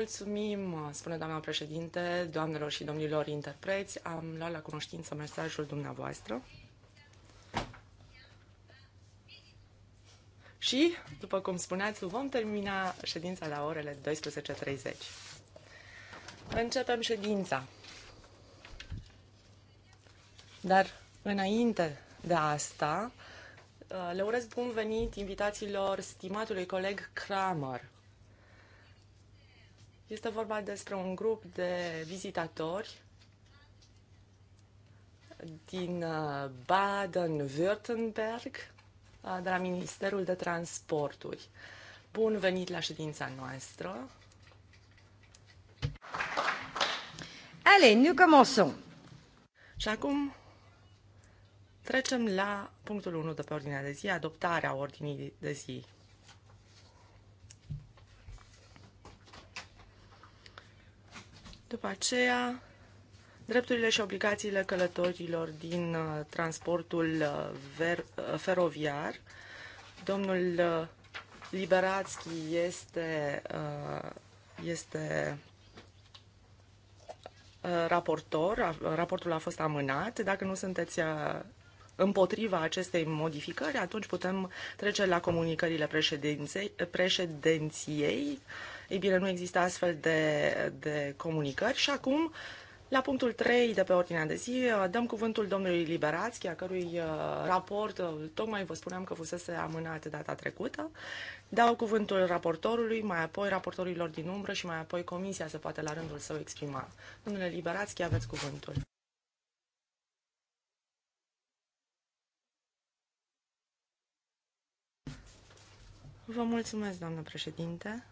Mulțumim, spune doamna președinte, doamnelor și domnilor interpreți. Am luat la cunoștință mesajul dumneavoastră. Și, după cum spuneați, vom termina ședința la orele 12.30. Începem ședința. Dar, înainte de asta, le urez bun venit invitațiilor stimatului coleg Kramer. Este vorba despre un grup de vizitatori din uh, Baden-Württemberg, uh, de la Ministerul de Transporturi. Bun venit la ședința noastră. Allez, nous commençons. Și acum trecem la punctul 1 de pe ordinea de zi, adoptarea ordinii de zi. După aceea, drepturile și obligațiile călătorilor din uh, transportul uh, uh, feroviar. Domnul Liberațchi este, este raportor, raportul a fost amânat. Dacă nu sunteți împotriva acestei modificări, atunci putem trece la comunicările președinței, președinției ei bine, nu există astfel de, de comunicări și acum, la punctul 3 de pe ordinea de zi, dăm cuvântul domnului Liberațchi, a cărui uh, raport, uh, tocmai vă spuneam că fusese amânat data trecută. Dau cuvântul raportorului, mai apoi raportorilor din umbră și mai apoi comisia se poate la rândul său exprima. Domnule Liberațchi, aveți cuvântul. Vă mulțumesc, doamnă președinte.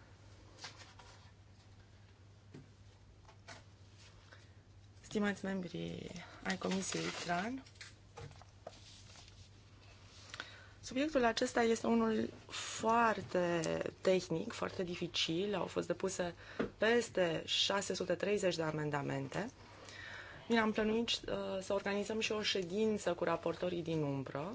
Stimați membri ai Comisiei TRAN, Subiectul acesta este unul foarte tehnic, foarte dificil. Au fost depuse peste 630 de amendamente. Bine, am plănuit uh, să organizăm și o ședință cu raportorii din umbră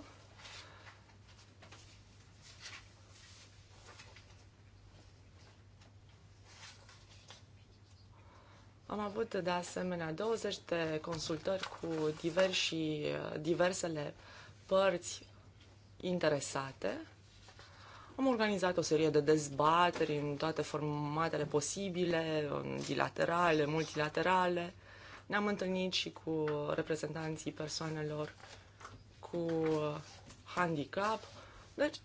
Am avut de asemenea 20 de consultări cu diversi, diversele părți interesate. Am organizat o serie de dezbateri în toate formatele posibile, bilaterale, multilaterale. Ne-am întâlnit și cu reprezentanții persoanelor cu handicap. Deci,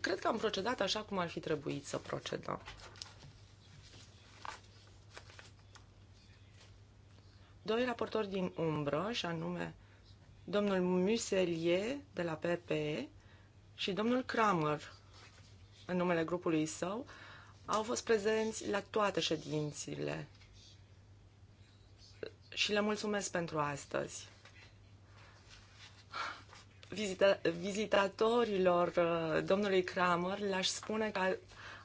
cred că am procedat așa cum ar fi trebuit să procedăm. doi raportori din umbră, și anume domnul Muselier de la PPE și domnul Kramer, în numele grupului său, au fost prezenți la toate ședințile și le mulțumesc pentru astăzi. Vizita- vizitatorilor uh, domnului Kramer le-aș spune că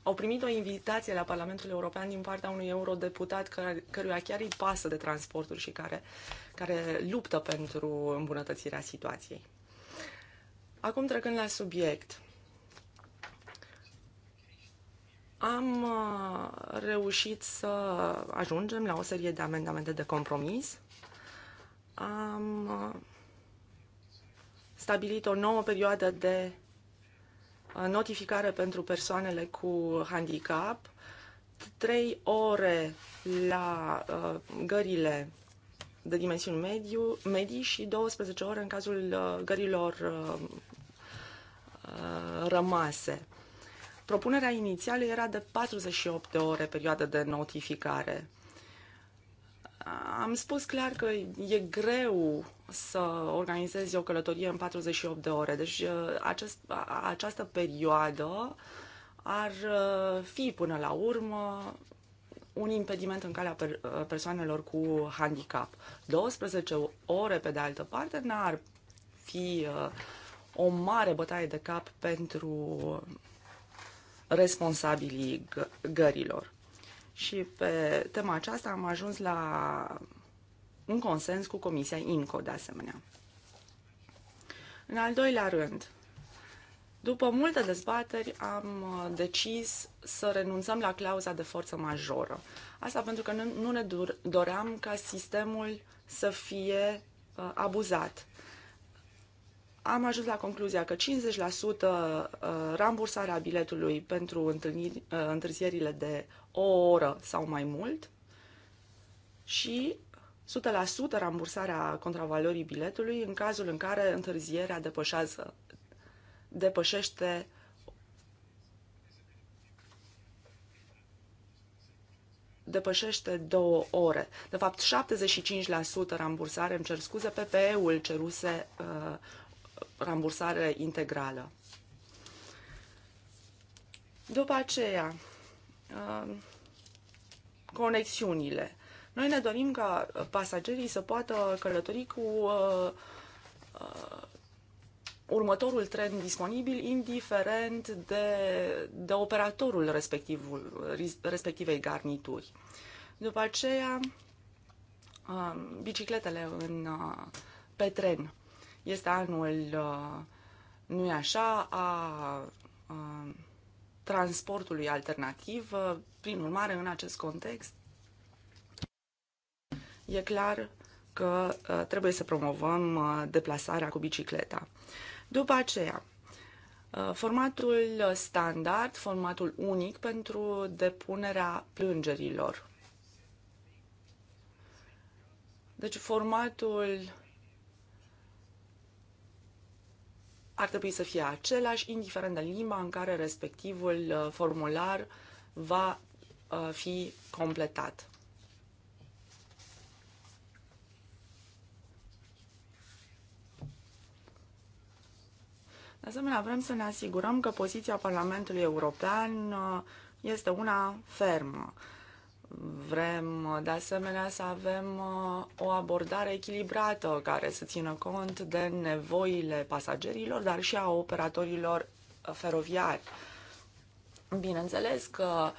au primit o invitație la Parlamentul European din partea unui eurodeputat care, căruia chiar îi pasă de transporturi și care, care luptă pentru îmbunătățirea situației. Acum trecând la subiect. Am uh, reușit să ajungem la o serie de amendamente de compromis. Am uh, stabilit o nouă perioadă de notificare pentru persoanele cu handicap, 3 ore la uh, gările de dimensiuni mediu, medii și 12 ore în cazul uh, gărilor uh, rămase. Propunerea inițială era de 48 de ore perioadă de notificare. Am spus clar că e greu să organizezi o călătorie în 48 de ore, deci uh, acest, această perioadă ar uh, fi până la urmă un impediment în calea uh, persoanelor cu handicap. 12 ore, pe de altă parte, n-ar fi o mare bătaie de cap pentru responsabilii gărilor și pe tema aceasta am ajuns la un consens cu Comisia INCO de asemenea. În al doilea rând, după multe dezbateri, am uh, decis să renunțăm la clauza de forță majoră. Asta pentru că nu ne doream ca sistemul să fie uh, abuzat am ajuns la concluzia că 50% uh, rambursarea biletului pentru uh, întârzierile de o oră sau mai mult și 100% rambursarea contravalorii biletului în cazul în care întârzierea depășează, depășește depășește două ore. De fapt, 75% rambursare, îmi cer scuze, PPE-ul ceruse uh, rambursare integrală. După aceea, uh, conexiunile. Noi ne dorim ca pasagerii să poată călători cu uh, uh, următorul tren disponibil, indiferent de, de operatorul respectivul, respectivei garnituri. După aceea, bicicletele în, pe tren. Este anul, uh, nu-i așa, a transportului alternativ. Uh, prin urmare, în acest context, e clar că uh, trebuie să promovăm deplasarea cu bicicleta. După aceea, formatul standard, formatul unic pentru depunerea plângerilor. Deci formatul ar trebui să fie același, indiferent de limba în care respectivul uh, formular va uh, fi completat. De asemenea, vrem să ne asigurăm că poziția Parlamentului European uh, este una fermă. Vrem, de asemenea, să avem uh, o abordare echilibrată care să țină cont de nevoile pasagerilor, dar și a operatorilor uh, feroviari. Bineînțeles că uh,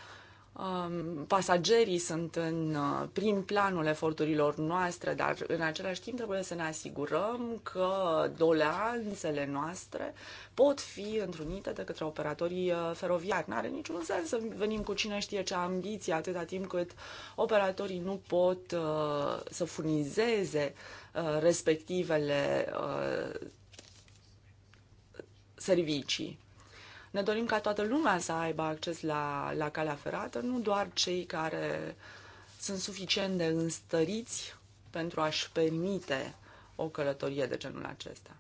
Um, pasagerii sunt în uh, prim planul eforturilor noastre, dar în același timp trebuie să ne asigurăm că doleanțele noastre pot fi întrunite de către operatorii uh, feroviari. N-are niciun sens să venim cu cine știe ce ambiție atâta timp cât operatorii nu pot uh, să furnizeze respectivele servicii. Ne dorim ca toată lumea să aibă acces la, la calea ferată, nu doar cei care sunt suficient de înstăriți pentru a-și permite o călătorie de genul acesta.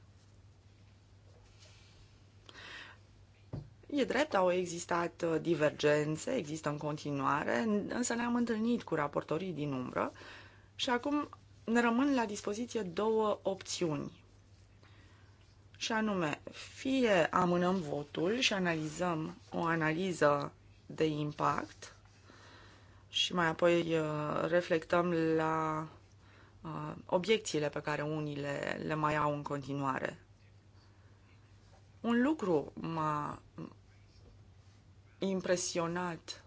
E drept, au existat uh, divergențe, există în continuare, însă ne-am întâlnit cu raportorii din umbră și acum ne rămân la dispoziție două opțiuni și anume, fie amânăm votul și analizăm o analiză de impact și mai apoi uh, reflectăm la uh, obiecțiile pe care unii le, le mai au în continuare. Un lucru m-a impresionat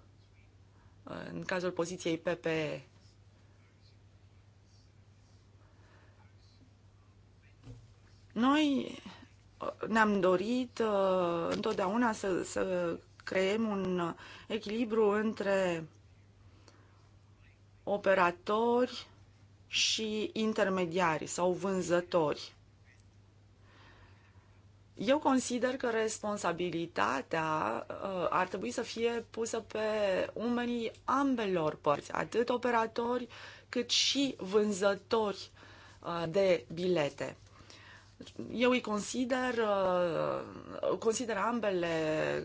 uh, în cazul poziției PPE. Noi ne-am dorit uh, întotdeauna să, să creăm un echilibru între operatori și intermediari sau vânzători. Eu consider că responsabilitatea uh, ar trebui să fie pusă pe umerii ambelor părți, atât operatori cât și vânzători uh, de bilete. Eu îi consider, uh, consider ambele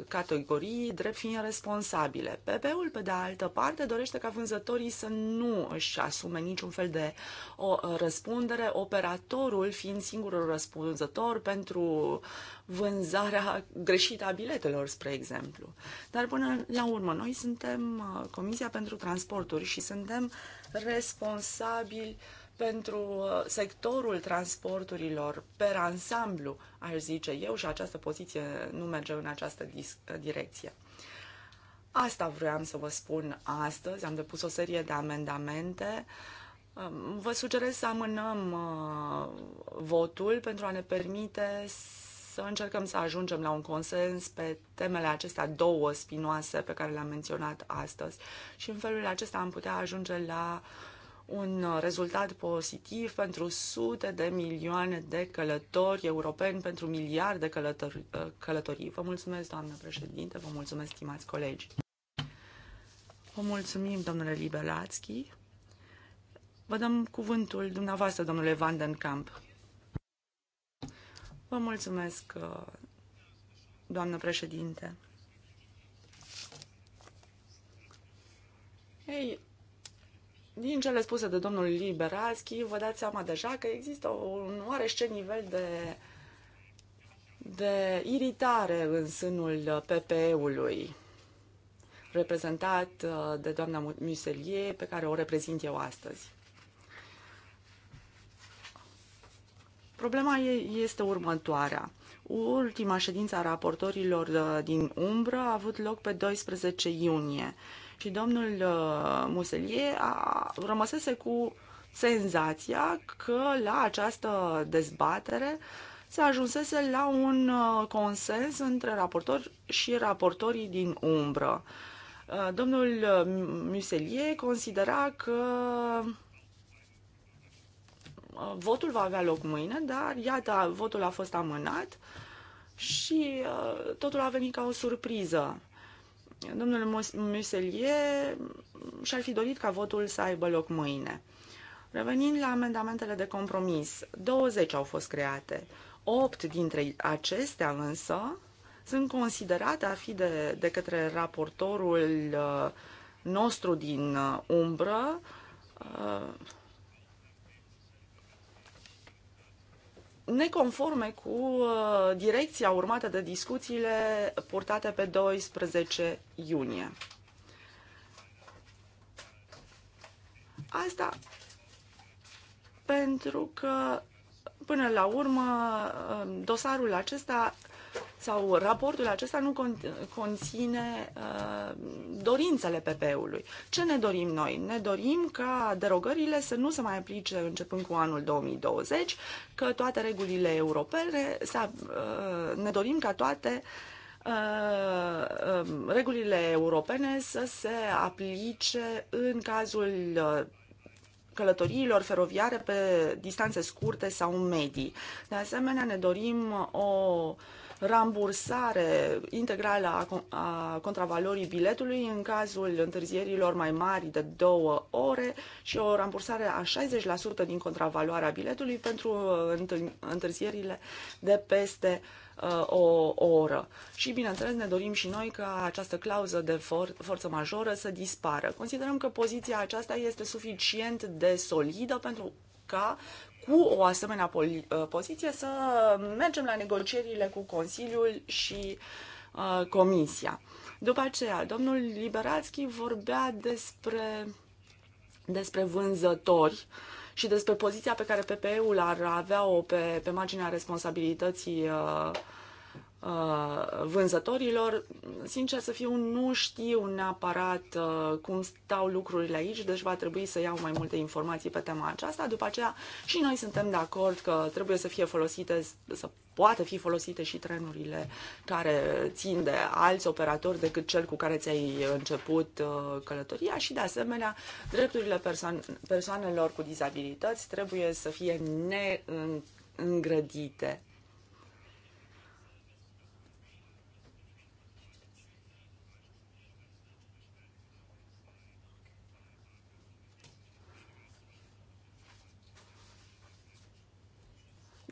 categorii drept fiind responsabile. PP-ul, pe de altă parte, dorește ca vânzătorii să nu își asume niciun fel de o răspundere, operatorul fiind singurul răspunzător pentru vânzarea greșită a biletelor, spre exemplu. Dar până la urmă, noi suntem uh, Comisia pentru Transporturi și suntem responsabili uh, pentru uh, sectorul transporturilor per ansamblu, aș zice eu, și această poziție nu merge în această uh, direcție. Asta vroiam să vă spun astăzi. Am depus o serie de amendamente. Um, vă sugerez să amânăm uh, votul pentru a ne permite să încercăm să ajungem la un consens pe temele acestea două spinoase pe care le-am menționat astăzi și în felul acesta am putea ajunge la uh, un uh, rezultat pozitiv pentru sute de milioane de călători europeni, pentru miliarde călători, uh, călătorii. Vă mulțumesc, doamnă președinte, vă mulțumesc, stimați colegi. Vă mulțumim, domnule Libelațchi. Vă dăm cuvântul dumneavoastră, domnule Van den Vă mulțumesc, uh, doamnă președinte. Ei, din cele spuse de domnul Liberalski, vă dați seama deja că există un oarește nivel de, de iritare în sânul PPE-ului, reprezentat uh, de doamna Muselier, pe care o reprezint eu astăzi. Problema este următoarea. Ultima ședință a raportorilor uh, din umbră a avut loc pe 12 iunie și domnul uh, Muselier a rămăsese cu senzația că la această dezbatere se ajunsese la un uh, consens între raportori și raportorii din umbră. Uh, domnul Muselier considera că votul va avea loc mâine, dar iată, votul a fost amânat și totul a venit ca o surpriză. Domnul Muselier și-ar fi dorit ca votul să aibă loc mâine. Revenind la amendamentele de compromis, 20 au fost create. 8 dintre acestea însă sunt considerate a fi de, de către raportorul uh, nostru din uh, umbră uh, neconforme cu uh, direcția urmată de discuțiile purtate pe 12 iunie. Asta pentru că, până la urmă, uh, dosarul acesta sau raportul acesta nu conține uh, dorințele PP-ului. Ce ne dorim noi? Ne dorim ca derogările să nu se mai aplice începând cu anul 2020, că toate regulile europene, să, uh, ne dorim ca toate uh, um, regulile europene să se aplice în cazul uh, călătoriilor feroviare pe distanțe scurte sau medii. De asemenea, ne dorim o uh, rambursare integrală a contravalorii biletului în cazul întârzierilor mai mari de două ore și o rambursare a 60% din contravaloarea biletului pentru uh, întârzierile de peste o, uh, o oră. Și, bineînțeles, ne dorim și noi ca această clauză de for- forță majoră să dispară. Considerăm că poziția aceasta este suficient de solidă pentru ca cu o asemenea uh, poziție să mergem la negocierile cu Consiliul și uh, Comisia. După aceea, domnul Liberațchi vorbea despre, despre vânzători și despre poziția pe care PPE-ul ar avea-o pe, pe marginea responsabilității uh, Uh, vânzătorilor. Sincer să fiu, nu știu neapărat uh, cum stau lucrurile aici, deci va trebui să iau mai multe informații pe tema aceasta. După aceea și noi suntem de acord că trebuie să fie folosite, să poată fi folosite și trenurile care țin de alți operatori decât cel cu care ți-ai început uh, călătoria și, de asemenea, drepturile persoanelor cu dizabilități trebuie să fie neîngrădite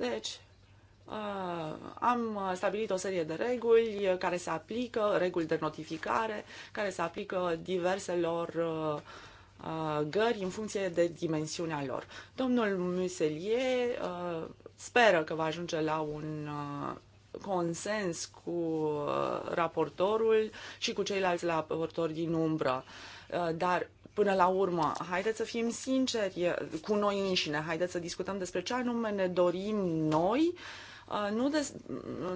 Deci, uh, am stabilit o serie de reguli care se aplică, reguli de notificare, care se aplică diverselor uh, uh, gări în funcție de dimensiunea lor. Domnul Muselier speră că va ajunge la un consens cu raportorul și cu ceilalți raportori din umbră. Dar Până la urmă, haideți să fim sinceri cu noi înșine, haideți să discutăm despre ce anume ne dorim noi, uh, nu, des,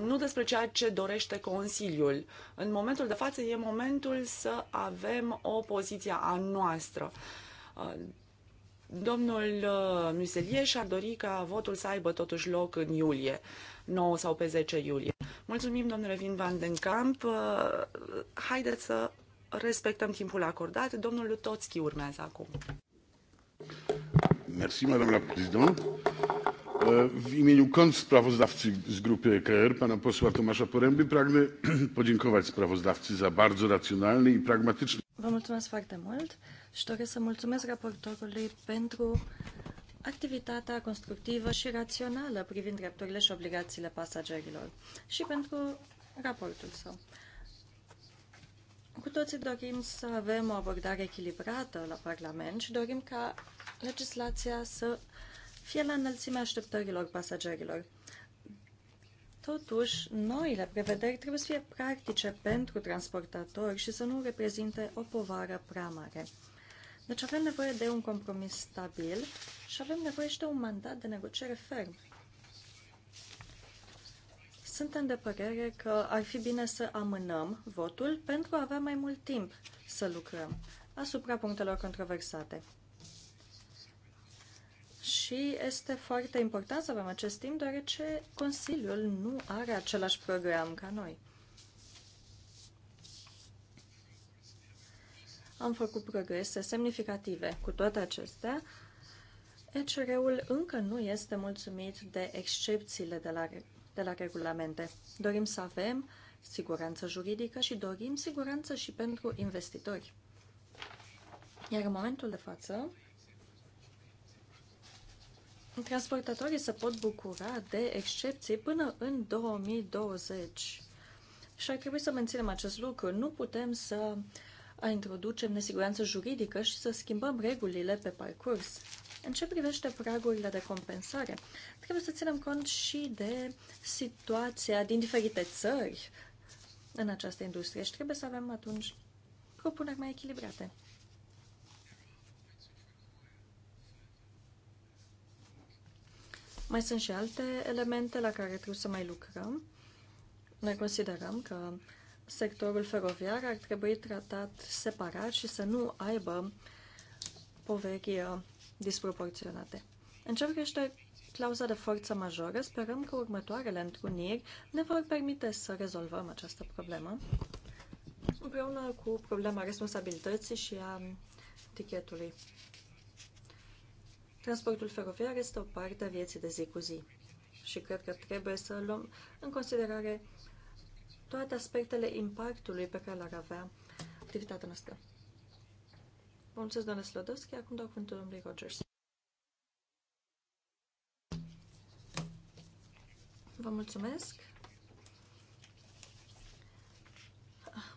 nu despre ceea ce dorește Consiliul. În momentul de față e momentul să avem o poziție a noastră. Uh, domnul uh, Muselie și-ar dori ca votul să aibă totuși loc în iulie, 9 sau pe 10 iulie. Mulțumim, domnule Vin Van den Camp. Haideți să respectăm timpul acordat. Domnul Lutoțchi urmează acum. Mersi, madame la présidente. Uh, w imieniu sprawozdawcy z grupy EKR, pana posła Tomasza Poręby, pragnę podziękować sprawozdawcy za bardzo racjonalny i pragmatyczny... Vă mulțumesc foarte mult și doresc să mulțumesc raportorului pentru activitatea constructivă și rațională privind drepturile și obligațiile pasagerilor și pentru raportul său. Cu toții dorim să avem o abordare echilibrată la Parlament și dorim ca legislația să fie la înălțimea așteptărilor pasagerilor. Totuși, noile prevederi trebuie să fie practice pentru transportatori și să nu reprezinte o povară prea mare. Deci avem nevoie de un compromis stabil și avem nevoie și de un mandat de negociere ferm. Suntem de părere că ar fi bine să amânăm votul pentru a avea mai mult timp să lucrăm asupra punctelor controversate. Și este foarte important să avem acest timp, deoarece Consiliul nu are același program ca noi. Am făcut progrese semnificative cu toate acestea. ECR-ul încă nu este mulțumit de excepțiile de la de la regulamente. Dorim să avem siguranță juridică și dorim siguranță și pentru investitori. Iar în momentul de față, transportatorii se pot bucura de excepții până în 2020. Și ar trebui să menținem acest lucru. Nu putem să introducem nesiguranță juridică și să schimbăm regulile pe parcurs. În ce privește pragurile de compensare, trebuie să ținem cont și de situația din diferite țări în această industrie și trebuie să avem atunci propuneri mai echilibrate. Mai sunt și alte elemente la care trebuie să mai lucrăm. Noi considerăm că sectorul feroviar ar trebui tratat separat și să nu aibă poveri uh, disproporționate. În ce privește clauza de forță majoră, sperăm că următoarele întruniri ne vor permite să rezolvăm această problemă împreună cu problema responsabilității și a tichetului. Transportul feroviar este o parte a vieții de zi cu zi și cred că trebuie să luăm în considerare toate aspectele impactului pe care l-ar avea activitatea noastră. Mulțumesc, doamne Slodovski. Acum dau cuvântul domnului Rogers. Vă mulțumesc.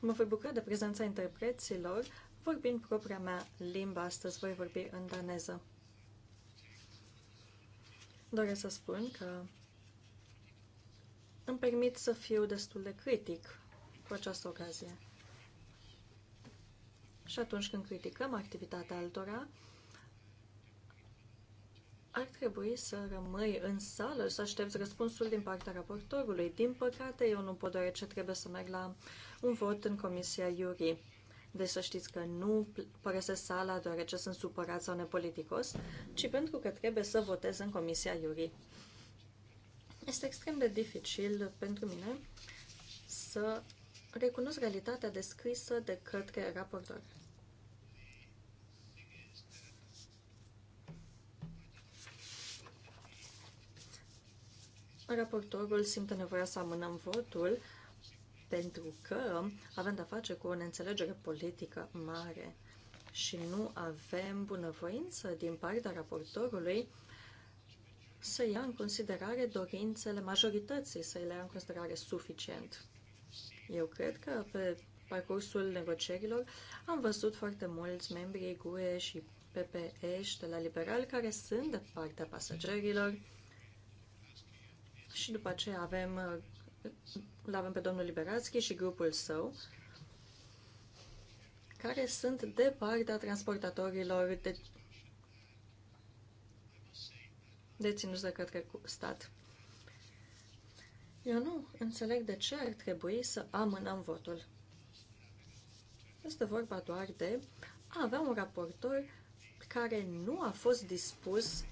Mă voi bucura de prezența interpreților. Vorbind propria mea limbă astăzi, voi vorbi în daneză. Doresc să spun că îmi permit să fiu destul de critic cu această ocazie și atunci când criticăm activitatea altora, ar trebui să rămâi în sală să aștepți răspunsul din partea raportorului. Din păcate, eu nu pot, deoarece trebuie să merg la un vot în Comisia Iurii. Deci să știți că nu părăsesc sala deoarece sunt supărat sau nepoliticos, ci pentru că trebuie să votez în Comisia Iurii. Este extrem de dificil pentru mine să recunosc realitatea descrisă de către raportor. Raportorul simte nevoia să amânăm votul pentru că avem de-a face cu o neînțelegere politică mare și nu avem bunăvoință din partea raportorului să ia în considerare dorințele majorității, să le ia în considerare suficient. Eu cred că pe parcursul negocierilor am văzut foarte mulți membrii GUE și PPE și de la liberal care sunt de partea pasagerilor și după aceea avem, avem pe domnul Liberațchi și grupul său care sunt de partea transportatorilor de, deținuți de către stat. Eu nu înțeleg de ce ar trebui să amânăm votul. Este vorba doar de a avea un raportor care nu a fost dispus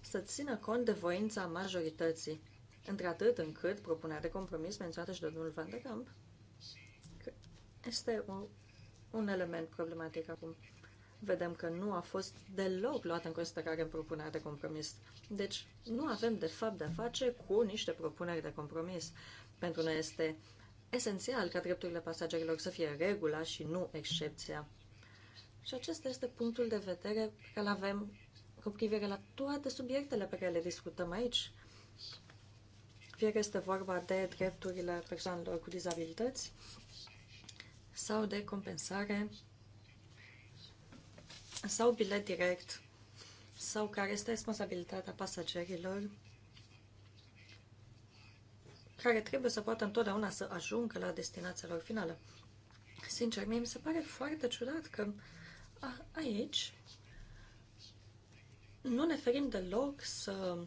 să țină cont de voința majorității, într-atât încât propunerea de compromis menționată și de domnul Van de Camp este un, un element problematic acum vedem că nu a fost deloc luat în considerare în propunerea de compromis. Deci nu avem de fapt de-a face cu niște propuneri de compromis. Pentru noi este esențial ca drepturile pasagerilor să fie regula și nu excepția. Și acesta este punctul de vedere pe care îl avem cu privire la toate subiectele pe care le discutăm aici. Fie că este vorba de drepturile persoanelor cu dizabilități sau de compensare sau bilet direct sau care este responsabilitatea pasagerilor care trebuie să poată întotdeauna să ajungă la destinația lor finală. Sincer, mie mi se pare foarte ciudat că a, aici nu ne ferim deloc să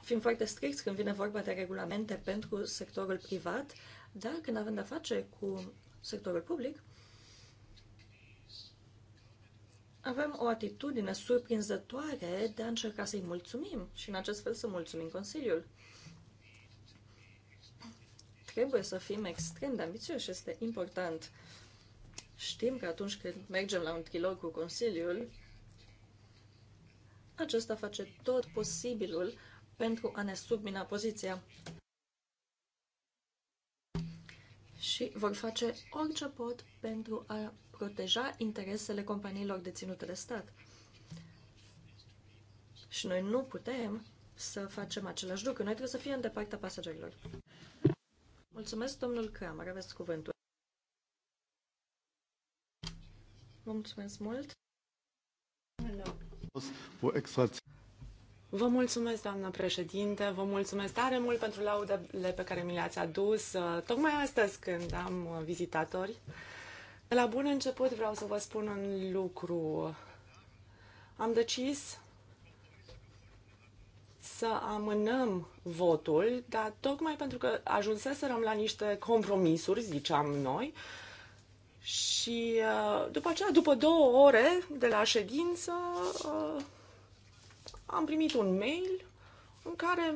fim foarte stricți când vine vorba de regulamente pentru sectorul privat, dar când avem de-a face cu sectorul public, avem o atitudine surprinzătoare de a încerca să-i mulțumim și în acest fel să mulțumim Consiliul. Trebuie să fim extrem de ambițioși, este important. Știm că atunci când mergem la un trilog cu Consiliul, acesta face tot posibilul pentru a ne submina poziția. Și vor face orice pot pentru a proteja interesele companiilor deținute de stat. Și noi nu putem să facem același lucru. Noi trebuie să fim de partea pasagerilor. Mulțumesc, domnul Kramer. Aveți cuvântul. Vă mulțumesc mult. Vă mulțumesc, doamnă președinte, vă mulțumesc tare mult pentru laudele pe care mi le-ați adus, tocmai astăzi când am vizitatori la bun început vreau să vă spun un lucru. Am decis să amânăm votul, dar tocmai pentru că ajunseserăm la niște compromisuri, ziceam noi, și uh, după aceea, după două ore de la ședință, uh, am primit un mail în care,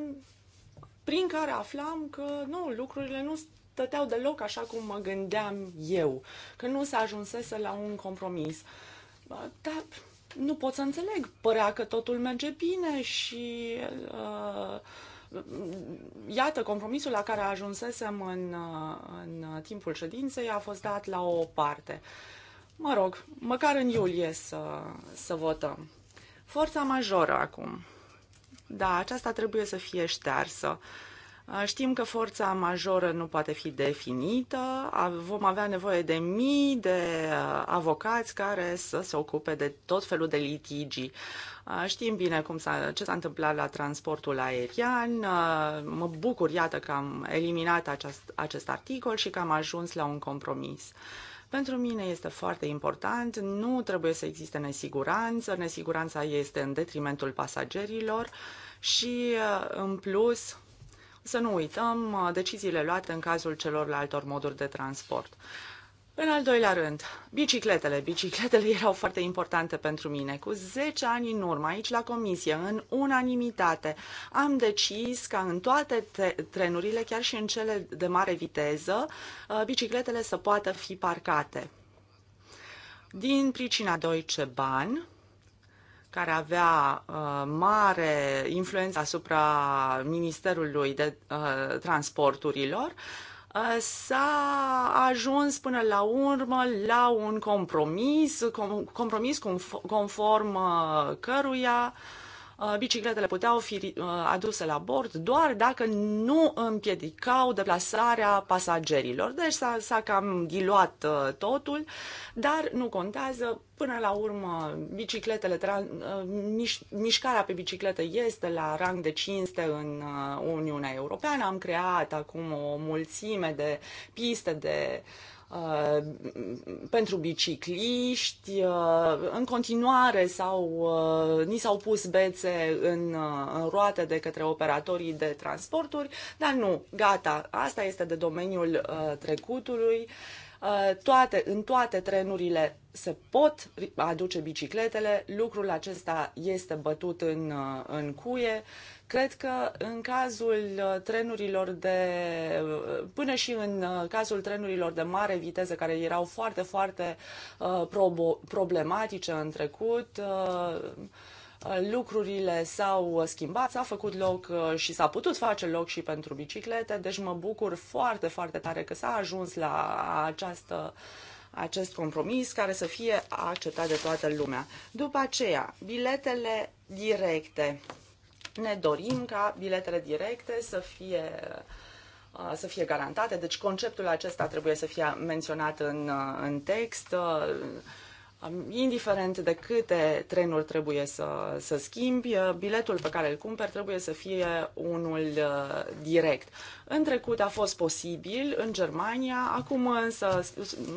prin care aflam că nu, lucrurile nu stăteau deloc așa cum mă gândeam eu, că nu se ajunsese la un compromis. Dar nu pot să înțeleg. Părea că totul merge bine și uh, iată, compromisul la care ajunsesem în, uh, în timpul ședinței a fost dat la o parte. Mă rog, măcar în iulie să, să votăm. Forța majoră acum. Da, aceasta trebuie să fie ștearsă. Uh, Știm că forța majoră nu poate fi definită, vom avea nevoie de mii de avocați care să se ocupe de tot felul de litigii. Știm bine cum s-a, ce s-a întâmplat la transportul aerian. Mă bucur, iată, că am eliminat acest, acest articol și că am ajuns la un compromis. Pentru mine este foarte important, nu trebuie să existe nesiguranță, nesiguranța este în detrimentul pasagerilor și, în plus, să nu uităm uh, deciziile luate în cazul celorlaltor moduri de transport. În al doilea rând, bicicletele. Bicicletele erau foarte importante pentru mine. Cu 10 ani în urmă, aici la comisie, în unanimitate, am decis ca în toate trenurile, chiar și în cele de mare viteză, uh, bicicletele să poată fi parcate. Din pricina 2 ce bani, care avea uh, mare influență asupra Ministerului de uh, Transporturilor, uh, s-a ajuns până la urmă la un compromis, com, compromis conform, conform uh, căruia uh, Uh, bicicletele puteau fi uh, aduse la bord doar dacă nu împiedicau deplasarea pasagerilor. Deci s-a, s-a cam diluat uh, totul, dar nu contează. Până la urmă, bicicletele, mișcarea pe bicicletă este la rang de cinste în Uniunea Europeană. Am creat acum o mulțime de piste de uh, Uh, pentru bicicliști. Uh, în continuare s-au, uh, ni s-au pus bețe în, în roate de către operatorii de transporturi, dar nu, gata, asta este de domeniul trecutului. Toate, în toate trenurile se pot aduce bicicletele, lucrul acesta este bătut în, în cuie. Uh, Cred că în cazul uh, trenurilor de, uh, până și în uh, cazul trenurilor de mare viteză, care erau foarte, foarte uh, problematice în trecut, uh, lucrurile s-au schimbat, s-a făcut loc și s-a putut face loc și pentru biciclete, deci mă bucur foarte, foarte tare că s-a ajuns la această acest compromis care să fie acceptat de toată lumea. După aceea, biletele directe ne dorim ca biletele directe să fie uh, să fie garantate. Deci conceptul acesta trebuie să fie menționat în, uh, în text, uh, um, indiferent de câte trenuri trebuie să, să schimbi, biletul pe care îl cumperi trebuie să fie unul direct. În trecut a fost posibil în Germania, acum însă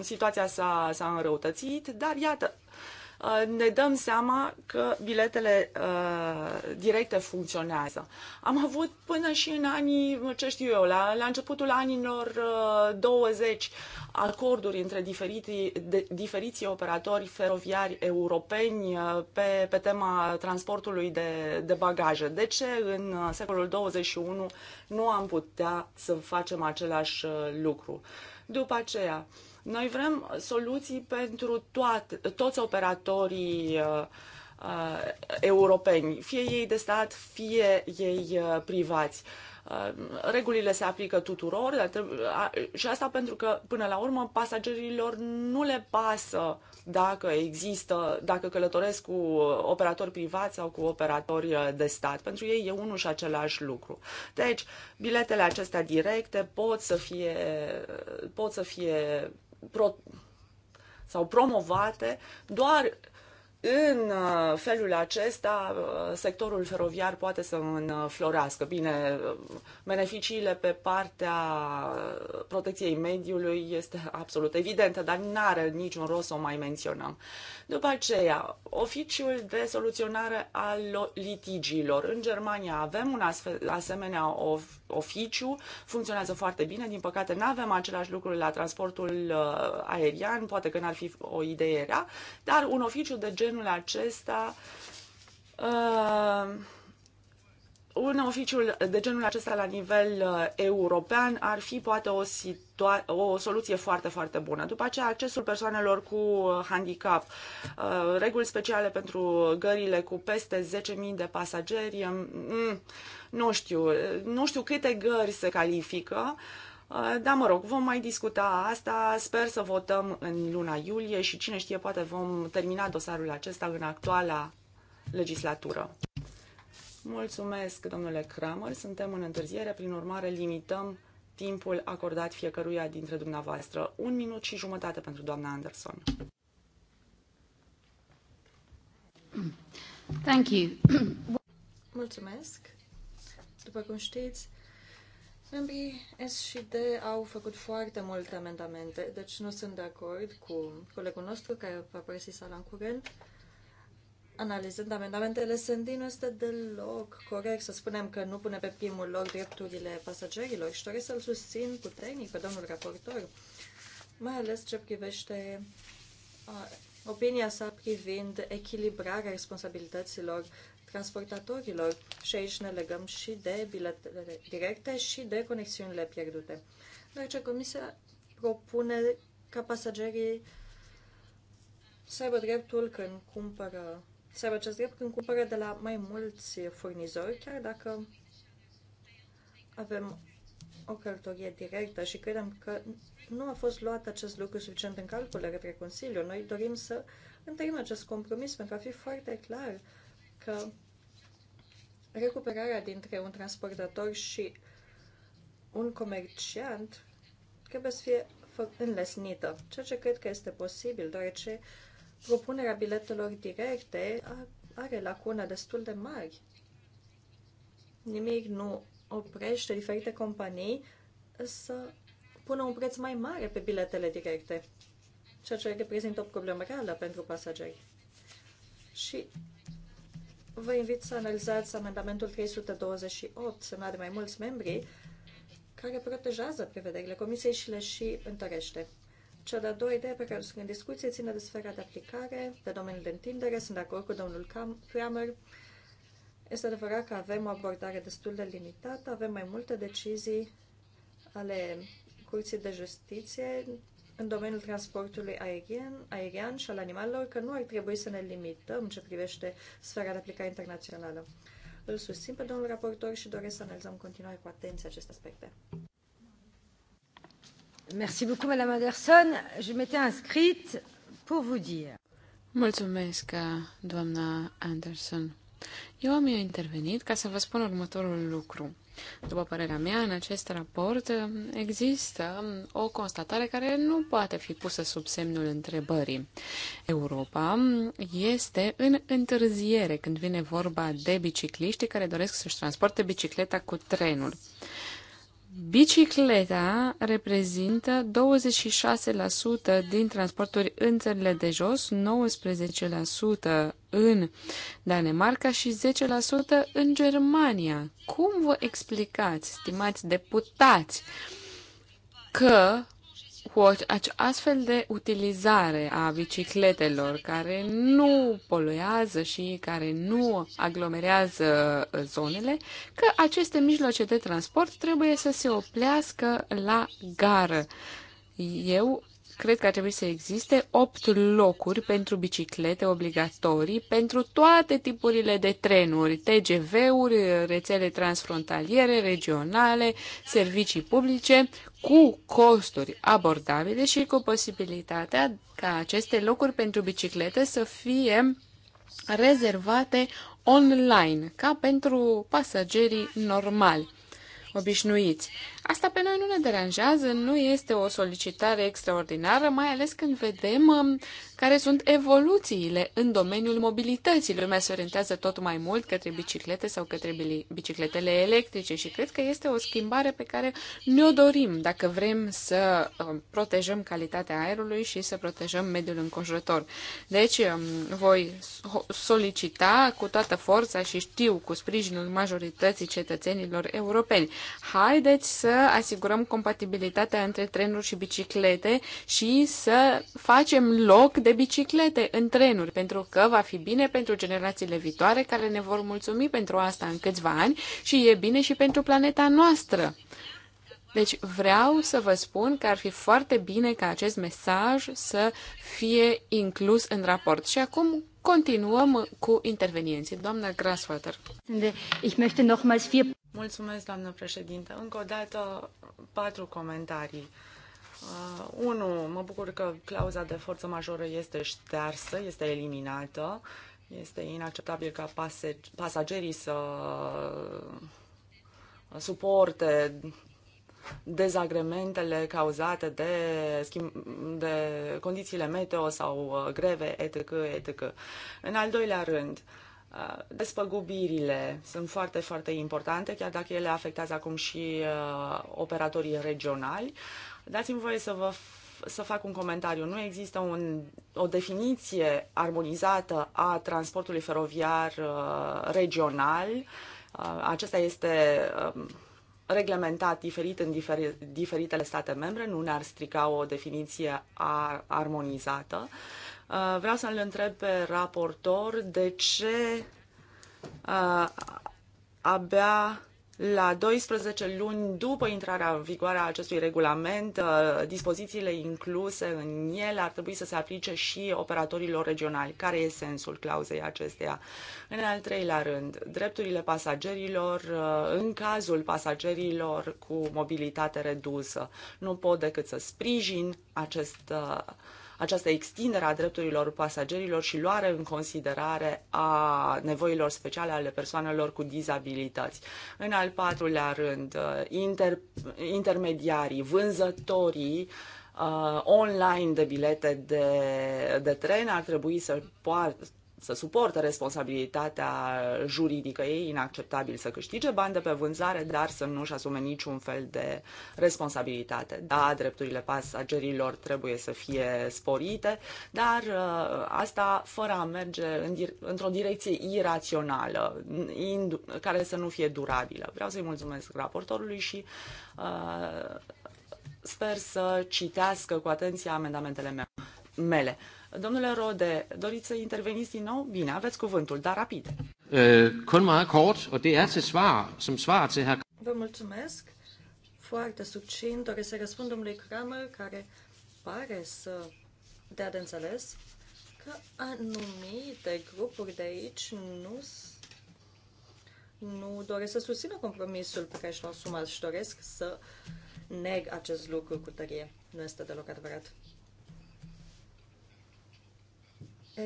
situația s-a, s-a înrăutățit, dar iată, Uh, ne dăm seama că biletele uh, directe funcționează. Am avut până și în anii, ce știu eu, la, la începutul anilor 20, uh, acorduri între diferiti de, diferiții operatori feroviari europeni pe, pe tema transportului de, de bagaje. De ce în secolul 21 nu am putea să facem același lucru? După aceea, uh, noi vrem soluții pentru toate, toți operatorii uh, uh, europeni, fie ei de stat, fie ei uh, privați. Uh, regulile se aplică tuturor dar trebuie, a, și asta pentru că, până la urmă, pasagerilor nu le pasă dacă există, dacă călătoresc cu operatori privați sau cu operatori uh, de stat. Pentru ei e unul și același lucru. Deci, biletele acestea directe pot să fie, pot să fie pro, sau promovate doar în uh, felul acesta, uh, sectorul feroviar poate să înflorească. Bine, uh, beneficiile pe partea protecției mediului este absolut evidentă, dar nu are niciun rost să o mai menționăm. După aceea, oficiul de soluționare al litigiilor. În Germania avem un asemenea oficiu, funcționează foarte bine, din păcate nu avem același lucru la transportul aerian, poate că n-ar fi o idee rea, dar un oficiu de gen genul acesta uh, un oficiu de genul acesta la nivel uh, european ar fi poate o, o soluție foarte, foarte bună. După aceea, accesul persoanelor cu uh, handicap, uh, reguli speciale pentru gările cu peste 10.000 de pasageri, um, mm, nu știu, nu știu câte gări se califică, Uh, da, mă rog, vom mai discuta asta. Sper să votăm în luna iulie și cine știe, poate vom termina dosarul acesta în actuala legislatură. Mulțumesc, domnule Kramer. Suntem în întârziere, prin urmare limităm timpul acordat fiecăruia dintre dumneavoastră. Un minut și jumătate pentru doamna Anderson. Thank you. Mulțumesc. După cum știți, Membrii S și D au făcut foarte multe amendamente, deci nu sunt de acord cu colegul nostru care va părăsi sala în curent. Analizând amendamentele SND, nu este deloc corect să spunem că nu pune pe primul loc drepturile pasagerilor și doresc să-l susțin puternic pe domnul raportor, mai ales ce privește opinia sa privind echilibrarea responsabilităților transportatorilor și aici ne legăm și de biletele directe și de conexiunile pierdute. Dar deci, ce Comisia propune ca pasagerii să aibă dreptul când cumpără să aibă acest drept când cumpără de la mai mulți furnizori, chiar dacă avem o călătorie directă și credem că nu a fost luat acest lucru suficient în calcul de către Consiliu. Noi dorim să întărim acest compromis pentru a fi foarte clar că recuperarea dintre un transportator și un comerciant trebuie să fie înlesnită, ceea ce cred că este posibil, deoarece propunerea biletelor directe are lacune destul de mari. Nimic nu oprește diferite companii să pună un preț mai mare pe biletele directe, ceea ce reprezintă o problemă reală pentru pasageri. Și Vă invit să analizați amendamentul 328, semnat de mai mulți membri, care protejează prevederile Comisiei și le și întărește. Cea de-a doua idee pe care o sunt în discuție ține de sfera de aplicare, de domeniul de întindere. Sunt de acord cu domnul Kramer. Este adevărat că avem o abordare destul de limitată, avem mai multe decizii ale Curții de Justiție în domeniul transportului aerian, aerian și al animalelor că nu ar trebui să ne limităm ce privește sfera de aplicare internațională. Îl susțin pe domnul raportor și doresc să analizăm în continuare cu atenție aceste aspecte. Merci beaucoup, Madame Anderson. Je m'étais inscrite pour vous dire. Mulțumesc, doamna Anderson. Eu am eu intervenit ca să vă spun următorul lucru. După părerea mea, în acest raport există o constatare care nu poate fi pusă sub semnul întrebării. Europa este în întârziere când vine vorba de bicicliști care doresc să-și transporte bicicleta cu trenul. Bicicleta reprezintă 26% din transporturi în țările de jos, 19% în Danemarca și 10% în Germania. Cum vă explicați, stimați deputați, că cu astfel de utilizare a bicicletelor care nu poluează și care nu aglomerează uh, zonele, că aceste mijloace de transport trebuie să se oplească la gară. Eu cred că ar trebui să existe 8 locuri pentru biciclete obligatorii pentru toate tipurile de trenuri, TGV-uri, rețele transfrontaliere, regionale, servicii publice, cu costuri abordabile și cu posibilitatea ca aceste locuri pentru biciclete să fie rezervate online, ca pentru pasagerii normali obișnuiți. Asta pe noi nu ne deranjează, nu este o solicitare extraordinară, mai ales când vedem um, care sunt evoluțiile în domeniul mobilității. Lumea se orientează tot mai mult către biciclete sau către bicicletele electrice și cred că este o schimbare pe care ne-o dorim dacă vrem să um, protejăm calitatea aerului și să protejăm mediul înconjurător. Deci um, voi solicita cu toată forța și știu cu sprijinul majorității cetățenilor europeni. Haideți să asigurăm compatibilitatea între trenuri și biciclete și să facem loc de de biciclete în trenuri, pentru că va fi bine pentru generațiile viitoare care ne vor mulțumi pentru asta în câțiva ani și e bine și pentru planeta noastră. Deci vreau să vă spun că ar fi foarte bine ca acest mesaj să fie inclus în raport. Și acum continuăm cu intervenienții. Doamna Grasswater. Mulțumesc, doamnă președintă. Încă o dată patru comentarii. Uh, Unu, Mă bucur că clauza de forță majoră este ștearsă, este eliminată. Este inacceptabil ca pasagerii să suporte dezagrementele cauzate de, schimb, de condițiile meteo sau uh, greve, etc., etc. În al doilea rând, uh, despăgubirile sunt foarte, foarte importante, chiar dacă ele afectează acum și operatorii regionali. Uh, Dați-mi voie să vă să fac un comentariu. Nu există un, o definiție armonizată a transportului feroviar uh, regional. Uh, acesta este uh, reglementat diferit în diferi, diferitele state membre. Nu ne-ar strica o definiție ar, armonizată. Uh, vreau să-l întreb pe raportor de ce uh, abia la 12 luni după intrarea în vigoare a acestui regulament, uh, dispozițiile incluse în el ar trebui să se aplice și operatorilor regionali. Care e sensul clauzei acesteia? În al treilea rând, drepturile pasagerilor uh, în cazul pasagerilor cu mobilitate redusă. Nu pot decât să sprijin acest uh, această extindere a drepturilor pasagerilor și luare în considerare a nevoilor speciale ale persoanelor cu dizabilități. În al patrulea rând, uh, inter, intermediarii, vânzătorii, uh, online de bilete de, de tren ar trebui să poată să suporte responsabilitatea juridică. E inacceptabil să câștige bani de pe vânzare, dar să nu-și asume niciun fel de responsabilitate. Da, drepturile pasagerilor trebuie să fie sporite, dar uh, asta fără a merge în într-o direcție irațională, care să nu fie durabilă. Vreau să-i mulțumesc raportorului și uh, sper să citească cu atenție amendamentele mele. Domnule Rode, doriți să interveniți din nou? Bine, aveți cuvântul, dar rapid. Eh, kun meget kort, og det er til svar, som svar til her... Vă mulțumesc. Foarte succint. Doresc să răspund domnului Kramer, care pare să dea de înțeles că anumite grupuri de aici nu nu doresc să susțină compromisul pe care și-l asumat și doresc să neg acest lucru cu tărie. Nu este deloc adevărat.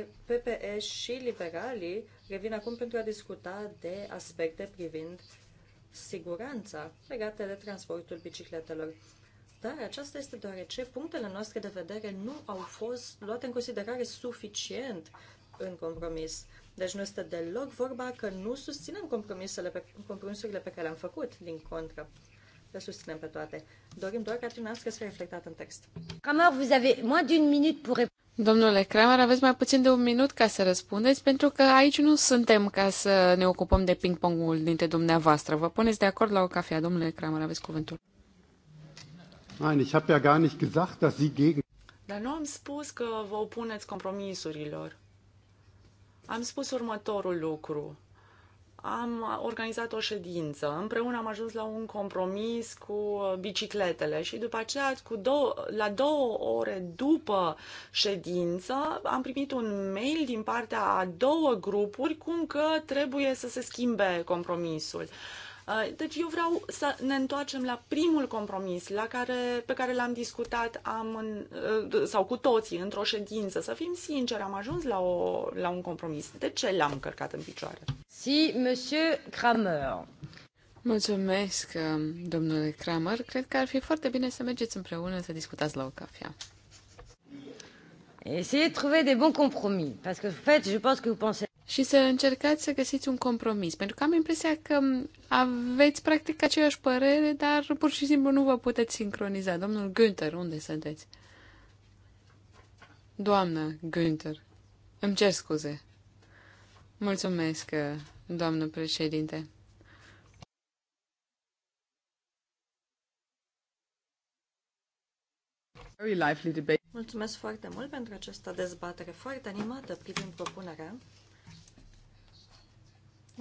PPE și liberalii revin acum pentru a discuta de aspecte privind siguranța legate de transportul bicicletelor. Dar aceasta este deoarece punctele noastre de vedere nu au fost luate în considerare suficient în compromis. Deci nu este deloc vorba că nu susținem compromisele pe, compromisurile pe care le-am făcut, din contră. Le susținem pe toate. Dorim doar ca dumneavoastră să fie reflectat în text. Camar, vous avez moins d'une minute pour Domnule Kramer, aveți mai puțin de un minut ca să răspundeți, pentru că aici nu suntem ca să ne ocupăm de ping-pongul dintre dumneavoastră. Vă puneți de acord la o cafea. Domnule Kramer, aveți cuvântul. Nein, ich habe ja gar nicht gesagt, dass Sie gegen... Dar nu am spus că vă opuneți compromisurilor. Am spus următorul lucru am organizat o ședință. Împreună am ajuns la un compromis cu bicicletele și după aceea, cu două, la două ore după ședință, am primit un mail din partea a două grupuri cum că trebuie să se schimbe compromisul. Uh, Uh, deci eu vreau să ne întoarcem la primul compromis la care, pe care l-am discutat am în, uh, sau cu toții într-o ședință. Să fim sinceri, am ajuns la, o, la un compromis. De ce l-am cărcat în picioare? Si, monsieur Kramer. Mulțumesc, um, domnule Kramer. Cred că ar fi foarte bine să mergeți împreună să discutați la o cafea. Essayez de trouver des bons compromis, parce que en fait, je pense que vous pensez și să încercați să găsiți un compromis. Pentru că am impresia că aveți practic aceeași părere, dar pur și simplu nu vă puteți sincroniza. Domnul Günther, unde sunteți? Doamna Günther, îmi cer scuze. Mulțumesc, doamnă președinte. Mulțumesc foarte mult pentru această dezbatere foarte animată privind propunerea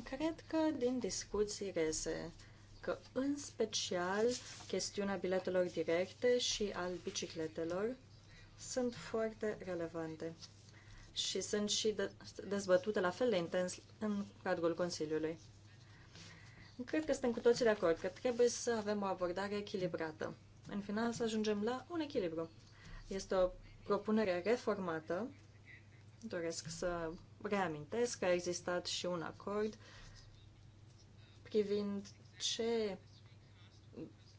Cred că din discuții rese că în special chestiunea biletelor directe și al bicicletelor sunt foarte relevante și sunt și dezbătute la fel de intens în cadrul Consiliului. Cred că suntem cu toții de acord că trebuie să avem o abordare echilibrată. În final să ajungem la un echilibru. Este o propunere reformată. Doresc să Reamintesc că a existat și un acord privind ce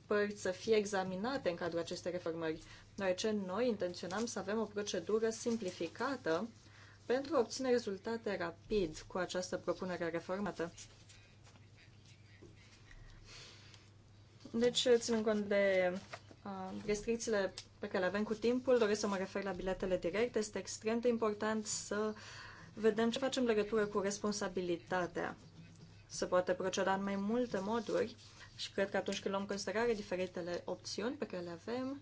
părți să fie examinate în cadrul acestei reformări, deoarece noi intenționam să avem o procedură simplificată pentru a obține rezultate rapid cu această propunere reformată. Deci, ținând cont de restricțiile pe care le avem cu timpul, doresc să mă refer la biletele directe. Este extrem de important să vedem ce facem legătură cu responsabilitatea. Se poate proceda în mai multe moduri și cred că atunci când luăm în considerare diferitele opțiuni pe care le avem,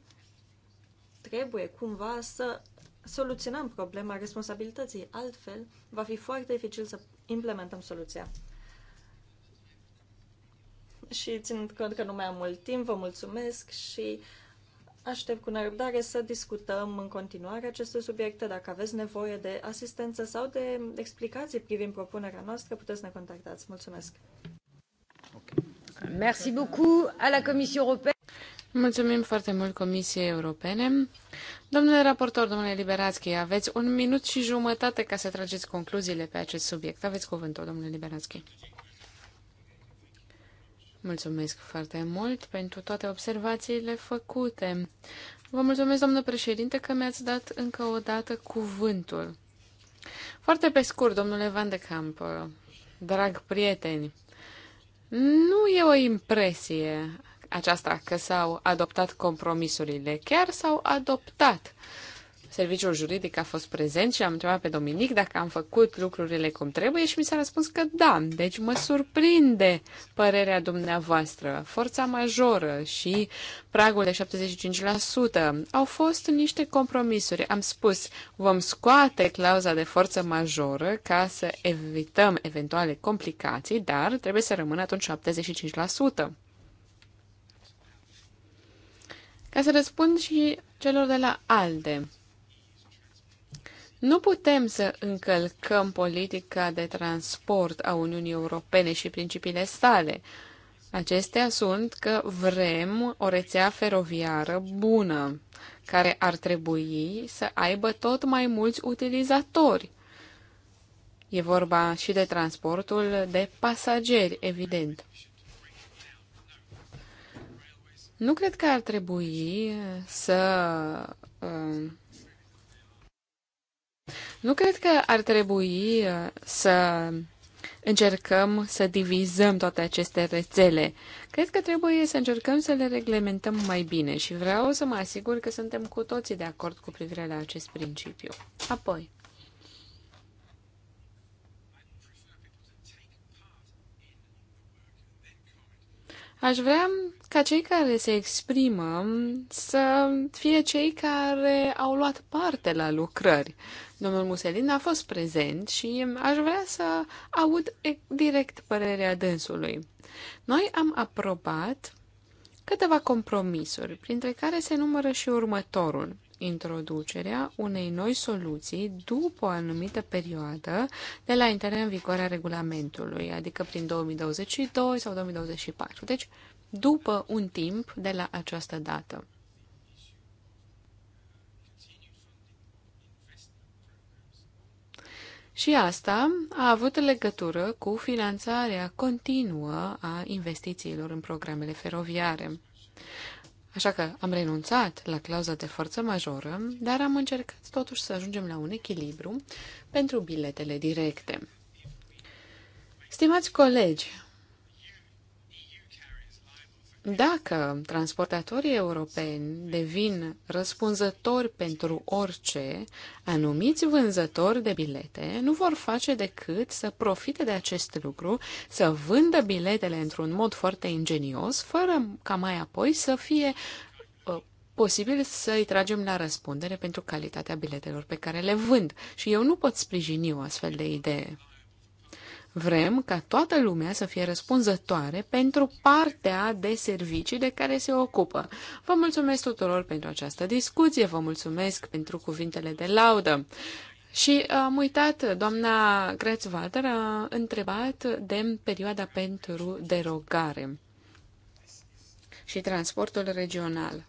trebuie cumva să soluționăm problema responsabilității. Altfel, va fi foarte dificil să implementăm soluția. Și ținând cont că nu mai am mult timp, vă mulțumesc și Aștept cu nerăbdare să discutăm în continuare aceste subiecte. Dacă aveți nevoie de asistență sau de explicații privind propunerea noastră, puteți să ne contactați. Mulțumesc! Merci beaucoup à la Commission européenne. Mulțumim foarte mult Comisiei Europene. Domnule raportor, domnule Liberațchi, aveți un minut și jumătate ca să trageți concluziile pe acest subiect. Aveți cuvântul, domnule Liberațchi. Mulțumesc foarte mult pentru toate observațiile făcute. Vă mulțumesc, domnul președinte, că mi-ați dat încă o dată cuvântul. Foarte pe scurt, domnule Van de Camp, drag prieteni, nu e o impresie aceasta că s-au adoptat compromisurile, chiar s-au adoptat. Uh, Serviciul juridic a fost prezent și am întrebat pe Dominic dacă am făcut lucrurile cum trebuie și mi s-a răspuns că da. Deci mă surprinde părerea dumneavoastră. Forța majoră și pragul de 75% au fost niște compromisuri. Am spus, vom scoate clauza de forță majoră ca să evităm eventuale complicații, dar trebuie să rămână atunci 75%. Ca să răspund și celor de la ALDE. Nu putem să încălcăm politica de transport a Uniunii Europene și principiile sale. Acestea sunt că vrem o rețea feroviară bună, care ar trebui să aibă tot mai mulți utilizatori. E vorba și de transportul de pasageri, evident. Nu cred că ar trebui să uh, nu cred că ar trebui uh, să încercăm să divizăm toate aceste rețele. Cred că trebuie să încercăm să le reglementăm mai bine și vreau să mă asigur că suntem cu toții de acord cu privire la acest principiu. Apoi, Aș vrea ca cei care se exprimă să fie cei care au luat parte la lucrări. Domnul Muselin a fost prezent și aș vrea să aud direct părerea dânsului. Noi am aprobat câteva compromisuri, printre care se numără și următorul introducerea unei noi soluții după o anumită perioadă de la intrarea în vigoare a regulamentului, adică prin 2022 sau 2024, deci după un timp de la această dată. Și asta a avut legătură cu finanțarea continuă a investițiilor în programele feroviare. Așa că am renunțat la clauza de forță majoră, dar am încercat totuși să ajungem la un echilibru pentru biletele directe. Stimați colegi, dacă transportatorii europeni devin răspunzători pentru orice, anumiți vânzători de bilete nu vor face decât să profite de acest lucru, să vândă biletele într-un mod foarte ingenios, fără ca mai apoi să fie uh, posibil să îi tragem la răspundere pentru calitatea biletelor pe care le vând. Și eu nu pot sprijini o astfel de idee. Vrem ca toată lumea să fie răspunzătoare pentru partea de servicii de care se ocupă. Vă mulțumesc tuturor pentru această discuție, vă mulțumesc pentru cuvintele de laudă. Și am uitat, doamna Grețvater a întrebat de perioada pentru derogare și transportul regional.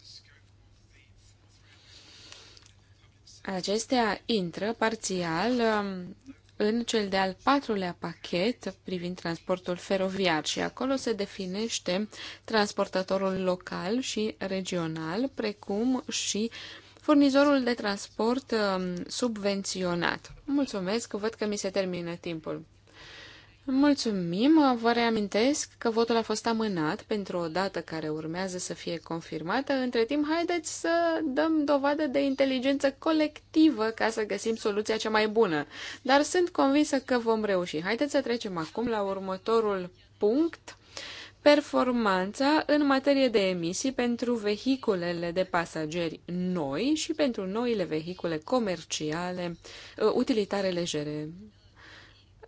Acestea intră parțial um, în cel de-al patrulea pachet privind transportul feroviar și acolo se definește transportatorul local și regional, precum și furnizorul de transport um, subvenționat. Mulțumesc, văd că mi se termină timpul. Mulțumim, vă reamintesc că votul a fost amânat pentru o dată care urmează să fie confirmată. Între timp, haideți să dăm dovadă de inteligență colectivă ca să găsim soluția cea mai bună. Dar sunt convinsă că vom reuși. Haideți să trecem acum la următorul punct. Performanța în materie de emisii pentru vehiculele de pasageri noi și pentru noile vehicule comerciale, uh, utilitare legere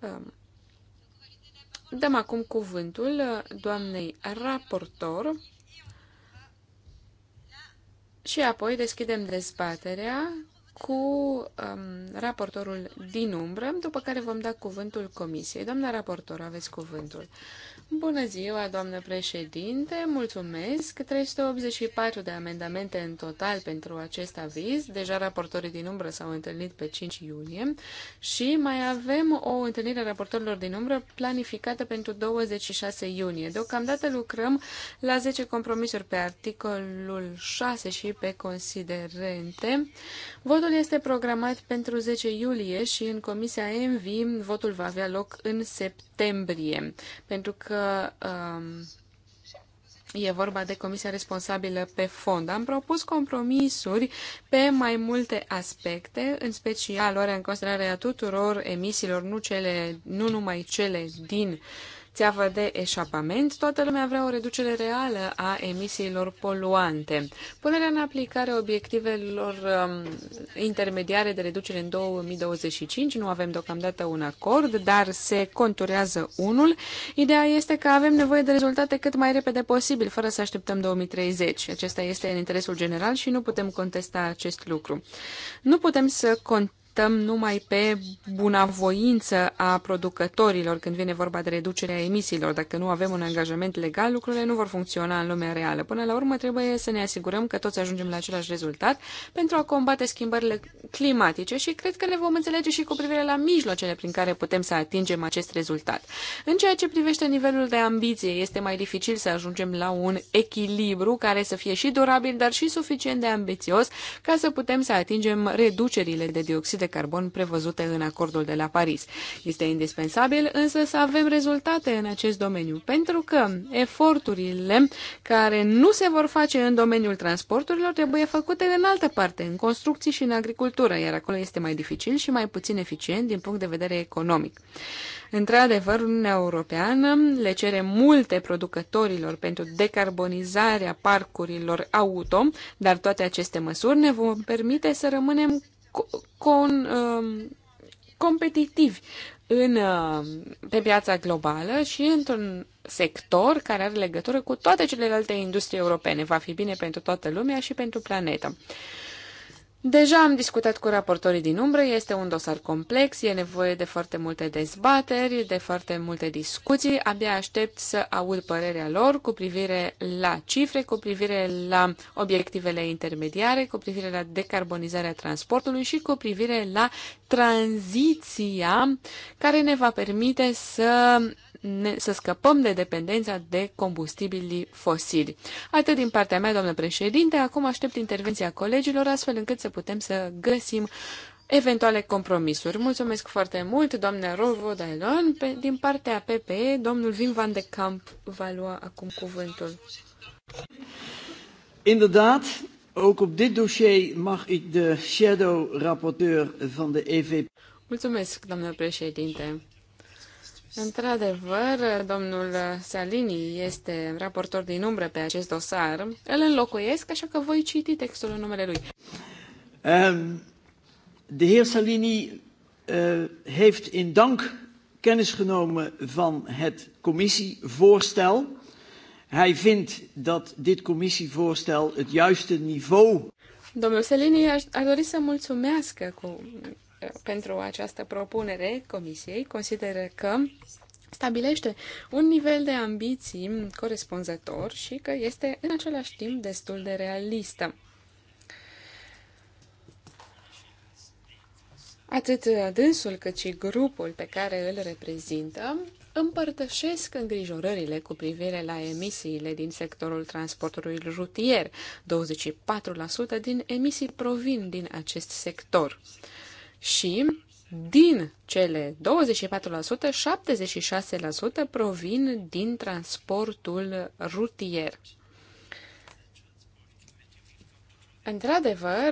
um, Dăm acum cuvântul uh, doamnei raportor și apoi deschidem dezbaterea cu um, raportorul din umbră, după care vom da cuvântul comisiei. Doamna raportor, aveți cuvântul. Bună ziua, doamnă președinte, mulțumesc. 384 de amendamente în total pentru acest aviz. Deja raportorii din umbră s-au întâlnit pe 5 iunie și mai avem o întâlnire a raportorilor din umbră planificată pentru 26 iunie. Deocamdată lucrăm la 10 compromisuri pe articolul 6 și pe considerente. Votul este programat pentru 10 iulie și în Comisia MV votul va avea loc în septembrie septembrie, pentru că um, E vorba de comisia responsabilă pe fond. Am propus compromisuri pe mai multe aspecte, în special luarea în considerare a tuturor emisiilor, nu, cele, nu numai cele din uh, țeavă de eșapament, toată lumea vrea o reducere reală a emisiilor poluante. Punerea în aplicare obiectivelor um, intermediare de reducere în 2025, nu avem deocamdată un acord, dar se conturează unul. Ideea este că avem nevoie de rezultate cât mai repede posibil, fără să așteptăm 2030. Acesta este în interesul general și nu putem contesta acest lucru. Nu putem să contestăm stăm numai pe bunavoință a producătorilor când vine vorba de reducerea emisiilor. Dacă nu avem un angajament legal, lucrurile nu vor funcționa în lumea reală. Până la urmă trebuie să ne asigurăm că toți ajungem la același rezultat pentru a combate schimbările climatice și cred că ne vom înțelege și cu privire la mijloacele prin care putem să atingem acest rezultat. În ceea ce privește nivelul de ambiție, este mai dificil să ajungem la un echilibru care să fie și durabil, dar și suficient de ambițios ca să putem să atingem reducerile de dioxid de carbon prevăzute în acordul de la Paris. Este indispensabil însă să avem rezultate în acest domeniu, pentru că eforturile care nu se vor face în domeniul transporturilor trebuie făcute în altă parte, în construcții și în agricultură, iar acolo este mai dificil și mai puțin eficient din punct de vedere economic. Într-adevăr, Uniunea Europeană le cere multe producătorilor pentru decarbonizarea parcurilor auto, dar toate aceste măsuri ne vor permite să rămânem con, um, competitivi în, um, pe piața globală și într-un sector care are legătură cu toate celelalte industrie europene. Va fi bine pentru toată lumea și pentru planetă. Deja am discutat cu raportorii din umbră, este un dosar complex, e nevoie de foarte multe dezbateri, de foarte multe discuții. Abia aștept să aud părerea lor cu privire la cifre, cu privire la obiectivele intermediare, cu privire la decarbonizarea transportului și cu privire la tranziția care ne va permite să ne, să scăpăm de dependența de combustibilii fosili. Atât din partea mea, doamnă președinte, acum aștept intervenția colegilor astfel încât să putem să găsim eventuale compromisuri. Mulțumesc foarte mult, doamne Rovo Dailon. Din partea PPE, domnul Vin van de Camp va lua acum cuvântul. Inderdaad, ook op dit dossier mag ik de shadow rapporteur van de EVP. Mulțumesc, doamnă președinte. Într-adevăr, domnul Salini este raportor din umbră pe acest dosar. Îl înlocuiesc, așa că voi citi textul în numele lui. Um, de heer Salini uh, heeft in dank kennis genomen van het commissievoorstel. Hij vindt dat dit commissievoorstel het juiste niveau. Domnul Salini ar dori să mulțumească cu pentru această propunere Comisiei consideră că stabilește un nivel de ambiții corespunzător și că este în același timp destul de realistă. Atât dânsul cât și grupul pe care îl reprezintă împărtășesc îngrijorările cu privire la emisiile din sectorul transportului rutier. 24% din emisii provin din acest sector și din cele 24%, 76% provin din transportul rutier. Într-adevăr,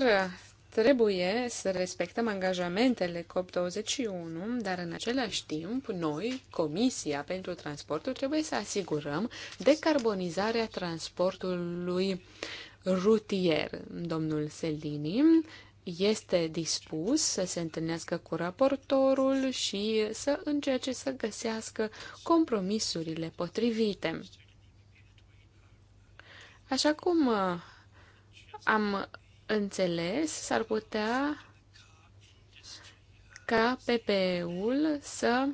trebuie să respectăm angajamentele COP21, dar în același timp, noi, Comisia pentru Transportul, trebuie să asigurăm decarbonizarea transportului rutier. Domnul Selini este dispus să se întâlnească cu raportorul și să încerce să găsească compromisurile potrivite. Așa cum uh, am înțeles, s-ar putea ca PPE-ul să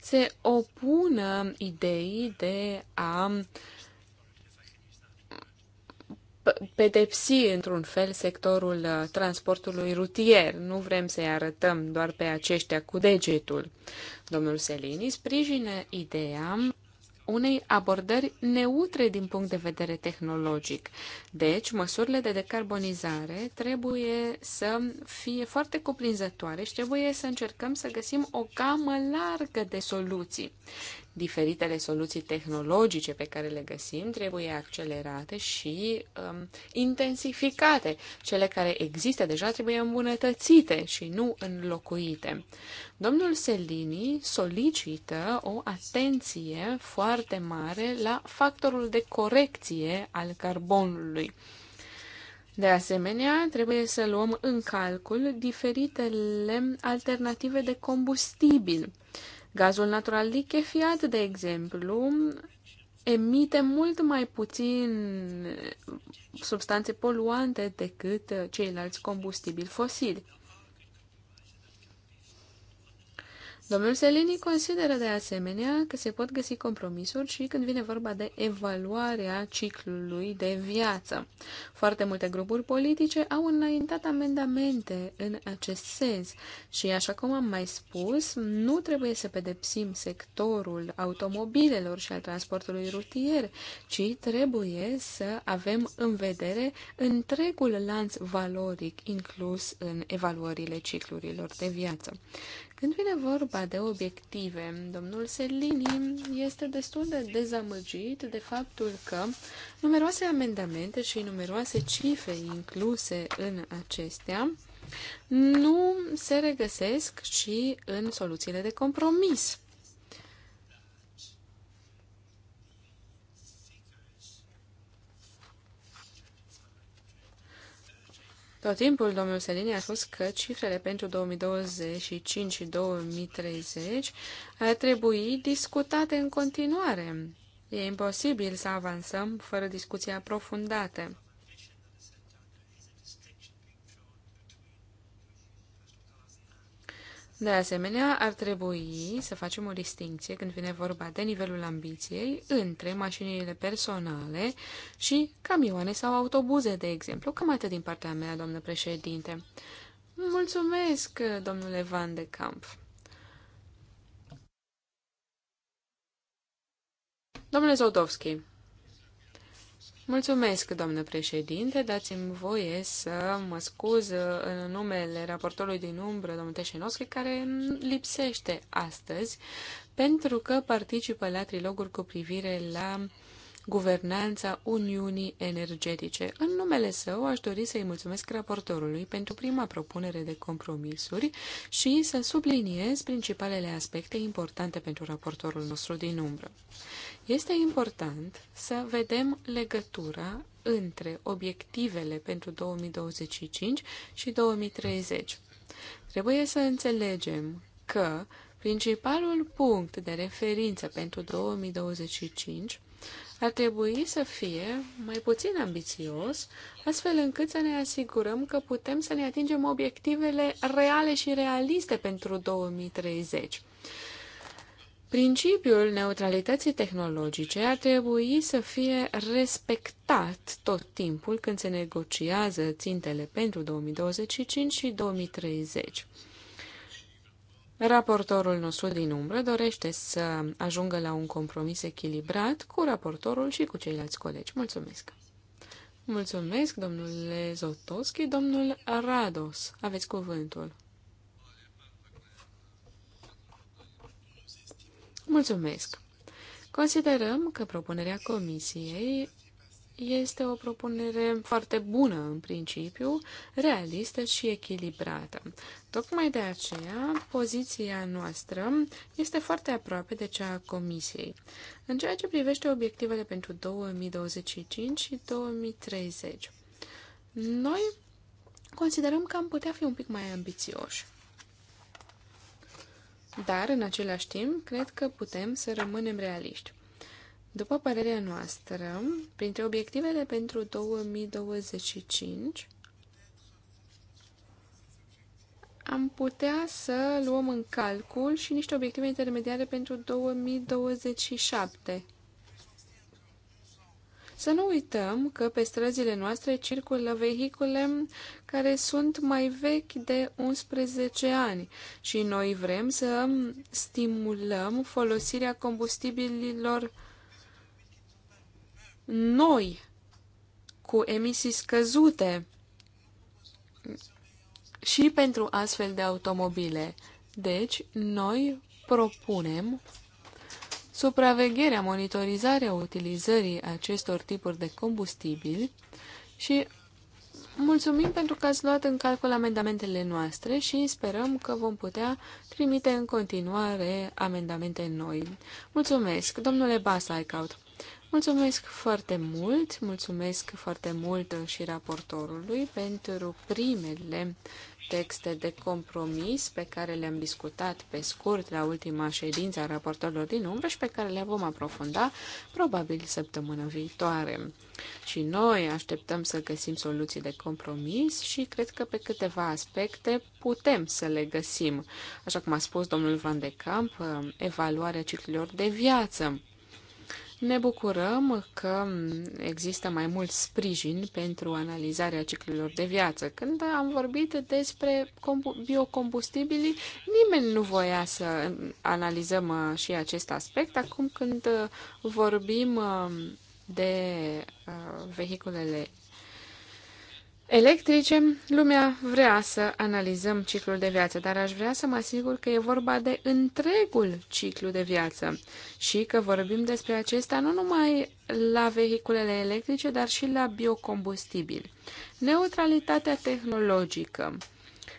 se opună ideii de a uh, pedepsi într-un fel sectorul uh, transportului rutier. Nu vrem să-i arătăm doar pe aceștia cu degetul. Domnul Selini sprijină ideea unei abordări neutre din punct de vedere tehnologic. Deci, măsurile de decarbonizare trebuie să fie foarte cuprinzătoare și trebuie să încercăm să găsim o gamă largă de soluții diferitele soluții tehnologice pe care le găsim trebuie accelerate și um, intensificate. Cele care există deja trebuie îmbunătățite și nu înlocuite. Domnul Selini solicită o atenție foarte mare la factorul de corecție al carbonului. De asemenea, trebuie să luăm în calcul diferitele alternative de combustibil. Uh, Gazul natural lichefiat, de exemplu, emite mult mai puțin substanțe poluante decât ceilalți combustibili fosili. Domnul Selini consideră de asemenea că se pot găsi compromisuri și când vine vorba de evaluarea ciclului de viață. Foarte multe grupuri politice au înaintat amendamente în acest sens și, așa cum am mai spus, nu trebuie să pedepsim sectorul automobilelor și al transportului rutier, ci trebuie să avem în vedere întregul lanț valoric inclus în evaluările ciclurilor de viață. Când vine vorba de obiective, domnul Selini este destul de dezamăgit de faptul că numeroase amendamente și numeroase cifre incluse în acestea nu se regăsesc și în soluțiile de compromis. Tot timpul, domnul Selini a spus că cifrele pentru 2025 și 2030 ar trebui discutate în continuare. E imposibil să avansăm fără discuții aprofundate. De asemenea, ar trebui să facem o distinție când vine vorba de nivelul ambiției între mașinile personale și camioane sau autobuze, de exemplu. Cam atât din partea mea, doamnă președinte. Mulțumesc, domnule Van de Camp. Domnule Zodovski, Mulțumesc, doamnă președinte. Dați-mi voie să mă scuz uh, în numele raportorului din umbră, domnul Teșenoschi, care lipsește astăzi pentru că participă la triloguri cu privire la guvernanța Uniunii Energetice. În numele său aș dori să-i mulțumesc raportorului pentru prima propunere de compromisuri și să subliniez principalele aspecte importante pentru raportorul nostru din umbră. Este important să vedem legătura între obiectivele pentru 2025 și 2030. Trebuie să înțelegem că principalul punct de referință pentru 2025 ar trebui să fie mai puțin ambițios, astfel încât să ne asigurăm că putem să ne atingem obiectivele reale și realiste pentru 2030. Principiul neutralității tehnologice ar trebui să fie respectat tot timpul când se negociază țintele pentru 2025 și 2030. Raportorul nostru din umbră dorește să ajungă la un compromis echilibrat cu raportorul și cu ceilalți colegi. Mulțumesc! Mulțumesc, domnule Zotoschi, domnul Rados. Aveți cuvântul. Mulțumesc! Considerăm că propunerea Comisiei este o propunere foarte bună în principiu, realistă și echilibrată. Tocmai de aceea, poziția noastră este foarte aproape de cea a Comisiei. În ceea ce privește obiectivele pentru 2025 și 2030, noi considerăm că am putea fi un pic mai ambițioși. Dar, în același timp, cred că putem să rămânem realiști. După părerea noastră, printre obiectivele pentru 2025, am putea să luăm în calcul și niște obiective intermediare pentru 2027. Să nu uităm că pe străzile noastre circulă vehicule care sunt mai vechi de 11 ani și noi vrem să stimulăm folosirea combustibililor noi cu emisii scăzute și pentru astfel de automobile. Deci, noi propunem supravegherea, monitorizarea utilizării acestor tipuri de combustibili și mulțumim pentru că ați luat în calcul amendamentele noastre și sperăm că vom putea trimite în continuare amendamente noi. Mulțumesc, domnule Basaicaut! Mulțumesc foarte mult, mulțumesc foarte mult și raportorului pentru primele texte de compromis pe care le-am discutat pe scurt la ultima ședință a raportorilor din umbră și pe care le vom aprofunda probabil săptămâna viitoare. Și noi așteptăm să găsim soluții de compromis și cred că pe câteva aspecte putem să le găsim. Așa cum a spus domnul Van de Camp, evaluarea ciclurilor de viață ne bucurăm că există mai mult sprijin pentru analizarea ciclurilor de viață. Când am vorbit despre biocombustibili, nimeni nu voia să analizăm uh, și acest aspect. Acum când uh, vorbim uh, de vehiculele electrice, lumea vrea să analizăm ciclul de viață, dar aș vrea să mă asigur că e vorba de întregul ciclu de viață și că vorbim despre acesta nu numai la vehiculele electrice, dar și la biocombustibili. Neutralitatea tehnologică.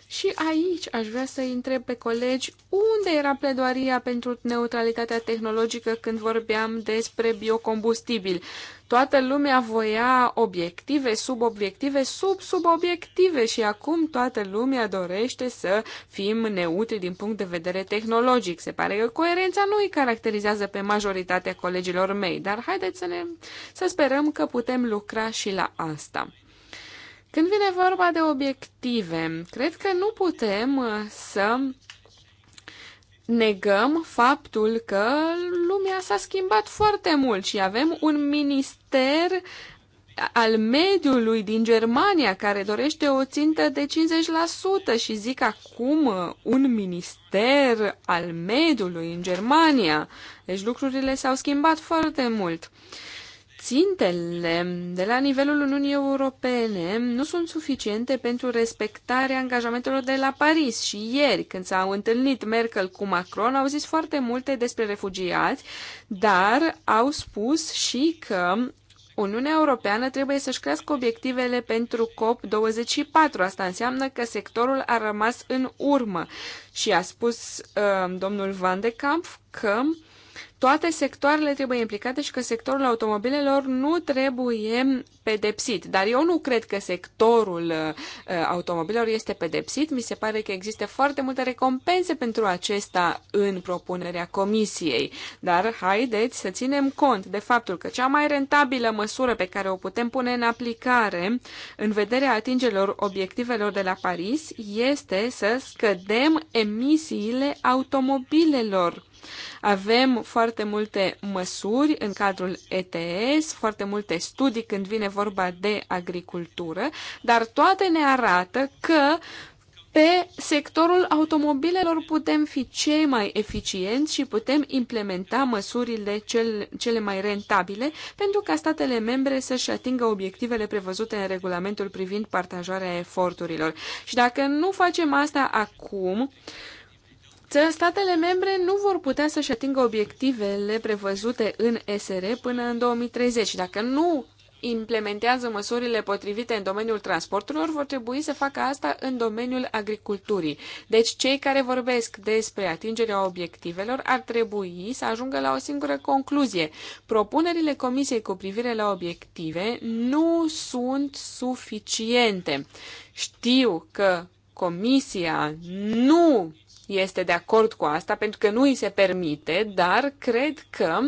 Și aici aș vrea să întreb pe colegi unde era pledoaria pentru neutralitatea tehnologică când vorbeam despre biocombustibil. Toată lumea voia obiective, subobiective, sub-subobiective și acum toată lumea dorește să fim neutri din punct de vedere tehnologic. Se pare că coerența nu îi caracterizează pe majoritatea colegilor mei, dar haideți să, ne, să sperăm că putem lucra și la asta. Când vine vorba de obiective, cred că nu putem uh, să negăm faptul că lumea s-a schimbat foarte mult și avem un minister al mediului din Germania care dorește o țintă de 50% și zic acum uh, un minister al mediului în Germania. Deci lucrurile s-au schimbat foarte mult. Uh, Țintele de la nivelul Uniunii Europene nu sunt suficiente pentru respectarea angajamentelor de la Paris și ieri, când s-au întâlnit Merkel cu Macron, au zis foarte multe despre refugiați, dar au spus și că Uniunea Europeană trebuie să-și crească obiectivele pentru COP24. Asta înseamnă că sectorul a rămas în urmă. Și a spus uh, domnul Van de Kamp că uh, toate sectoarele trebuie implicate și că sectorul automobilelor nu trebuie pedepsit. Dar eu nu cred că sectorul uh, uh, automobilelor este pedepsit. Mi se pare că există foarte multe recompense pentru acesta în propunerea comisiei. Dar haideți să ținem cont de faptul că cea mai rentabilă măsură pe care o putem pune în aplicare în vederea atingerilor obiectivelor de la Paris este să scădem emisiile automobilelor. Avem foarte multe măsuri în cadrul ETS, foarte multe studii când vine vorba de agricultură, dar toate ne arată că pe sectorul automobilelor putem fi cei mai eficienți și putem implementa măsurile cel, cele mai rentabile pentru ca statele membre să-și atingă obiectivele prevăzute în regulamentul privind partajarea eforturilor. Și dacă nu facem asta acum, uh, statele membre nu vor putea să-și atingă obiectivele prevăzute în SR până în 2030. Dacă nu implementează măsurile potrivite în domeniul transporturilor, vor trebui să facă asta în domeniul agriculturii. Deci cei care vorbesc despre atingerea obiectivelor ar trebui să ajungă la o singură concluzie. Propunerile Comisiei cu privire la obiective nu sunt suficiente. Știu că Comisia nu este de acord cu asta pentru că nu îi se permite, dar cred că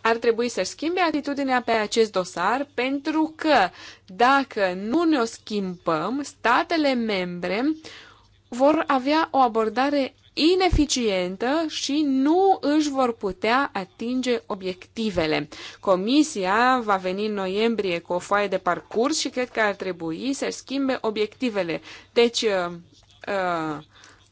ar trebui să schimbe atitudinea pe acest dosar pentru că dacă nu ne-o schimbăm, statele membre vor avea o abordare ineficientă și nu își vor putea atinge obiectivele. Comisia va veni în noiembrie cu o foaie de parcurs și cred că ar trebui să schimbe obiectivele. Deci, uh, uh,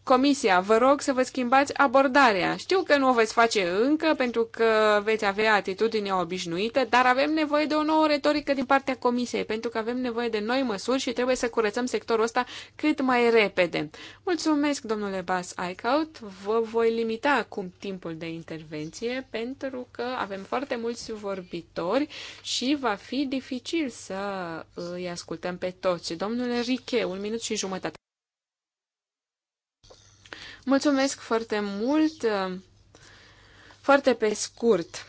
Comisia, vă rog să vă schimbați abordarea. Știu că nu o veți face încă pentru că veți avea atitudine obișnuită, dar avem nevoie de o nouă retorică din partea Comisiei pentru că avem nevoie de noi măsuri și trebuie să curățăm sectorul ăsta cât mai repede. Mulțumesc, domnule Bas Aicaut. Vă voi limita acum timpul de intervenție pentru că avem foarte mulți vorbitori și va fi dificil să îi ascultăm pe toți. Domnule Riche, un minut și jumătate. Mulțumesc foarte mult! Foarte pe scurt,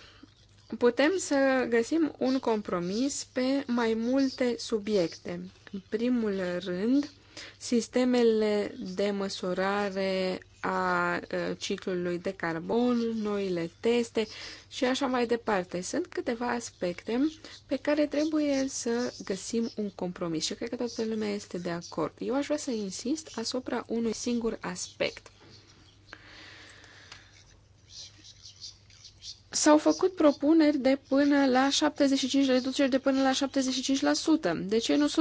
putem să găsim un compromis pe mai multe subiecte. În primul rând, sistemele de măsurare a ciclului de carbon, noile teste și așa mai departe. Sunt câteva aspecte pe care trebuie să găsim un compromis și cred că toată lumea este de acord. Eu aș vrea să insist asupra unui singur aspect. S-au făcut propuneri de până la 75, reduceri de până la 75%, de ce nu 100%?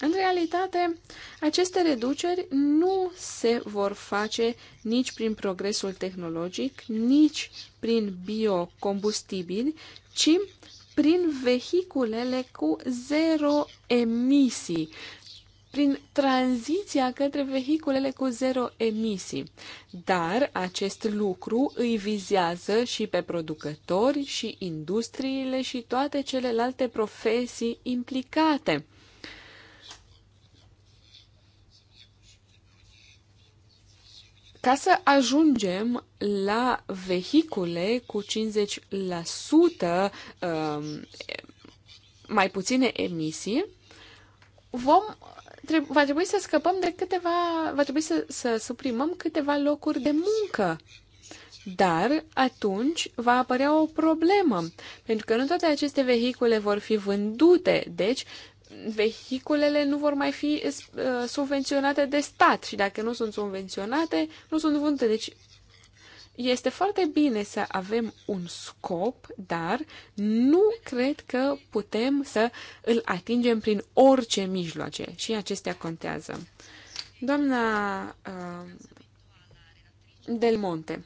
În realitate, aceste reduceri nu se vor face nici prin progresul tehnologic, nici prin biocombustibili, ci prin vehiculele cu zero emisii, prin tranziția către vehiculele cu zero emisii. Dar acest lucru îi vizează și pe producători și industriile și toate celelalte profesii implicate. Ca să ajungem la vehicule cu 50% um, mai puține emisii, vom treb- va trebui să scăpăm de câteva, va trebui să, să suprimăm câteva locuri de muncă. Dar atunci va apărea o problemă, pentru că nu toate aceste vehicule vor fi vândute, deci vehiculele nu vor mai fi uh, subvenționate de stat și dacă nu sunt subvenționate, nu sunt vândute. Deci este foarte bine să avem un scop, dar nu cred că putem să îl atingem prin orice mijloace și acestea contează. Doamna uh, Del Monte.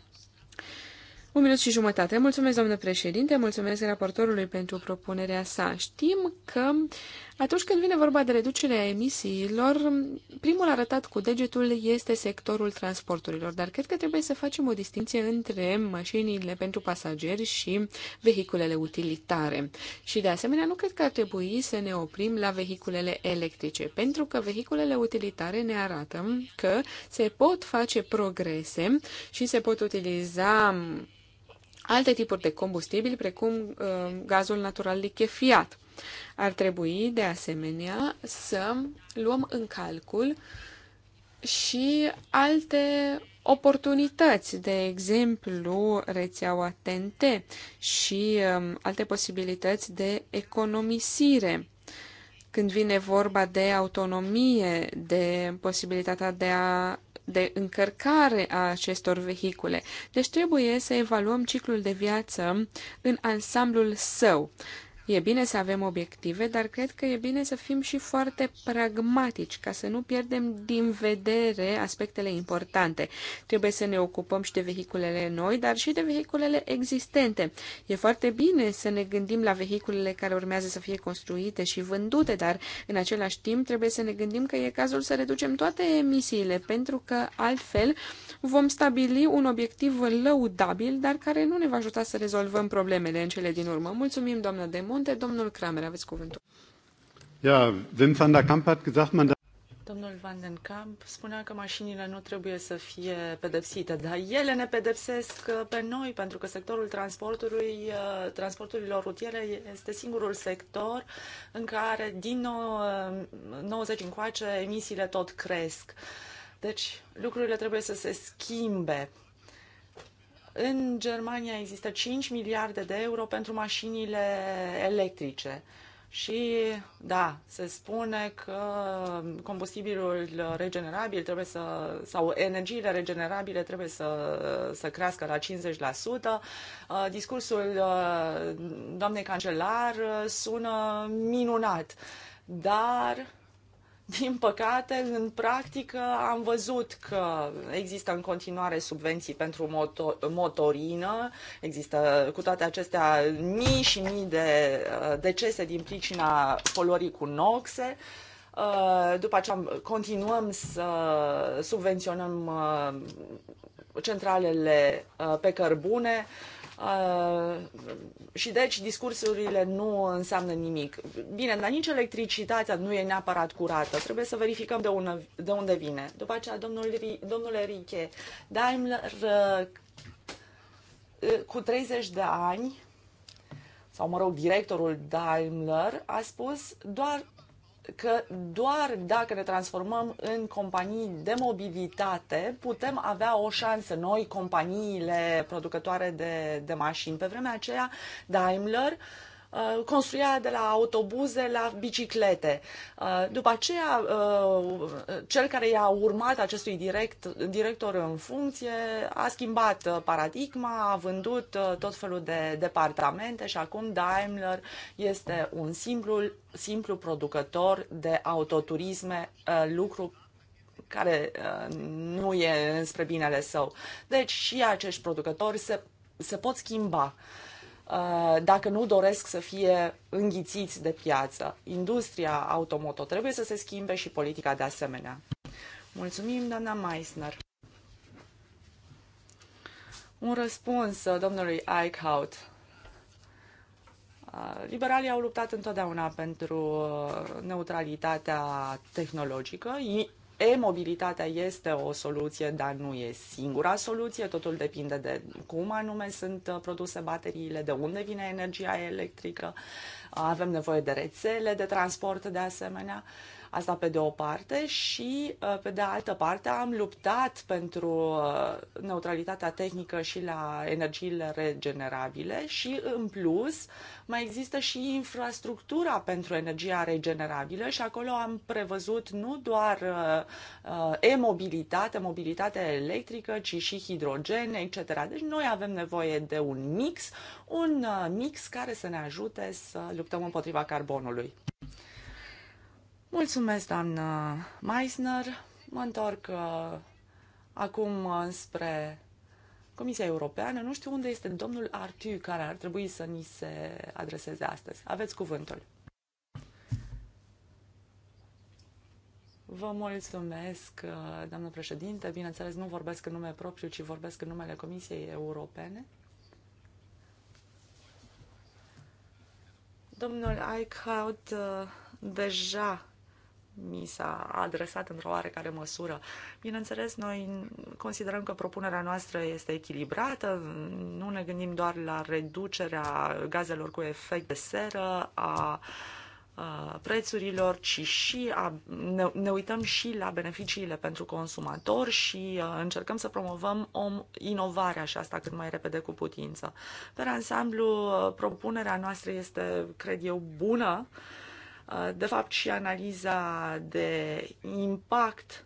Un minut și jumătate. Mulțumesc, doamnă președinte, mulțumesc raportorului pentru propunerea sa. Știm că atunci când vine vorba de reducerea emisiilor, primul arătat cu degetul este sectorul transporturilor, dar cred că trebuie să facem o distinție între mașinile pentru pasageri și vehiculele utilitare. Și de asemenea, nu cred că ar trebui să ne oprim la vehiculele electrice, pentru că vehiculele utilitare ne arată că se pot face progrese și se pot utiliza alte tipuri de combustibili, precum uh, gazul natural lichefiat. Ar trebui, de asemenea, să luăm în calcul și alte oportunități, de exemplu rețeaua TNT și um, alte posibilități de economisire când vine vorba de autonomie, de posibilitatea de a de încărcare a acestor vehicule. Deci trebuie să evaluăm ciclul de viață în ansamblul său. E bine să avem obiective, dar cred că e bine să fim și foarte pragmatici, ca să nu pierdem din vedere aspectele importante. Trebuie să ne ocupăm și de vehiculele noi, dar și de vehiculele existente. E foarte bine să ne gândim la vehiculele care urmează să fie construite și vândute, dar în același timp trebuie să ne gândim că e cazul să reducem toate emisiile, pentru că altfel vom stabili un obiectiv lăudabil, dar care nu ne va ajuta să rezolvăm problemele în cele din urmă. Mulțumim, doamnă Demo! Munte. Domnul Kramer, aveți cuvântul. Ja, Wim van der Kamp hat gesagt, man Domnul Van den Kamp spunea că mașinile nu trebuie să fie pedepsite, dar ele ne pedepsesc uh, pe noi, pentru că sectorul transportului, uh, transporturilor rutiere este singurul sector în care din 90 uh, încoace emisiile tot cresc. Deci lucrurile trebuie să se schimbe. În Germania există 5 miliarde de euro pentru mașinile electrice. Și da, se spune că combustibilul regenerabil trebuie să, sau energiile regenerabile trebuie să, să crească la 50%. Uh, discursul uh, doamnei cancelar uh, sună minunat, dar din păcate, în practică am văzut că există în continuare subvenții pentru moto- motorină, există cu toate acestea mii și mii de uh, decese din pricina poluării cu noxe. Uh, după aceea continuăm să subvenționăm uh, centralele pe cărbune, Uh, și deci discursurile nu înseamnă nimic. Bine, dar nici electricitatea nu e neapărat curată. Trebuie să verificăm de, una, de unde vine. După aceea, domnul, domnule Riche, Daimler uh, uh, cu 30 de ani, sau mă rog, directorul Daimler a spus doar că doar dacă ne transformăm în companii de mobilitate putem avea o șansă noi, companiile producătoare de, de mașini. Pe vremea aceea, Daimler uh, Uh, construia de la autobuze la biciclete. Uh, după aceea, uh, cel care i-a urmat acestui direct, director în funcție a schimbat paradigma, a vândut tot felul de departamente și acum Daimler este un simplu, simplu producător de autoturisme, lucru care nu e spre binele său. Deci și acești producători se, se pot schimba. Uh, Uh, dacă nu doresc să fie înghițiți de piață. Industria automoto trebuie să se schimbe și politica de asemenea. Mulțumim, doamna Meissner. Un răspuns uh, domnului Eichhout. Uh, liberalii au luptat întotdeauna pentru neutralitatea tehnologică, E-mobilitatea este o soluție, dar nu e singura soluție. Totul depinde de cum anume sunt uh, produse bateriile, de unde vine energia electrică. Avem nevoie de rețele de transport de asemenea. Uh, Asta pe de o parte și uh, pe de altă parte am luptat pentru uh, neutralitatea tehnică și la energiile regenerabile și în plus mai există și infrastructura pentru energia regenerabilă și acolo am prevăzut nu doar uh, e-mobilitate, mobilitate electrică, ci și hidrogen, etc. Deci noi avem nevoie de un mix, un mix care să ne ajute să luptăm împotriva carbonului. Mulțumesc, doamnă Meisner. Mă întorc uh, acum uh, spre Comisia Europeană. Nu știu unde este domnul Artiu care ar trebui să ni se adreseze astăzi. Aveți cuvântul. Vă mulțumesc, uh, doamnă președinte. Bineînțeles, nu vorbesc în nume propriu, ci vorbesc în numele Comisiei Europene. Domnul Eichhout deja mi s-a adresat într-o oarecare măsură. Bineînțeles, noi considerăm că propunerea noastră este echilibrată, nu ne gândim doar la reducerea gazelor cu efect de seră, a prețurilor, ci și a, ne, ne uităm și la beneficiile pentru consumator și uh, încercăm să promovăm om, inovarea și asta cât mai repede cu putință. Pe ansamblu, uh, propunerea noastră este, cred eu, bună. Uh, Uh, de fapt, și analiza de impact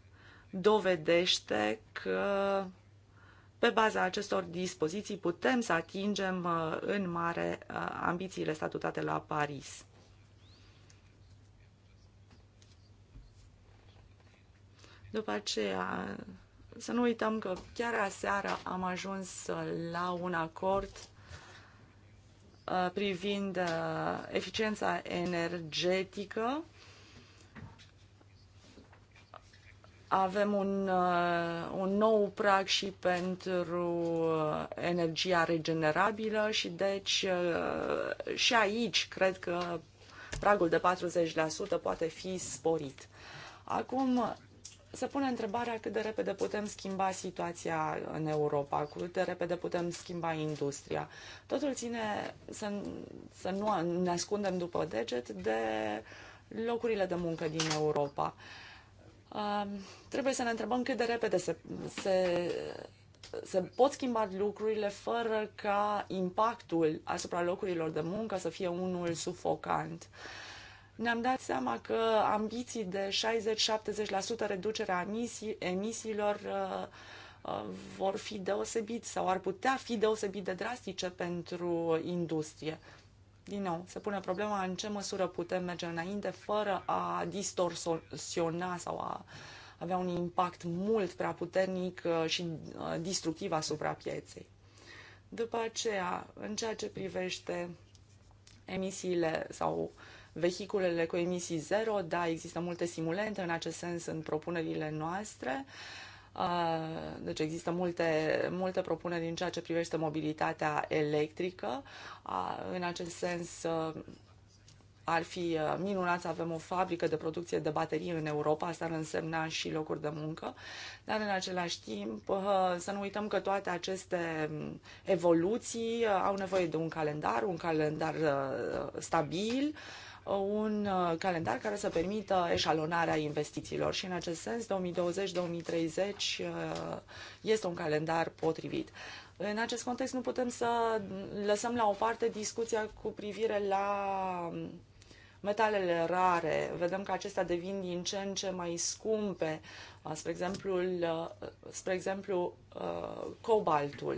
dovedește că pe baza acestor dispoziții putem să atingem uh, în mare uh, ambițiile statutate la Paris. După aceea, să nu uităm că chiar aseară am ajuns la un acord Uh, privind uh, eficiența energetică. Avem un, uh, un nou prag și pentru energia regenerabilă și deci și aici cred că pragul de 40% poate fi sporit. Acum, se pune întrebarea cât de repede putem schimba situația în Europa, cât de repede putem schimba industria. Totul ține să, să nu ne ascundem după deget de locurile de muncă din Europa. Uh, trebuie să ne întrebăm cât de repede se, se, se pot schimba lucrurile fără ca impactul asupra locurilor de muncă să fie unul sufocant. Uh, ne-am dat seama că ambiții de 60-70% reducerea emisiilor uh, uh, vor fi deosebit sau ar putea fi deosebit de drastice pentru industrie. Din nou, se pune problema în ce măsură putem merge înainte fără a distorsiona sau a avea un impact mult prea puternic uh, și distructiv asupra pieței. După aceea, în ceea ce privește emisiile sau uh, vehiculele cu emisii zero. Da, există multe simulente în acest sens în propunerile noastre. Deci există multe, multe propuneri în ceea ce privește mobilitatea electrică. În acest sens ar fi minunat să avem o fabrică de producție de baterii în Europa, asta ar însemna și locuri de muncă, dar în același timp să nu uităm că toate aceste evoluții au nevoie de un calendar, un calendar stabil, un uh, calendar care să permită eșalonarea investițiilor și în acest sens 2020-2030 uh, este un calendar potrivit. În acest context nu putem să lăsăm la o parte discuția cu privire la metalele rare. Vedem că acestea devin din ce în ce mai scumpe, uh, spre exemplu, spre exemplu cobaltul.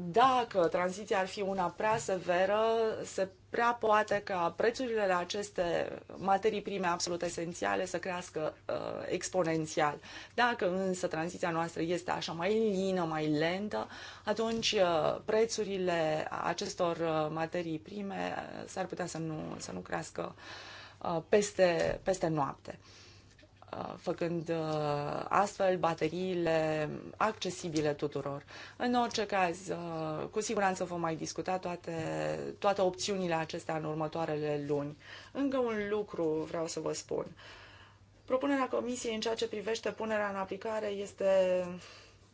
dacă tranziția ar fi una prea severă, se prea poate ca prețurile la aceste materii prime absolut esențiale să crească uh, exponențial. Dacă însă tranziția noastră este așa mai lină, mai lentă, atunci uh, prețurile acestor uh, materii prime uh, s-ar putea să nu, să nu crească uh, peste, peste noapte. Uh, Uh, făcând uh, astfel bateriile accesibile tuturor. În orice caz, uh, cu siguranță vom mai discuta toate, toate opțiunile acestea în următoarele luni. Încă un lucru vreau să vă spun. Propunerea Comisiei în ceea ce privește punerea în aplicare este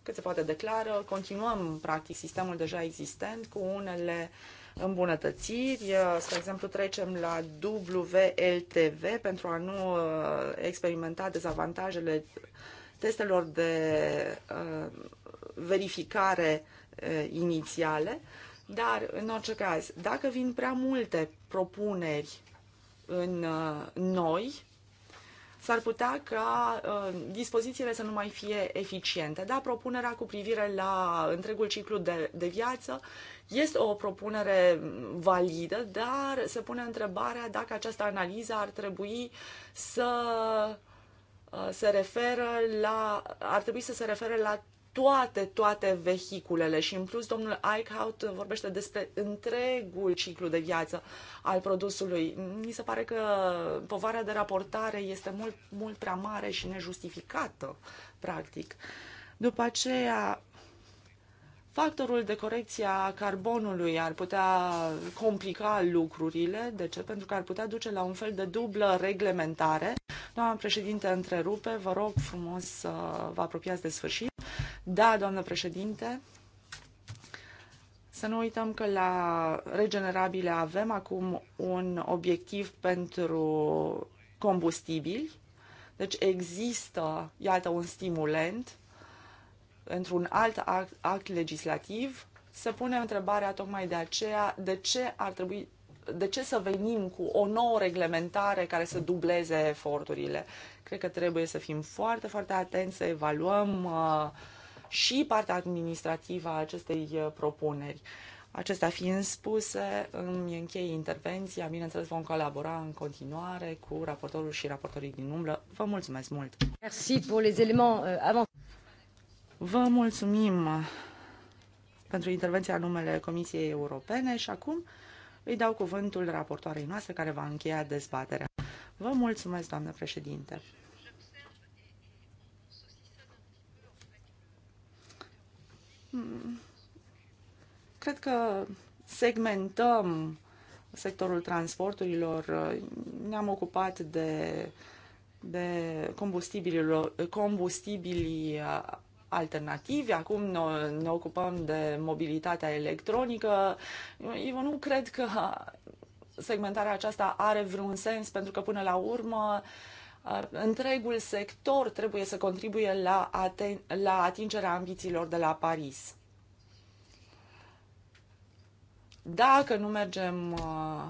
cât se poate declară. Continuăm, practic, sistemul deja existent cu unele uh, îmbunătățiri. Uh, spre exemplu, trecem la WLTV pentru a nu uh, experimenta dezavantajele testelor de uh, verificare inițiale. Dar, în orice caz, dacă vin prea multe propuneri în noi, s-ar putea ca uh, dispozițiile să nu mai fie eficiente. Da, propunerea cu privire la întregul ciclu de, de viață este o propunere validă, dar se pune întrebarea dacă această analiză ar trebui să uh, se referă la, ar trebui să se refere la toate, toate vehiculele și în plus domnul Eichhout vorbește despre întregul ciclu de viață al produsului. Mi se pare că povara de raportare este mult, mult prea mare și nejustificată, practic. După aceea, factorul de corecție a carbonului ar putea complica lucrurile. De ce? Pentru că ar putea duce la un fel de dublă reglementare. Doamna președinte, întrerupe, vă rog frumos să vă apropiați de sfârșit. Da, doamnă președinte, să nu uităm că la regenerabile avem acum un obiectiv pentru combustibili, deci există, iată, un stimulent într-un alt act, act legislativ. Se pune întrebarea tocmai de aceea de ce ar trebui de ce să venim cu o nouă reglementare care să dubleze eforturile? Cred că trebuie să fim foarte, foarte atenți, să evaluăm uh, și partea administrativă a acestei uh, propuneri. Acestea fiind spuse, îmi închei intervenția. Bineînțeles, vom colabora în continuare cu raportorul și raportorii din umbră. Vă mulțumesc mult! Merci pour les éléments euh, Vă mulțumim pentru intervenția în numele Comisiei Europene și acum îi dau cuvântul raportoarei noastre care va încheia dezbaterea. Vă mulțumesc, doamnă președinte! Cred că segmentăm sectorul transporturilor. Ne-am ocupat de, de combustibilii, combustibilii uh, alternativi, acum ne, ne ocupăm de mobilitatea electronică. Eu nu cred că segmentarea aceasta are vreun sens, pentru că până la urmă uh, întregul sector trebuie să contribuie la, aten- la atingerea ambițiilor de la Paris. Dacă nu mergem uh,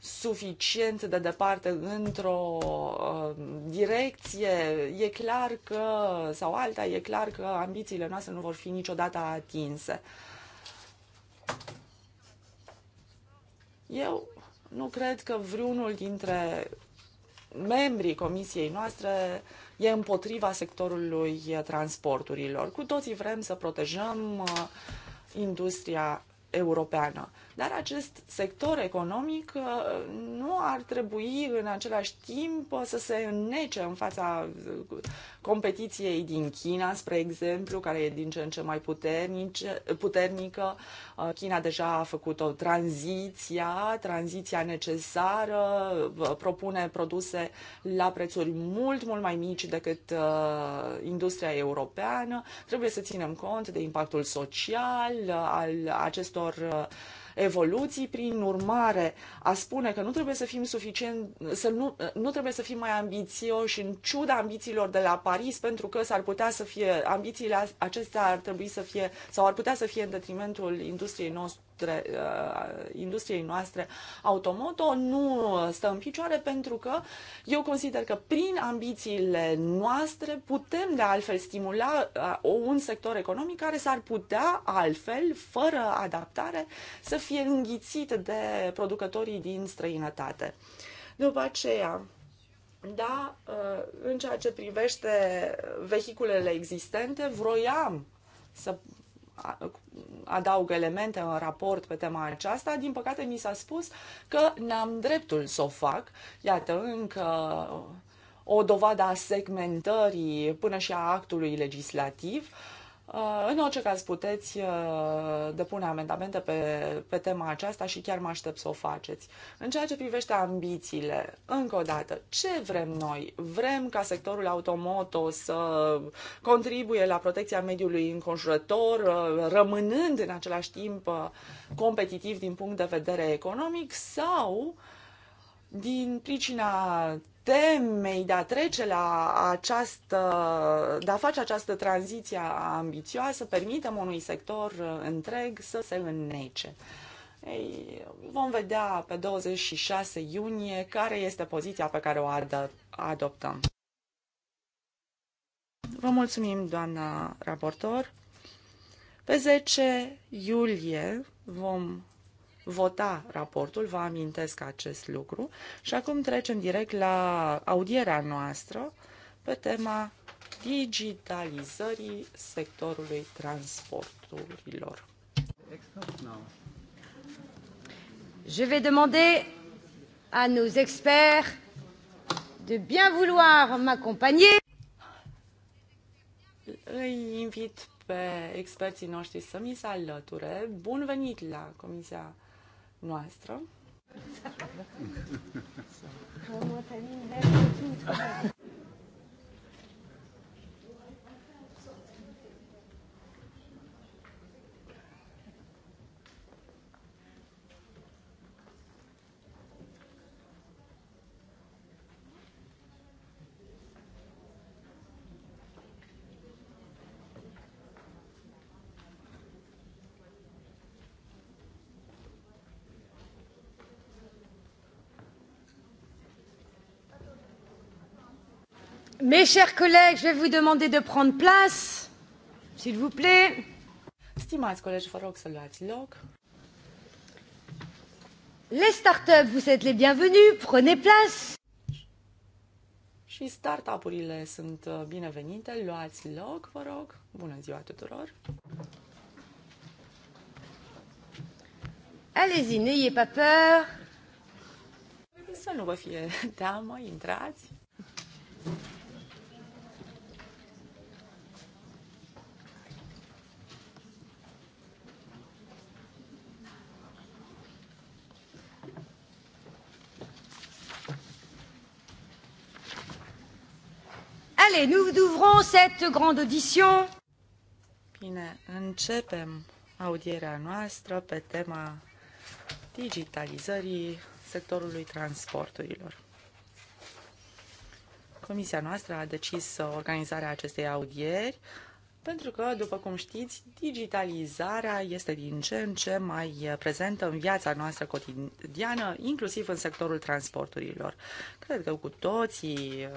suficient de departe într-o uh, direcție, e clar că, sau alta, e clar că ambițiile noastre nu vor fi niciodată atinse. Eu nu cred că vreunul dintre membrii comisiei noastre e împotriva sectorului transporturilor. Cu toții vrem să protejăm uh, industria europeană. Dar acest sector economic uh, nu ar trebui în același timp uh, să se înnece în fața uh, competiției din China, spre exemplu, care e din ce în ce mai puternică. China deja a făcut o tranziția, tranziția necesară, propune produse la prețuri mult, mult mai mici decât industria europeană. Trebuie să ținem cont de impactul social al acestor uh, evoluții. Prin urmare, a spune că nu trebuie să fim suficient, să nu, nu trebuie să fim mai ambițioși în ciuda ambițiilor de la Paris, pentru că s-ar putea să fie, ambițiile acestea ar trebui să fie, sau ar putea să fie în detrimentul industriei nostru, Uh, industriei noastre automoto nu stă în picioare pentru că eu consider că prin ambițiile noastre putem de altfel stimula uh, un sector economic care s-ar putea altfel, fără adaptare, să fie înghițit de producătorii din străinătate. După aceea, da, uh, în ceea ce privește vehiculele existente, vroiam să adaugă elemente în raport pe tema aceasta. Din păcate, mi s-a spus că n-am dreptul să o fac. Iată, încă o dovadă a segmentării până și a actului legislativ. Uh, Uh, în orice caz, puteți uh, depune amendamente pe, pe tema aceasta și chiar mă aștept să o faceți. În ceea ce privește ambițiile, încă o dată, ce vrem noi? Vrem ca sectorul automoto să contribuie la protecția mediului înconjurător, uh, rămânând în același timp competitiv din punct de vedere economic sau din pricina temei de a trece la această, de a face această tranziție ambițioasă, permitem unui sector uh, întreg să se înnece. Ei, vom vedea pe 26 iunie care este poziția pe care o ad- adoptăm. Vă mulțumim, doamna raportor. Pe 10 iulie vom vota raportul, vă amintesc acest lucru. Și acum trecem direct la audierea noastră pe tema digitalizării sectorului transporturilor. Je vais demander à nos experts de bien vouloir m'accompagner. Îi invit pe experții noștri să mi se alăture. Bun venit la Comisia noastră. Mes chers collègues, je vais vous demander de prendre place, s'il vous plaît. Stimați colegi, vă rog să luați loc. Les startups, vous êtes les bienvenus, prenez place. Și startup-urile sunt uh, binevenite, luați loc, vă rog. Bună ziua tuturor. Allez-y, n'ayez pas peur. Să nu vă fie teamă, intrați. Allez, nous ouvrons cette grande audition. Bine, începem audierea noastră pe tema digitalizării sectorului transporturilor. Comisia noastră a decis organizarea acestei audieri pentru că, după cum știți, digitalizarea este din ce în ce mai prezentă în viața noastră cotidiană, inclusiv în sectorul transporturilor. Cred că cu toții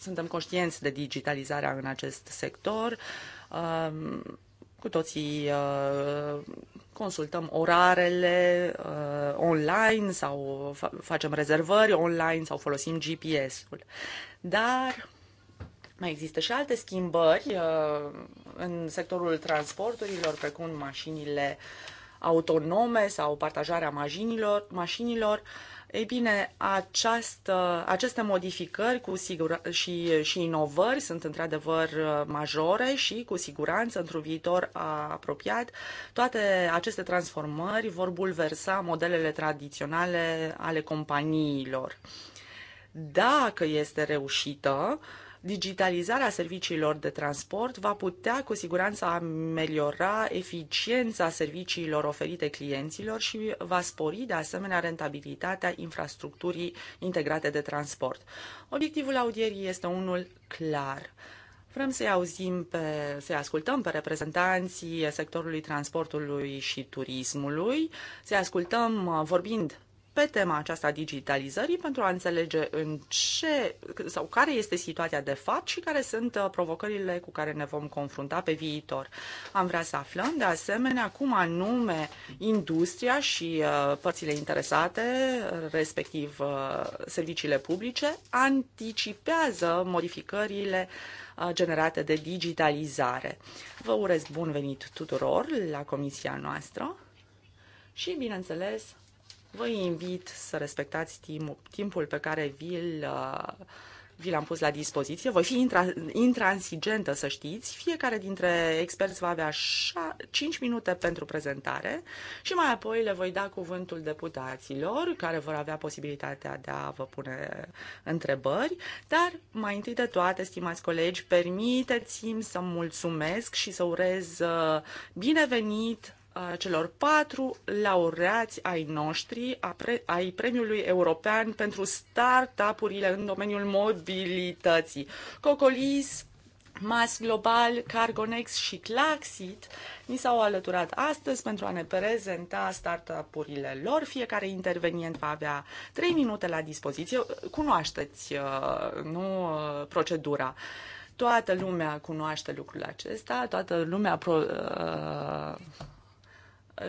suntem conștienți de digitalizarea în acest sector. Um, cu toții uh, consultăm orarele uh, online sau facem rezervări online sau folosim GPS-ul. Dar mai există și alte schimbări uh, în sectorul transporturilor, precum mașinile autonome sau partajarea mașinilor, mașinilor ei bine, această, aceste modificări cu sigur, și, și inovări sunt într-adevăr uh, majore și cu siguranță într-un viitor apropiat, toate aceste transformări vor bulversa modelele tradiționale ale companiilor. Dacă este reușită, uh, digitalizarea serviciilor de transport va putea cu siguranță ameliora eficiența serviciilor oferite clienților și va spori de asemenea rentabilitatea infrastructurii integrate de transport. Obiectivul audierii este unul clar. Vrem să-i auzim, pe, să-i ascultăm pe reprezentanții sectorului transportului și turismului, să-i ascultăm vorbind pe tema aceasta digitalizării pentru a înțelege în ce sau care este situația de fapt și care sunt uh, provocările cu care ne vom confrunta pe viitor. Am vrea să aflăm de asemenea cum anume industria și uh, părțile interesate, respectiv uh, serviciile publice, anticipează modificările generate de digitalizare. Vă urez bun venit tuturor la comisia noastră și, bineînțeles, Vă invit să respectați timpul pe care vi-l uh, vi l-am pus la dispoziție. Voi fi intra, intransigentă, să știți. Fiecare dintre experți va avea 5 minute pentru prezentare și mai apoi le voi da cuvântul deputaților care vor avea posibilitatea de a vă pune întrebări. Dar, mai întâi de toate, stimați colegi, permiteți-mi să mulțumesc și să urez uh, binevenit celor patru laureați ai noștri ai Premiului European pentru startup-urile în domeniul mobilității. Cocolis, Mas Global, Cargonex și Claxit ni s-au alăturat astăzi pentru a ne prezenta startup-urile lor. Fiecare intervenient va avea 3 minute la dispoziție. Cunoașteți, nu procedura toată lumea cunoaște lucrul acesta, toată lumea pro, uh,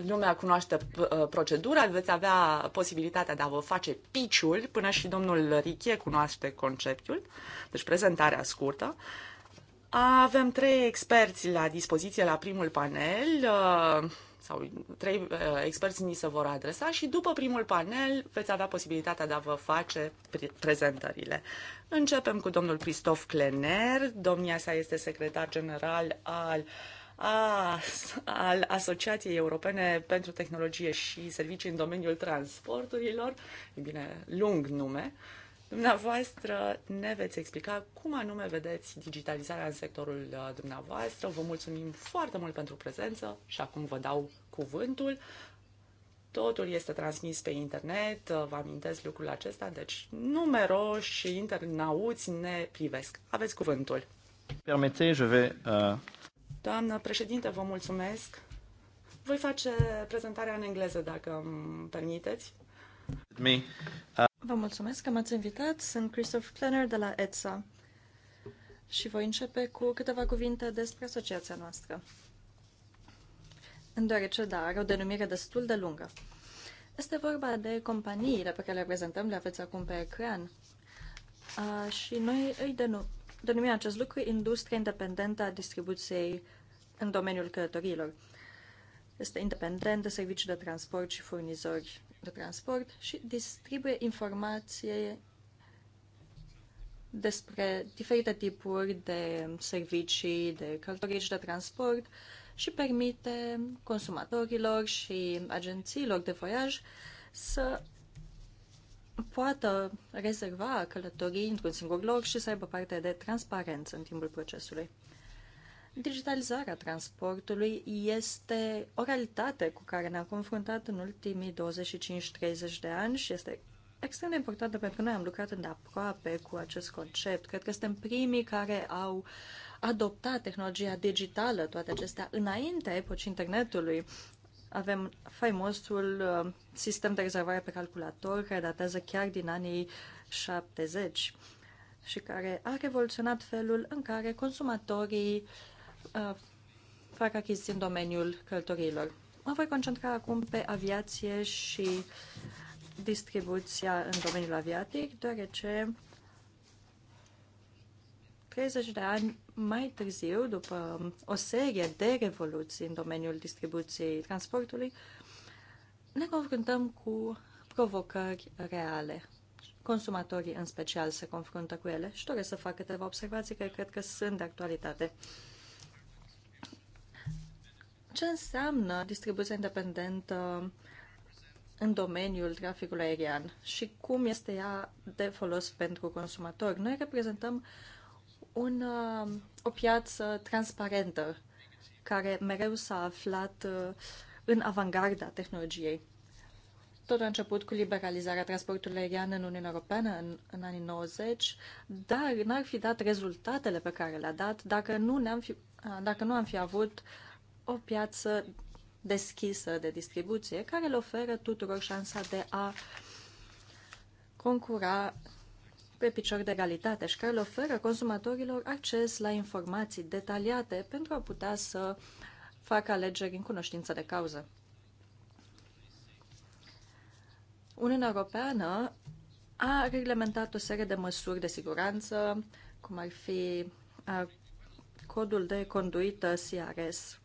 lumea cunoaște uh, procedura, veți avea posibilitatea de a vă face piciul, până și domnul Richie cunoaște conceptul, deci prezentarea scurtă. Avem trei experți la dispoziție la primul panel, uh, sau trei uh, experți ni se vor adresa și după primul panel veți avea posibilitatea de a vă face prezentările. Începem cu domnul Cristof Clener, domnia sa este secretar general al uh, a, al Asociației Europene pentru Tehnologie și Servicii în domeniul transporturilor, e bine, lung nume, dumneavoastră ne veți explica cum anume vedeți digitalizarea în sectorul uh, dumneavoastră. Vă mulțumim foarte mult pentru prezență și acum vă dau cuvântul. Totul este transmis pe internet, uh, vă amintesc lucrul acesta, deci numeroși internauți ne privesc. Aveți cuvântul. Permiteți, je vais uh, Doamnă președinte, vă mulțumesc. Voi face prezentarea în engleză, dacă îmi permiteți. Vă mulțumesc că m-ați invitat. Sunt Christoph Klenner de la ETSA și voi începe cu câteva cuvinte despre asociația noastră. Îndoarece, da, are o denumire destul de lungă. Este vorba de companiile pe care le prezentăm, le aveți acum pe ecran. și noi îi denumim denumim acest lucru industrie independentă a distribuției în domeniul călătorilor. Este independent de servicii de transport și furnizori de transport și distribuie informație despre diferite tipuri de servicii, de călătorii și de transport și permite consumatorilor și agențiilor de voiaj să poată rezerva călătorii într-un singur loc și să aibă parte de transparență în timpul procesului. Digitalizarea transportului este o realitate cu care ne-am confruntat în ultimii 25-30 de ani și este extrem de importantă pentru că noi am lucrat îndeaproape cu acest concept. Cred că suntem primii care au adoptat tehnologia digitală, toate acestea, înaintea epocii internetului. Avem faimosul uh, sistem de rezervare pe calculator, care datează chiar din anii 70 și care a revoluționat felul în care consumatorii uh, fac achiziții în domeniul călătoriilor. Mă voi concentra acum pe aviație și distribuția în domeniul aviatic, deoarece 30 de ani mai târziu, după o serie de revoluții în domeniul distribuției transportului, ne confruntăm cu provocări reale. Consumatorii, în special, se confruntă cu ele și doresc să fac câteva observații care cred că sunt de actualitate. Ce înseamnă distribuția independentă în domeniul traficului aerian și cum este ea de folos pentru consumatori? Noi reprezentăm un, uh, o piață transparentă care mereu s-a aflat uh, în avangarda tehnologiei. Tot a început cu liberalizarea transportului aerian în Uniunea Europeană în, în anii 90, dar n-ar fi dat rezultatele pe care le-a dat dacă nu, ne-am fi, uh, dacă nu am fi avut o piață deschisă de distribuție care le oferă tuturor șansa de a concura pe picior de egalitate și care le oferă consumatorilor acces la informații detaliate pentru a putea să facă alegeri în cunoștință de cauză. Uniunea Europeană a reglementat o serie de măsuri de siguranță, cum ar fi codul de conduită CRS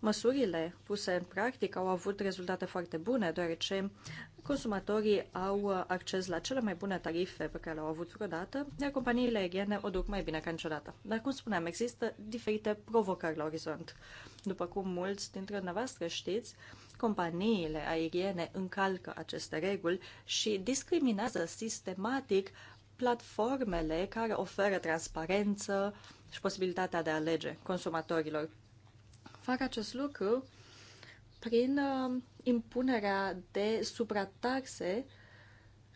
Măsurile puse în practică au avut rezultate foarte bune, deoarece consumatorii au acces la cele mai bune tarife pe care le-au avut vreodată, iar companiile aeriene o duc mai bine ca niciodată. Dar, cum spuneam, există diferite provocări la orizont. După cum mulți dintre dumneavoastră știți, companiile aeriene încalcă aceste reguli și discriminează sistematic platformele care oferă transparență și posibilitatea de a alege consumatorilor fac acest lucru prin uh, impunerea de suprataxe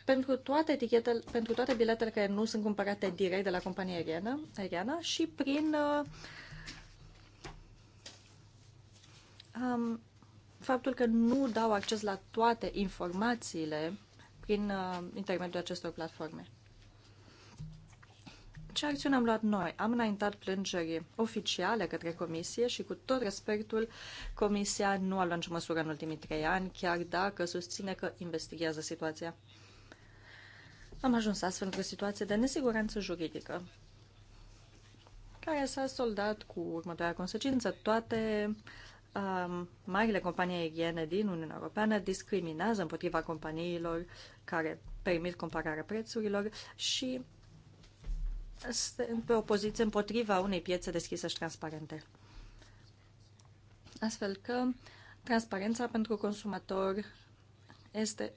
pentru toate, etichetele, pentru toate biletele care nu sunt cumpărate direct de la compania aeriană, aeriană și prin uh, um, faptul că nu dau acces la toate informațiile prin uh, intermediul acestor platforme. Ce acțiune am luat noi? Am înaintat plângeri oficiale către comisie și cu tot respectul, comisia nu a luat nicio măsură în ultimii trei ani, chiar dacă susține că investigează situația. Am ajuns astfel într-o situație de nesiguranță juridică, care s-a soldat cu următoarea consecință. Toate um, marile companii aeriene din Uniunea Europeană discriminează împotriva companiilor care permit compararea prețurilor și suntem pe o poziție împotriva unei piețe deschise și transparente. Astfel că transparența pentru consumator este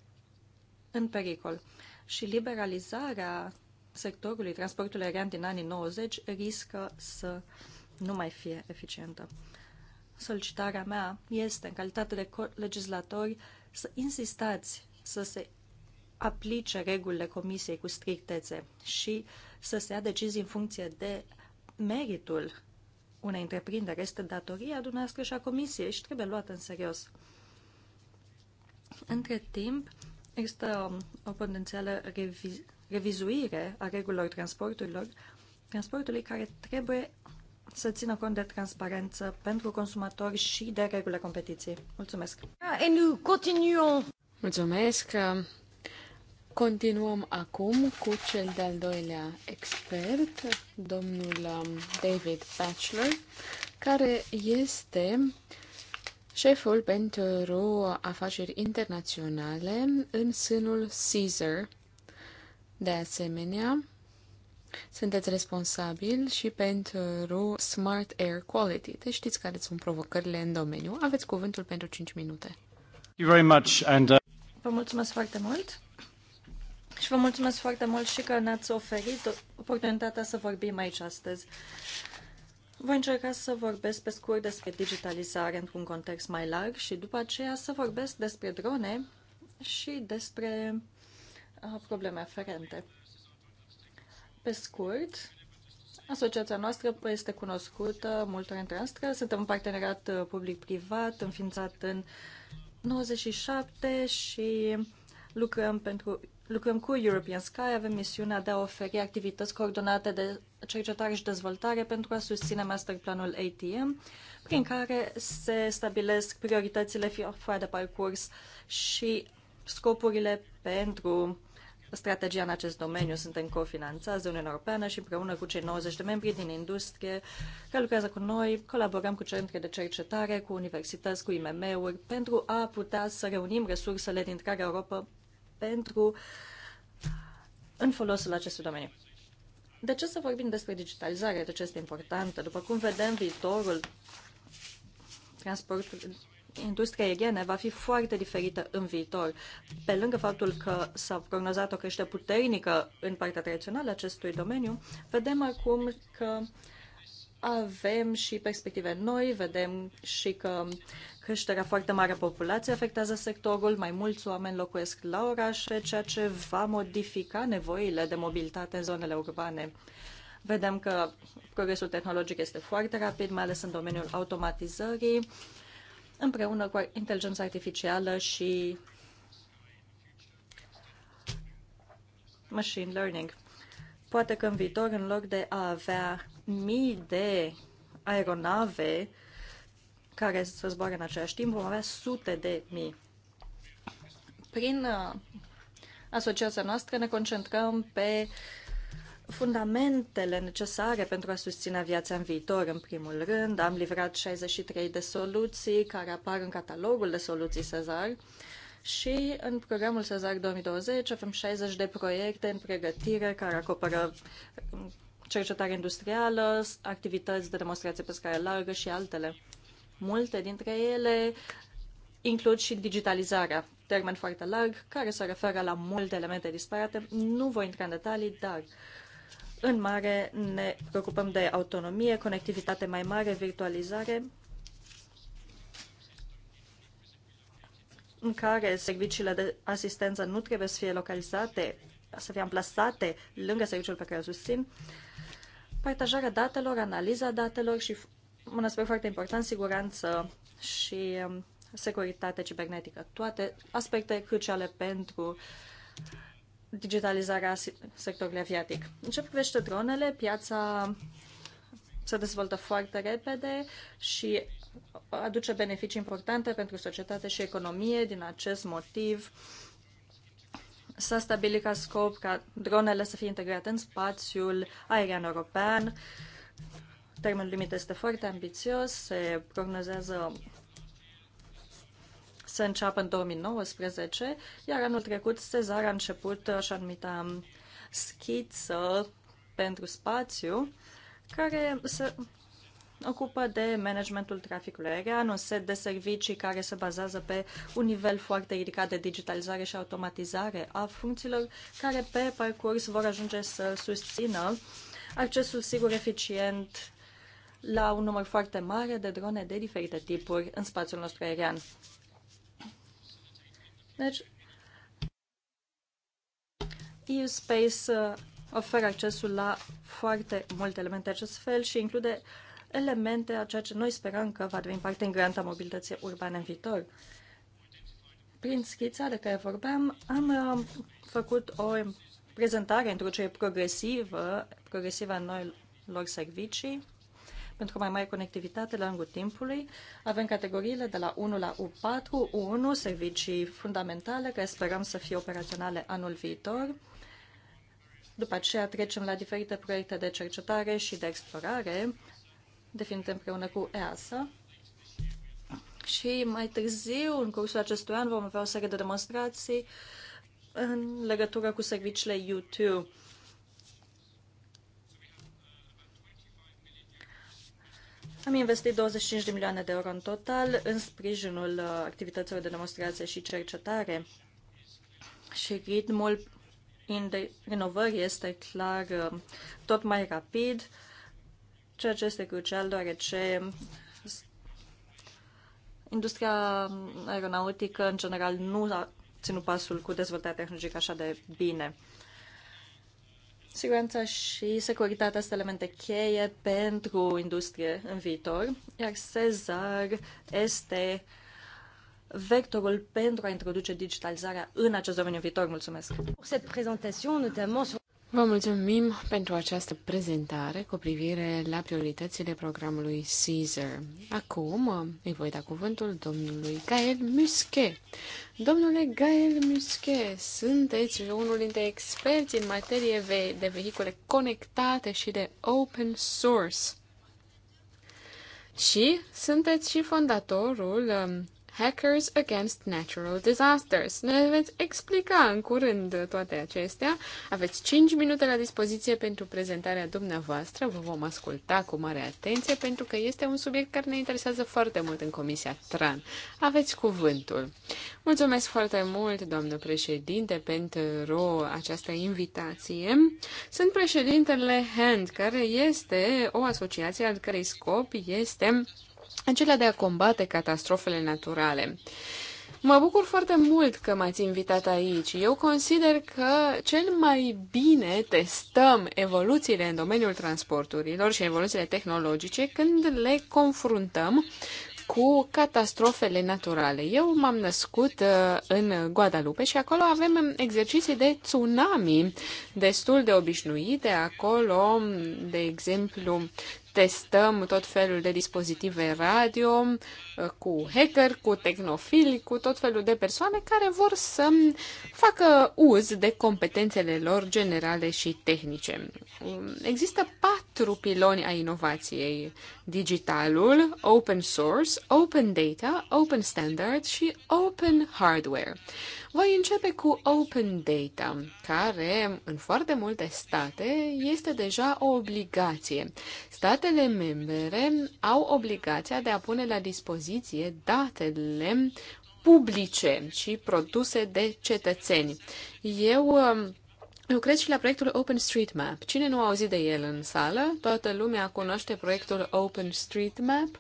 în pericol și liberalizarea sectorului transportului aerian din anii 90 riscă să nu mai fie eficientă. Solicitarea mea este, în calitate de legislatori, să insistați să se aplice regulile comisiei cu strictețe și să se ia decizii în funcție de meritul unei întreprinderi. Este datoria dumneavoastră și a comisiei și trebuie luată în serios. Între timp, există o, o potențială revi- revizuire a regulilor transporturilor, transportului care trebuie să țină cont de transparență pentru consumatori și de regulile competiției. Mulțumesc! Ah, continuăm! Mulțumesc! Continuăm acum cu cel de-al doilea expert, domnul um, David Batchelor, care este șeful pentru afaceri internaționale în sânul Caesar. De asemenea, sunteți responsabil și pentru Smart Air Quality. Deci știți care sunt provocările în domeniu. Aveți cuvântul pentru 5 minute. Uh, Vă mulțumesc foarte mult și vă mulțumesc foarte mult și că ne-ați oferit oportunitatea să vorbim aici astăzi. Voi încerca să vorbesc pe scurt despre digitalizare într-un context mai larg și după aceea să vorbesc despre drone și despre probleme aferente. Pe scurt, asociația noastră este cunoscută multor dintre noastre. Suntem un parteneriat uh, public-privat înființat în 97 și lucrăm pentru lucrăm cu European Sky, avem misiunea de a oferi activități coordonate de cercetare și dezvoltare pentru a susține masterplanul ATM, prin care se stabilesc prioritățile foaia de parcurs și scopurile pentru strategia în acest domeniu. Suntem cofinanțați de Uniunea Europeană și împreună cu cei 90 de membri din industrie care lucrează cu noi, colaborăm cu centre de cercetare, cu universități, cu IMM-uri, pentru a putea să reunim resursele din întreaga Europa pentru în folosul acestui domeniu. De ce să vorbim despre digitalizare? De ce este importantă? După cum vedem, viitorul transportul industria aeriene va fi foarte diferită în viitor. Pe lângă faptul că s-a prognozat o creștere puternică în partea tradițională acestui domeniu, vedem acum că uh, avem și perspective noi, vedem și că creșterea foarte mare a populației afectează sectorul, mai mulți oameni locuiesc la orașe, ceea ce va modifica nevoile de mobilitate în zonele urbane. Vedem că progresul tehnologic este foarte rapid, mai ales în domeniul automatizării, împreună cu inteligența artificială și machine learning. Poate că în viitor, în loc de a avea mii de aeronave care să zboare în același timp, vom avea sute de mii. Prin uh, asociația noastră ne concentrăm pe fundamentele necesare pentru a susține viața în viitor, în primul rând. Am livrat 63 de soluții care apar în catalogul de soluții Sezar și în programul Sezar 2020 avem 60 de proiecte în pregătire care acoperă cercetare industrială, activități de demonstrație pe scară largă și altele. Multe dintre ele includ și digitalizarea, termen foarte larg, care se referă la multe elemente disparate. Nu voi intra în detalii, dar în mare ne preocupăm de autonomie, conectivitate mai mare, virtualizare, în care serviciile de asistență nu trebuie să fie localizate, să fie amplasate lângă serviciul pe care îl susțin, uh, partajarea datelor, analiza datelor și un aspect foarte important, siguranță și um, securitate cibernetică. Toate aspecte cruciale pentru digitalizarea sectorului aviatic. În ce privește dronele, piața se dezvoltă foarte repede și aduce beneficii importante pentru societate și economie. Din acest motiv, uh, s-a stabilit ca scop ca dronele să fie integrate în spațiul aerian european. Termenul limit este foarte ambițios, se prognozează să înceapă în 2019, iar anul trecut Cezar a început așa numita schiță pentru spațiu, care se ocupă de managementul traficului aerian, un set de servicii care se bazează pe un nivel foarte ridicat de digitalizare și automatizare a funcțiilor, care pe parcurs vor ajunge să susțină accesul sigur eficient la un număr foarte mare de drone de diferite tipuri în spațiul nostru aerian. Deci, EU Space uh, oferă accesul la foarte multe elemente acest fel și include elemente a ceea ce noi sperăm că va deveni parte în a mobilității urbane în viitor. Prin schița de care vorbeam, am uh, făcut o prezentare, introducere progresivă, progresivă a noilor servicii, pentru mai mare conectivitate la lungul timpului. Avem categoriile de la 1 la U4, U1, servicii fundamentale, care sperăm să fie operaționale anul viitor. După aceea trecem la diferite proiecte de cercetare și de explorare, definite împreună cu EASA. Și mai târziu, în cursul acestui an, vom avea o serie de demonstrații în legătură cu serviciile YouTube. Am investit 25 de milioane de euro în total în sprijinul uh, activităților de demonstrație și cercetare și ritmul renovării este clar uh, tot mai rapid ceea ce este crucial deoarece industria aeronautică în general nu a ținut pasul cu dezvoltarea tehnologică așa de bine. Siguranța și securitatea sunt elemente cheie pentru industrie în viitor, iar Cezar este vectorul pentru a introduce digitalizarea în acest domeniu în viitor. Mulțumesc! Vă mulțumim pentru această prezentare cu privire la prioritățile programului Caesar. Acum uh, îi voi da cuvântul domnului Gael Musche. Domnule Gael Musche, sunteți unul dintre experți în materie de vehicule conectate și de open source. Și sunteți și fondatorul um, Hackers Against Natural Disasters. Ne veți explica în curând toate acestea. Aveți 5 minute la dispoziție pentru prezentarea dumneavoastră. Vă vom asculta cu mare atenție pentru că este un subiect care ne interesează foarte mult în Comisia TRAN. Aveți cuvântul. Mulțumesc foarte mult, doamnă președinte, pentru această invitație. Sunt președintele HAND, care este o asociație al cărei scop este acela de a combate catastrofele naturale. Mă bucur foarte mult că m-ați invitat aici. Eu consider că cel mai bine testăm evoluțiile în domeniul transporturilor și evoluțiile tehnologice când le confruntăm cu catastrofele naturale. Eu m-am născut uh, în Guadalupe și acolo avem exerciții de tsunami destul de obișnuite. Acolo, de exemplu, testăm tot felul de dispozitive radio uh, cu hacker, cu tehnofili, cu tot felul de persoane care vor să facă uz de competențele lor generale și tehnice. Um, există patru piloni a inovației. Digitalul, open source, open data, open standard și open hardware. Voi începe cu Open Data, care în foarte multe state este deja o obligație. Statele membre au obligația de a pune la dispoziție datele publice și produse de cetățeni. Eu um, Lucrez și la proiectul OpenStreetMap. Cine nu a auzit de el în sală, toată lumea cunoaște proiectul OpenStreetMap.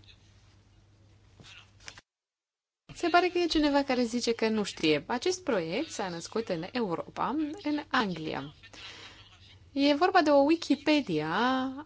Se pare că e cineva care zice că nu știe. Acest proiect s-a născut în Europa, în Anglia. E vorba de o Wikipedia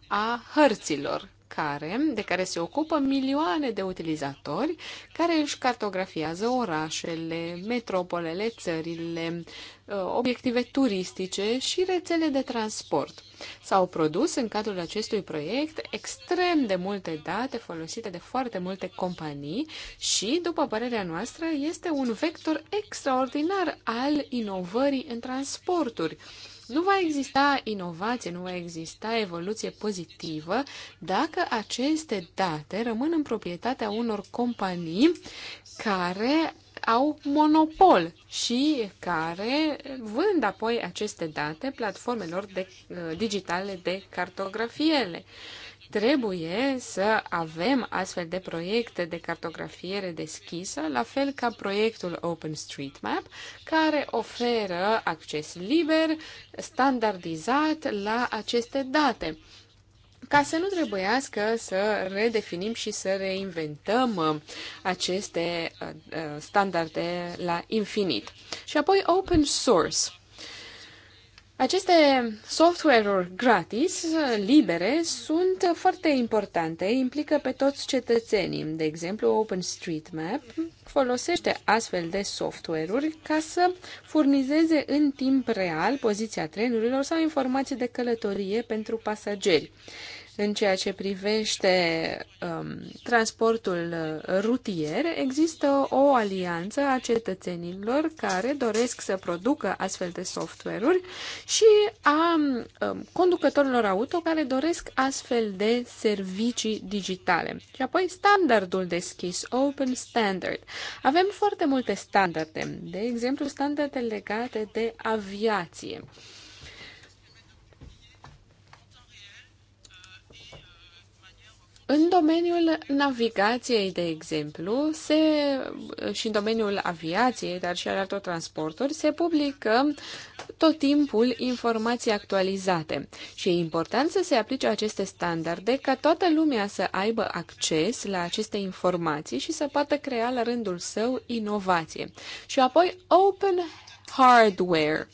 a hărților care, de care se ocupă milioane de utilizatori care își cartografiază orașele, metropolele, țările, uh, obiective turistice și rețele de transport. S-au produs în cadrul acestui proiect extrem de multe date folosite de foarte multe companii și, după părerea noastră, este un vector extraordinar al inovării în transporturi nu va exista inovație, nu va exista evoluție pozitivă dacă aceste date rămân în proprietatea unor companii care au monopol și care vând apoi aceste date platformelor de, uh, digitale de cartografiele. Trebuie să avem astfel de proiecte de cartografiere deschisă, la fel ca proiectul OpenStreetMap, care oferă acces liber, standardizat la aceste date ca să nu trebuiască să redefinim și să reinventăm uh, aceste uh, uh, standarde la infinit. Și apoi open source. Aceste software-uri gratis, libere, sunt foarte importante, implică pe toți cetățenii. De exemplu, OpenStreetMap folosește astfel de software-uri ca să furnizeze în timp real poziția trenurilor sau informații de călătorie pentru pasageri în ceea ce privește um, transportul uh, rutier, există o alianță a cetățenilor care doresc să producă astfel de software-uri și a um, conducătorilor auto care doresc astfel de servicii digitale. Și apoi standardul deschis, Open Standard. Avem foarte multe standarde, de exemplu standarde legate de aviație. În domeniul navigației, de exemplu, se, și în domeniul aviației, dar și al altor transporturi, se publică tot timpul informații actualizate. Și e important să se aplice aceste standarde ca toată lumea să aibă acces la aceste informații și să poată crea la rândul său inovație. Și apoi open hardware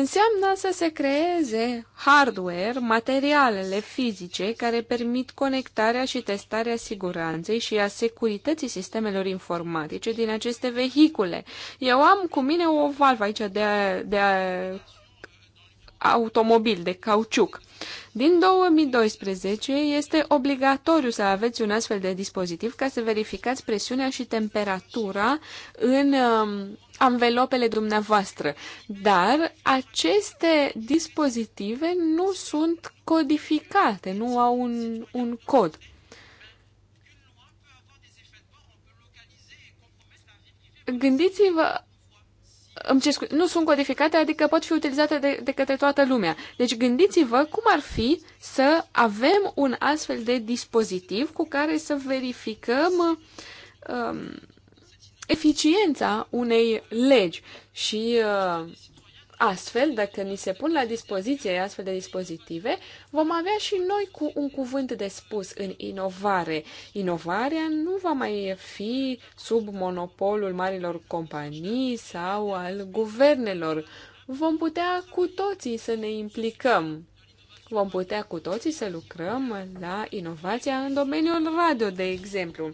înseamnă să se creeze hardware, materialele fizice care permit conectarea și testarea siguranței și a securității sistemelor informatice din aceste vehicule. Eu am cu mine o valvă aici de, a, de a, automobil, de cauciuc. Din 2012 este obligatoriu să aveți un astfel de dispozitiv ca să verificați presiunea și temperatura în um, anvelopele dumneavoastră, dar aceste dispozitive nu sunt codificate, nu au un, un cod. Gândiți-vă, nu sunt codificate, adică pot fi utilizate de, de către toată lumea. Deci gândiți-vă cum ar fi să avem un astfel de dispozitiv cu care să verificăm um, eficiența unei legi și uh, astfel, dacă ni se pun la dispoziție astfel de dispozitive, vom avea și noi cu un cuvânt de spus în inovare. Inovarea nu va mai fi sub monopolul marilor companii sau al guvernelor. Vom putea cu toții să ne implicăm vom putea cu toții să lucrăm la inovația în domeniul radio, de exemplu,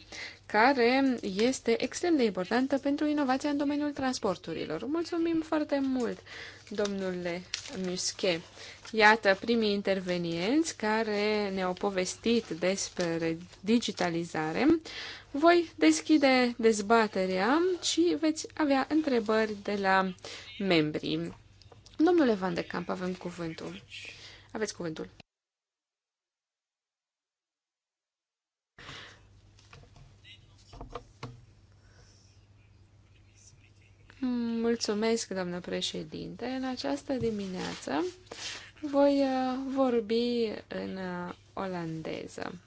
care este extrem de importantă pentru inovația în domeniul transporturilor. Mulțumim foarte mult, domnule Musche. Iată primii intervenienți care ne-au povestit despre digitalizare. Voi deschide dezbaterea și veți avea întrebări de la membrii. Domnule Van de Camp, avem cuvântul. Aveți cuvântul. Mulțumesc, doamnă președinte. În această dimineață voi uh, vorbi în uh, olandeză.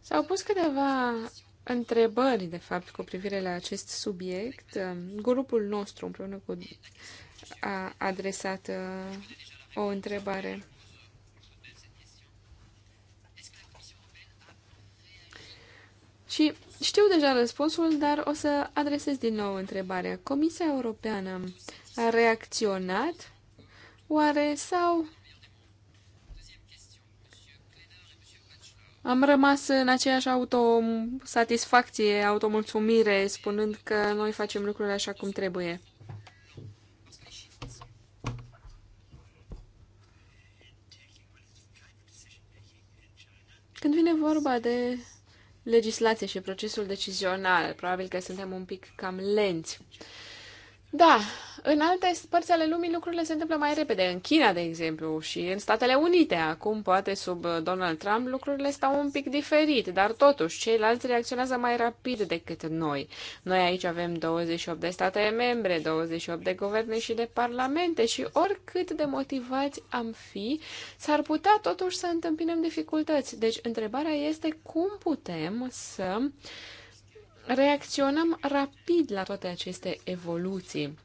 S-au pus câteva întrebări, de fapt, cu privire la acest subiect. Grupul nostru, împreună cu a adresat uh, o întrebare. Și știu deja răspunsul, dar o să adresez din nou întrebarea. Comisia Europeană a reacționat? Oare sau Am rămas în aceeași autosatisfacție, automulțumire, spunând că noi facem lucrurile așa cum trebuie. Când vine vorba de legislație și procesul decizional, probabil că suntem un pic cam lenți. Da, în alte părți ale lumii lucrurile se întâmplă mai repede. În China, de exemplu, și în Statele Unite. Acum, poate sub uh, Donald Trump, lucrurile stau un pic diferit, dar totuși ceilalți reacționează mai rapid decât noi. Noi aici avem 28 de state membre, 28 de guverne și de parlamente și oricât de motivați am fi, s-ar putea totuși să întâmpinăm dificultăți. Deci, întrebarea este cum putem să reacționăm rapid la toate aceste evoluții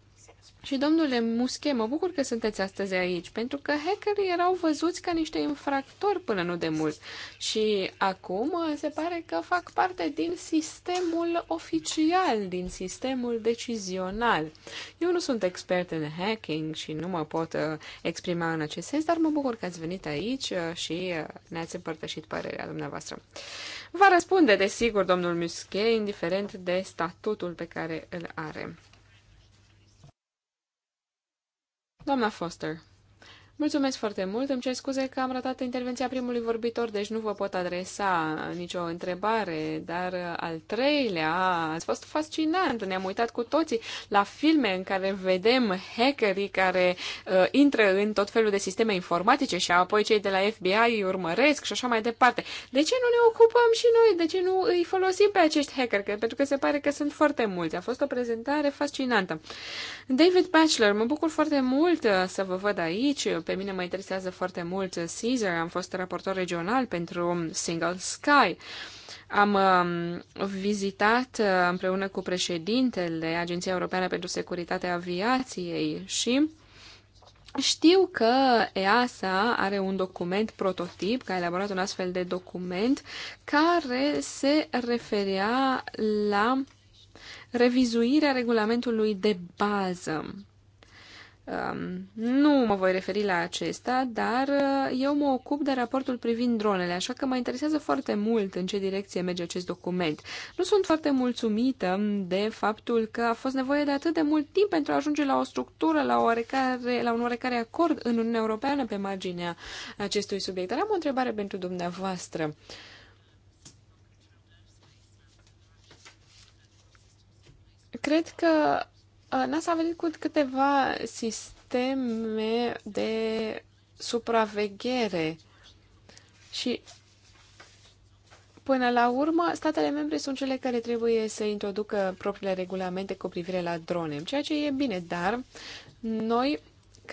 și domnule Musche, mă bucur că sunteți astăzi aici, pentru că hackerii erau văzuți ca niște infractori până nu de mult și acum uh, se pare că fac parte din sistemul oficial, din sistemul decizional. Eu nu sunt expert în hacking și nu mă pot uh, exprima în acest sens, dar mă bucur că ați venit aici uh, și ne-ați împărtășit părerea dumneavoastră. Va răspunde, desigur, domnul Musche, indiferent de statutul pe care îl are. Doamna Foster. Mulțumesc foarte mult. Îmi cer scuze că am ratat intervenția primului vorbitor, deci nu vă pot adresa nicio întrebare, dar al treilea a fost fascinant. Ne-am uitat cu toții la filme în care vedem hackerii care uh, intră în tot felul de sisteme informatice și apoi cei de la FBI îi urmăresc și așa mai departe. De ce nu ne ocupăm și noi? De ce nu îi folosim pe acești hackeri? Că, pentru că se pare că sunt foarte mulți. A fost o prezentare fascinantă. David Batchelor, mă bucur foarte mult uh, să vă văd aici pe mine mă interesează foarte mult uh, Caesar, am fost raportor regional pentru um, Single Sky. Am um, vizitat uh, împreună cu președintele Agenția Europeană pentru Securitatea Aviației și știu că EASA are un document prototip, că a elaborat un astfel de document, care se referea la revizuirea regulamentului de bază. Nu mă voi referi la acesta, dar uh, eu mă ocup de raportul privind dronele, așa că mă interesează foarte mult în ce direcție merge acest document. Nu sunt foarte mulțumită de faptul că a fost nevoie de atât de mult timp pentru a ajunge la o structură, la, oarecare, la un oarecare acord în Uniunea Europeană pe marginea acestui subiect. Dar am o întrebare pentru dumneavoastră. Cred că Uh, NASA a venit cu câteva sisteme de supraveghere și Până la urmă, statele membre sunt cele care trebuie să introducă propriile regulamente cu privire la drone, ceea ce e bine, dar noi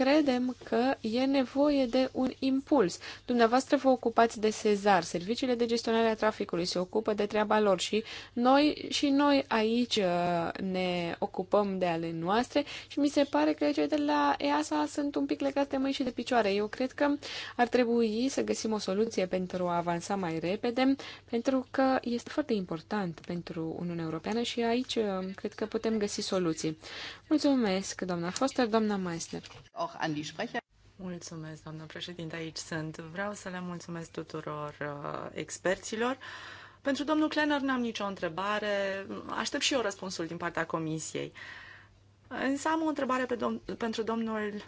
credem că e nevoie de un impuls. Dumneavoastră vă ocupați de Sezar, serviciile de gestionare a traficului se ocupă de treaba lor și noi, și noi aici uh, ne ocupăm de ale noastre și mi se pare că cei de la EASA sunt un pic legate de mâini și de picioare. Eu cred că ar trebui să găsim o soluție pentru a avansa mai repede, pentru că este foarte important pentru Uniunea Europeană și aici uh, cred că putem găsi soluții. Mulțumesc, doamna Foster, doamna Meissner. Oh auch an die Sprecher. Mulțumesc, doamnă președinte, aici sunt. Vreau să le mulțumesc tuturor uh, experților. Pentru domnul Klenner n-am nicio întrebare. Aștept și eu răspunsul din partea comisiei. Însă am o întrebare pe dom- pentru domnul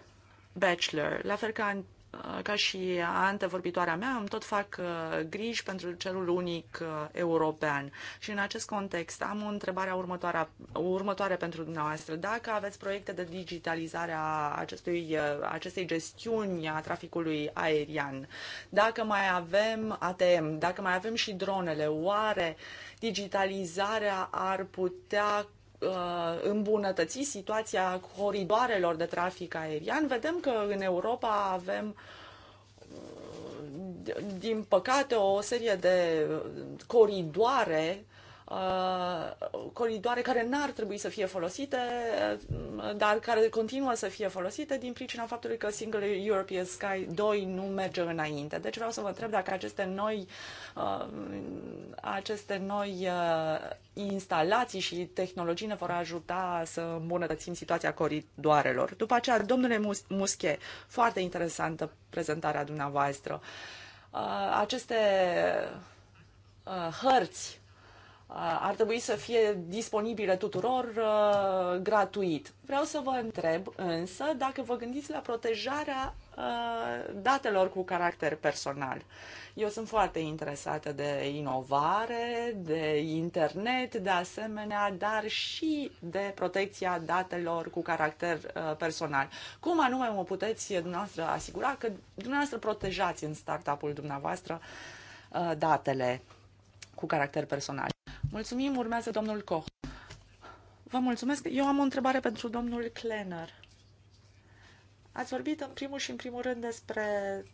Bachelor, la fel ca Uh, ca și antevorbitoarea mea, îmi tot fac uh, griji pentru cerul unic uh, european. Și în acest context am o întrebare următoare, următoare pentru dumneavoastră. Dacă aveți proiecte de digitalizare a acestui, acestei gestiuni a traficului aerian, dacă mai avem ATM, dacă mai avem și dronele, oare digitalizarea ar putea Uh, îmbunătăți situația coridoarelor de trafic aerian, vedem că în Europa avem uh, din păcate o serie de uh, coridoare Uh, coridoare care n-ar trebui să fie folosite, uh, dar care continuă să fie folosite din pricina faptului că Single European Sky 2 nu merge înainte. Deci vreau să vă întreb dacă aceste noi, uh, aceste noi instalații și tehnologii ne vor ajuta să îmbunătățim situația coridoarelor. După aceea, domnule Musche, foarte interesantă prezentarea dumneavoastră. Aceste hărți ar trebui să fie disponibile tuturor gratuit. Vreau să vă întreb însă dacă vă gândiți la protejarea datelor cu caracter personal. Eu sunt foarte interesată de inovare, de internet, de asemenea, dar și de protecția datelor cu caracter uh, personal. Cum anume mă puteți dumneavoastră asigura că dumneavoastră protejați în startup-ul dumneavoastră datele cu caracter personal? Mulțumim, urmează domnul Koch. Vă mulțumesc. Eu am o întrebare pentru domnul Klenner. Ați vorbit în primul și în primul rând despre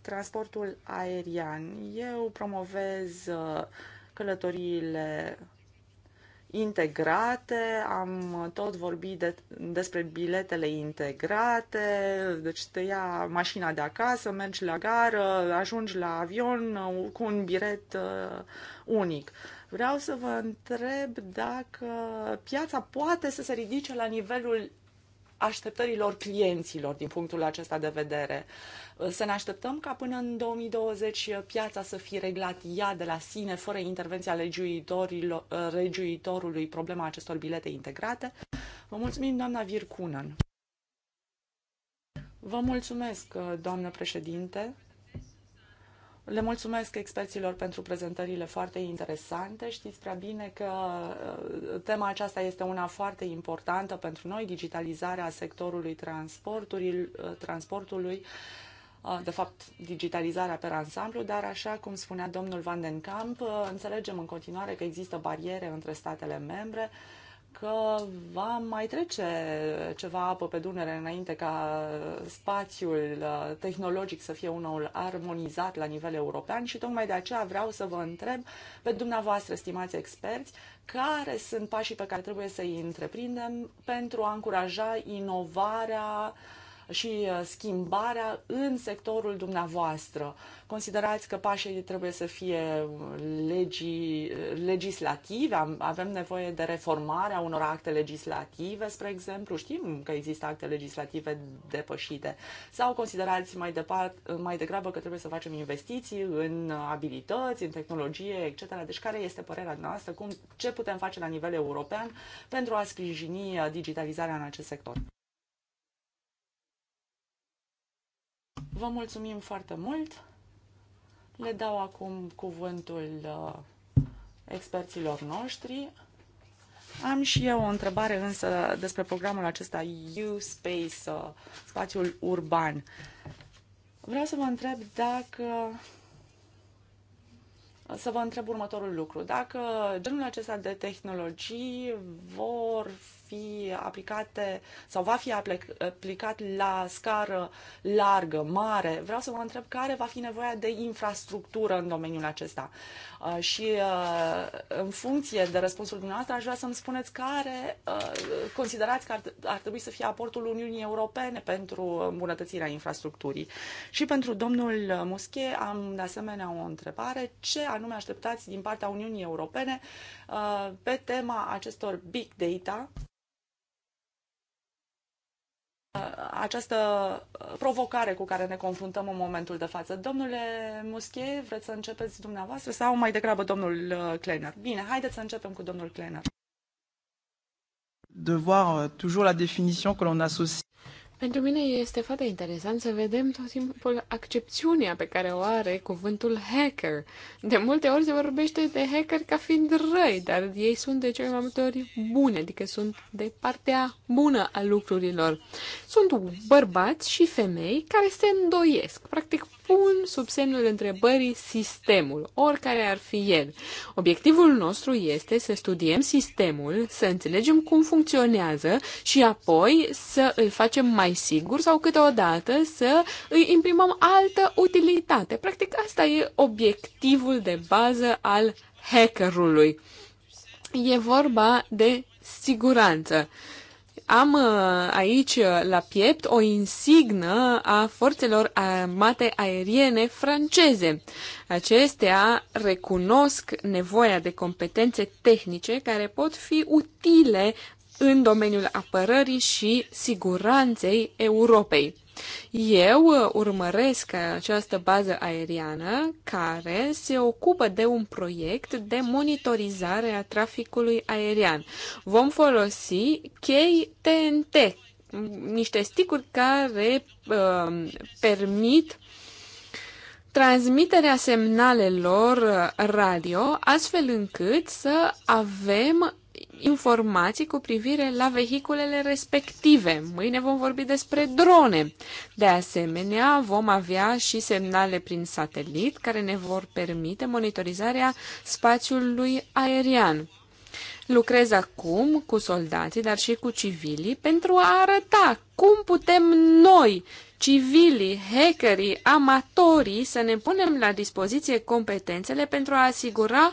transportul aerian. Eu promovez uh, călătoriile integrate, am tot vorbit de, despre biletele integrate, deci te ia mașina de acasă, mergi la gară, ajungi la avion uh, cu un bilet uh, unic. Vreau să vă întreb dacă piața poate să se ridice la nivelul așteptărilor clienților din punctul acesta de vedere. Să ne așteptăm ca până în 2020 piața să fie reglat ea de la sine, fără intervenția regiuitorului, problema acestor bilete integrate. Vă mulțumim, doamna Vircunan. Vă mulțumesc, doamnă președinte. Le mulțumesc experților pentru prezentările foarte interesante. Știți prea bine că uh, tema aceasta este una foarte importantă pentru noi, digitalizarea sectorului transportului, uh, transportului uh, de fapt, digitalizarea pe ansamblu, dar așa cum spunea domnul Van den Kamp, înțelegem în continuare că există bariere între statele membre, că va mai trece ceva apă pe Dunăre înainte ca spațiul uh, tehnologic să fie unul armonizat la nivel european și tocmai de aceea vreau să vă întreb pe dumneavoastră, stimați experți, care sunt pașii pe care trebuie să-i întreprindem pentru a încuraja inovarea uh, și uh, schimbarea în sectorul dumneavoastră. Considerați că pașii trebuie să fie legii, legislative, avem nevoie de reformarea unor acte legislative, spre exemplu, știm că există acte legislative depășite, sau considerați mai, departe, mai degrabă că trebuie să facem investiții în abilități, în tehnologie, etc. Deci care este părerea noastră, cum, ce putem face la nivel european pentru a sprijini uh, digitalizarea în acest sector? Vă mulțumim foarte mult. Le dau acum cuvântul uh, experților noștri. Am și eu o întrebare însă despre programul acesta U-Space, uh, spațiul urban. Vreau să vă întreb dacă să vă întreb următorul lucru. Dacă genul acesta de tehnologii vor fi aplicate sau va fi aplicat la scară largă, mare, vreau să vă întreb care va fi nevoia de infrastructură în domeniul acesta. Uh, și uh, în funcție de răspunsul dumneavoastră, aș vrea să-mi spuneți care uh, considerați că ar, ar trebui să fie aportul Uniunii Europene pentru îmbunătățirea infrastructurii. Și pentru domnul Muschie am de asemenea o întrebare. Ce anume așteptați din partea Uniunii Europene pe tema acestor big data Uh, această uh, provocare cu care ne confruntăm în momentul de față. Domnule Muschie, vreți să începeți dumneavoastră sau mai degrabă domnul uh, Kleiner? Bine, haideți să începem cu domnul Kleiner. De voir toujours la définition que l'on associe pentru mine este foarte interesant să vedem tot timpul accepțiunea pe care o are cuvântul hacker. De multe ori se vorbește de hacker ca fiind răi, dar ei sunt de cele mai multe ori bune, adică sunt de partea bună a lucrurilor. Sunt bărbați și femei care se îndoiesc, practic pun sub semnul întrebării sistemul, oricare ar fi el. Obiectivul nostru este să studiem sistemul, să înțelegem cum funcționează și apoi să îl facem mai sigur sau câteodată să îi imprimăm altă utilitate. Practic asta e obiectivul de bază al hackerului. E vorba de siguranță. Am uh, aici uh, la piept o insignă a forțelor armate aeriene franceze. Acestea recunosc nevoia de competențe tehnice care pot fi utile în domeniul apărării și siguranței Europei. Eu uh, urmăresc această bază aeriană care se ocupă de un proiect de monitorizare a traficului aerian. Vom folosi chei TNT, niște sticuri care uh, permit transmiterea semnalelor radio, astfel încât să avem informații cu privire la vehiculele respective. Mâine vom vorbi despre drone. De asemenea, vom avea și semnale prin satelit care ne vor permite monitorizarea spațiului aerian. Lucrez acum cu soldații, dar și cu civilii, pentru a arăta cum putem noi, civilii, hackerii, amatorii, să ne punem la dispoziție competențele pentru a asigura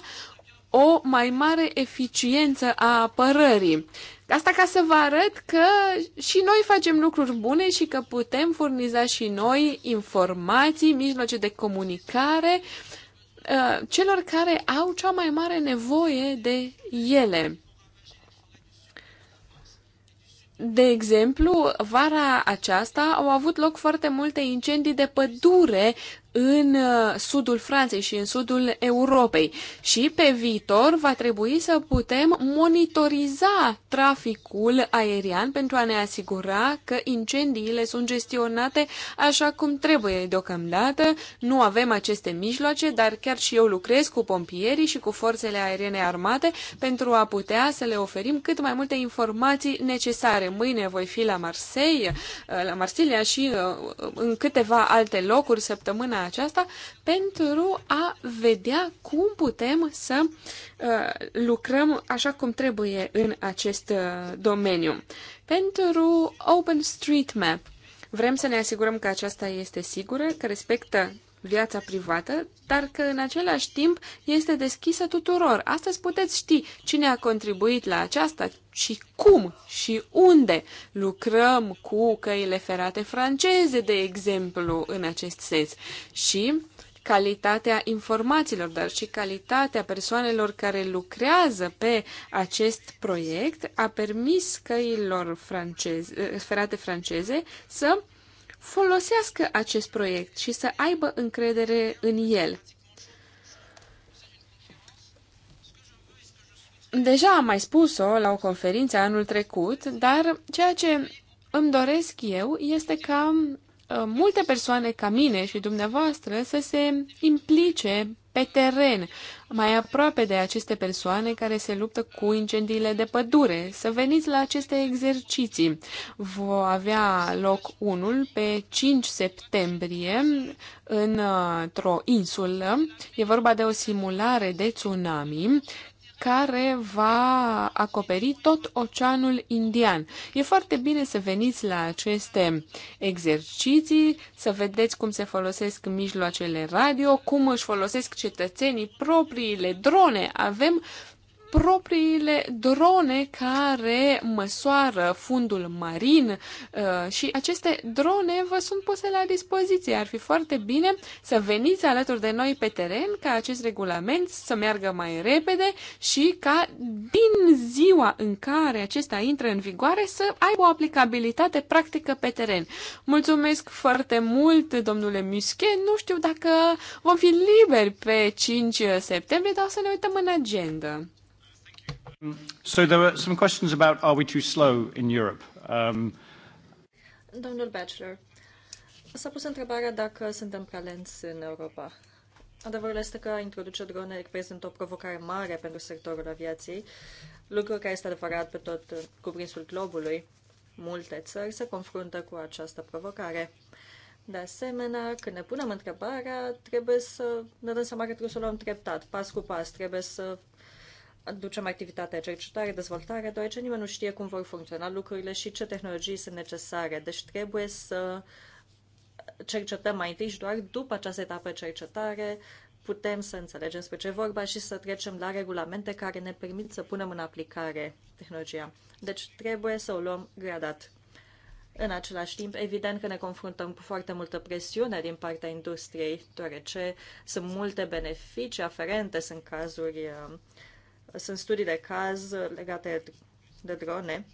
o mai mare eficiență a apărării. Asta ca să vă arăt că și noi facem lucruri bune și că putem furniza și noi informații, mijloace de comunicare uh, celor care au cea mai mare nevoie de ele. De exemplu, vara aceasta au avut loc foarte multe incendii de pădure în uh, sudul Franței și în sudul Europei. Și pe viitor va trebui să putem monitoriza traficul aerian pentru a ne asigura că incendiile sunt gestionate așa cum trebuie deocamdată. Nu avem aceste mijloace, dar chiar și eu lucrez cu pompierii și cu forțele aeriene armate pentru a putea să le oferim cât mai multe informații necesare. Mâine voi fi la Marseille, uh, la Marsilia și uh, în câteva alte locuri săptămâna aceasta pentru a vedea cum putem să uh, lucrăm așa cum trebuie în acest uh, domeniu. Pentru OpenStreetMap, Vrem să ne asigurăm că aceasta este sigură, că respectă viața privată, dar că în același timp este deschisă tuturor. Astăzi puteți ști cine a contribuit la aceasta și cum și unde. Lucrăm cu căile ferate franceze, de exemplu, în acest sens. Și calitatea informațiilor, dar și calitatea persoanelor care lucrează pe acest proiect a permis căilor franceze, ferate franceze să folosească acest proiect și să aibă încredere în el. Deja am mai spus-o la o conferință anul trecut, dar ceea ce îmi doresc eu este ca uh, multe persoane ca mine și dumneavoastră să se implice pe teren, mai aproape de aceste persoane care se luptă cu incendiile de pădure. Să veniți la aceste exerciții. Vă avea loc unul pe 5 septembrie într-o insulă. E vorba de o simulare de tsunami care va acoperi tot Oceanul Indian. E foarte bine să veniți la aceste exerciții, să vedeți cum se folosesc mijloacele radio, cum își folosesc cetățenii propriile drone. Avem propriile drone care măsoară fundul marin uh, și aceste drone vă sunt puse la dispoziție. Ar fi foarte bine să veniți alături de noi pe teren ca acest regulament să meargă mai repede și ca din ziua în care acesta intră în vigoare să aibă o aplicabilitate practică pe teren. Mulțumesc foarte mult, domnule Musche. Nu știu dacă vom fi liberi pe 5 septembrie, dar o să ne uităm în agenda. So there were some questions about are we too slow in Europe? Um... Domnul Bachelor, s-a pus întrebarea dacă suntem prea lenți în Europa. Adevărul este că a introduce drone reprezintă o provocare mare pentru sectorul aviației, lucru care este adevărat pe tot cuprinsul globului. Multe țări se confruntă cu această provocare. De asemenea, când ne punem întrebarea, trebuie să ne dăm seama că trebuie să o luăm treptat, pas cu pas. Trebuie să ducem activitatea cercetare, dezvoltare, deoarece nimeni nu știe cum vor funcționa lucrurile și ce tehnologii sunt necesare. Deci trebuie să cercetăm mai întâi și doar după această etapă de cercetare putem să înțelegem spre ce vorba și să trecem la regulamente care ne permit să punem în aplicare tehnologia. Deci trebuie să o luăm gradat. În același timp, evident că ne confruntăm cu foarte multă presiune din partea industriei, deoarece sunt multe beneficii aferente, sunt cazuri uh, sunt studii de caz legate de drone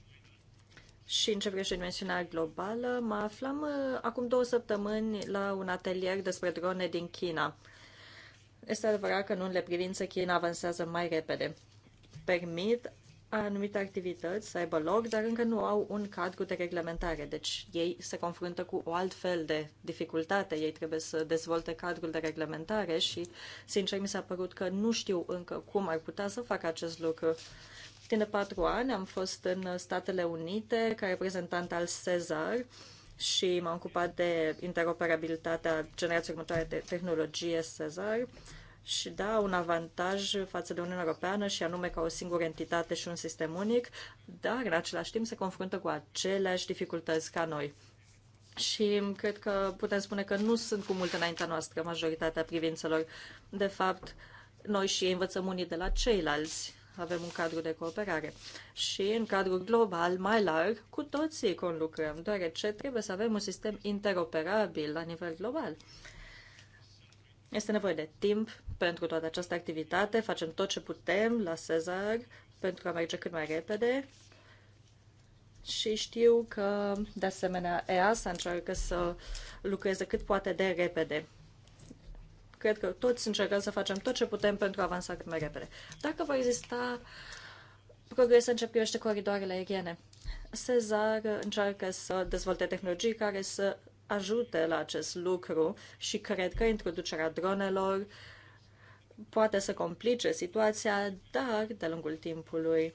și în ce privește dimensiunea globală, mă aflam uh, acum două săptămâni la un atelier despre drone din China. Este adevărat că în unele privințe China avansează mai repede. Permit anumite activități să aibă loc, dar încă nu au un cadru de reglementare. Deci ei se confruntă cu o alt fel de dificultate. Ei trebuie să dezvolte cadrul de reglementare și, sincer, mi s-a părut că nu știu încă cum ar putea să facă acest lucru. Tine de patru ani am fost în Statele Unite ca reprezentant al Cezar și m-am ocupat de interoperabilitatea generației următoare de tehnologie Cezar și da un avantaj față de Uniunea Europeană și anume ca o singură entitate și un sistem unic, dar în același timp se confruntă cu aceleași dificultăți ca noi. Și cred că putem spune că nu sunt cu mult înaintea noastră majoritatea privințelor. De fapt, noi și ei învățăm unii de la ceilalți. Avem un cadru de cooperare. Și în cadrul global, mai larg, cu toții conlucrăm, deoarece trebuie să avem un sistem interoperabil la nivel global. Este nevoie de timp pentru toată această activitate. Facem tot ce putem la Cezar pentru a merge cât mai repede. Și știu că, de asemenea, EASA încearcă să lucreze cât poate de repede. Cred că toți încercăm să facem tot ce putem pentru a avansa cât mai repede. Dacă va exista progres în ce privește coridoarele aeriene, Cezar încearcă să dezvolte tehnologii care să ajute la acest lucru și cred că introducerea dronelor poate să complice situația, dar de lungul timpului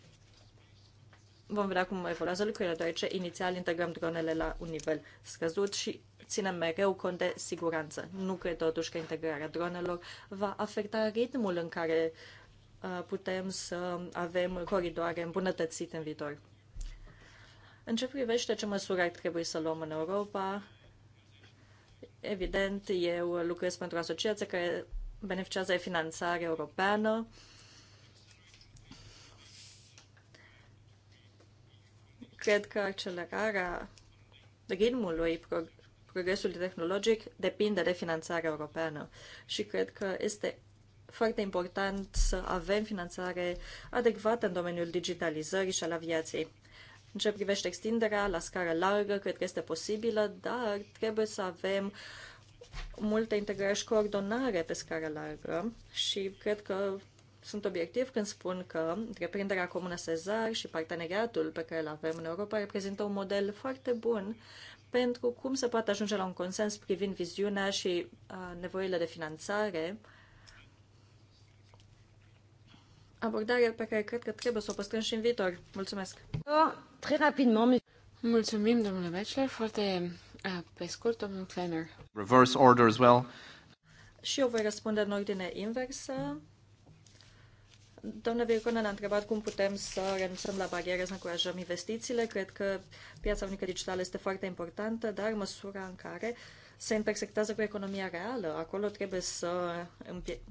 vom vedea cum evoluează lucrurile, deoarece inițial integrăm dronele la un nivel scăzut și ținem mereu cont de siguranță. Nu cred totuși că integrarea dronelor va afecta ritmul în care uh, putem să avem coridoare îmbunătățite în viitor. În ce privește ce măsuri ar trebui să luăm în Europa, Evident, eu lucrez pentru o asociație care beneficiază de finanțare europeană. Cred că accelerarea ritmului prog progresului tehnologic depinde de finanțarea europeană și cred că este foarte important să avem finanțare adecvată în domeniul digitalizării și al aviației. În ce privește extinderea la scară largă, cred că este posibilă, dar trebuie să avem multă integrare și coordonare pe scară largă și cred că sunt obiectiv când spun că întreprinderea comună Sezar și parteneriatul pe care îl avem în Europa reprezintă un model foarte bun pentru cum se poate ajunge la un consens privind viziunea și uh, nevoile de finanțare abordare pe care cred că trebuie să o păstrăm și în viitor. Mulțumesc! Mulțumim, domnule Bachelor. Foarte pe scurt, domnul Kleiner. Reverse order as well. Și eu voi răspunde în ordine inversă. Doamna Vircona ne-a întrebat cum putem să renunțăm la bariere, să încurajăm investițiile. Cred că piața unică digitală este foarte importantă, dar măsura în care se intersectează cu economia reală, acolo trebuie să,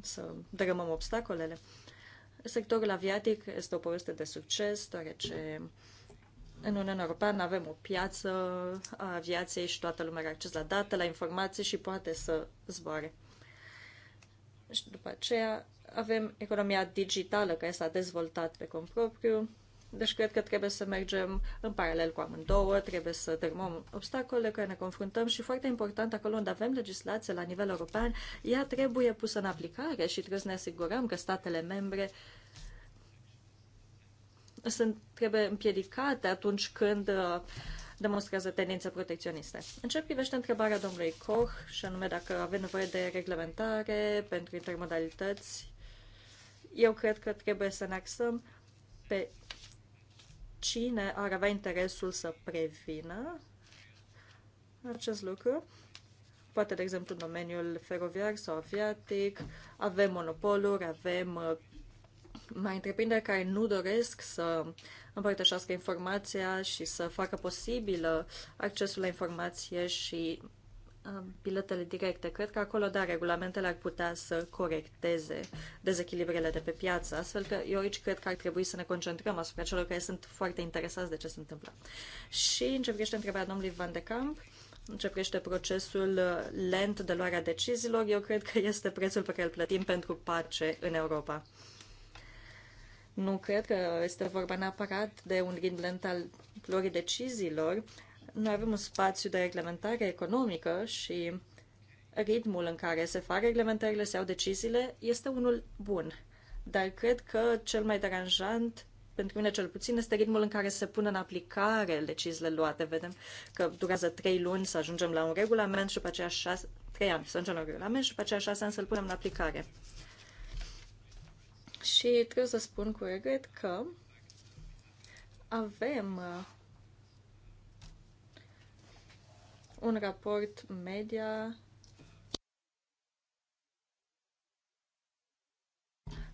să dărâmăm obstacolele. Sectorul aviatic este o poveste de succes, deoarece în Uniunea Europeană avem o piață a aviației și toată lumea are acces la date, la informații și poate să zboare. Și după aceea avem economia digitală care s-a dezvoltat pe propriu, deci cred că trebuie să mergem în paralel cu amândouă, trebuie să termăm obstacolele care ne confruntăm și foarte important acolo unde avem legislație la nivel european, ea trebuie pusă în aplicare și trebuie să ne asigurăm că statele membre uh, sunt, trebuie împiedicate atunci când uh, demonstrează tendințe protecționiste. În ce privește întrebarea domnului Koch, și anume dacă avem nevoie de reglementare pentru intermodalități, eu cred că trebuie să ne axăm pe cine ar avea interesul să prevină acest lucru. Poate, de exemplu, în domeniul feroviar sau aviatic avem monopoluri, avem uh, mai întreprinderi care nu doresc să împărtășească informația și să facă posibilă accesul la informație și um, biletele directe. Cred că acolo, da, regulamentele ar putea să corecteze dezechilibrele de pe piață, astfel că eu aici cred că ar trebui să ne concentrăm asupra celor care sunt foarte interesați de ce se întâmplă. Și în ce privește întrebarea domnului Van de Camp, în ce privește procesul uh, lent de luarea deciziilor, eu cred că este prețul pe care îl plătim pentru pace în Europa. Nu cred că este vorba neapărat de un lent al luării deciziilor. Noi avem un spațiu de reglementare economică și ritmul în care se fac reglementările, se iau deciziile, este unul bun. Dar cred că cel mai deranjant, pentru mine cel puțin, este ritmul în care se pun în aplicare deciziile luate. Vedem că durează trei luni să ajungem la un regulament și după aceea șase, trei ani să ajungem la un regulament și după aceea șase ani să-l punem în aplicare. Și trebuie să spun cu regret că avem uh, un raport media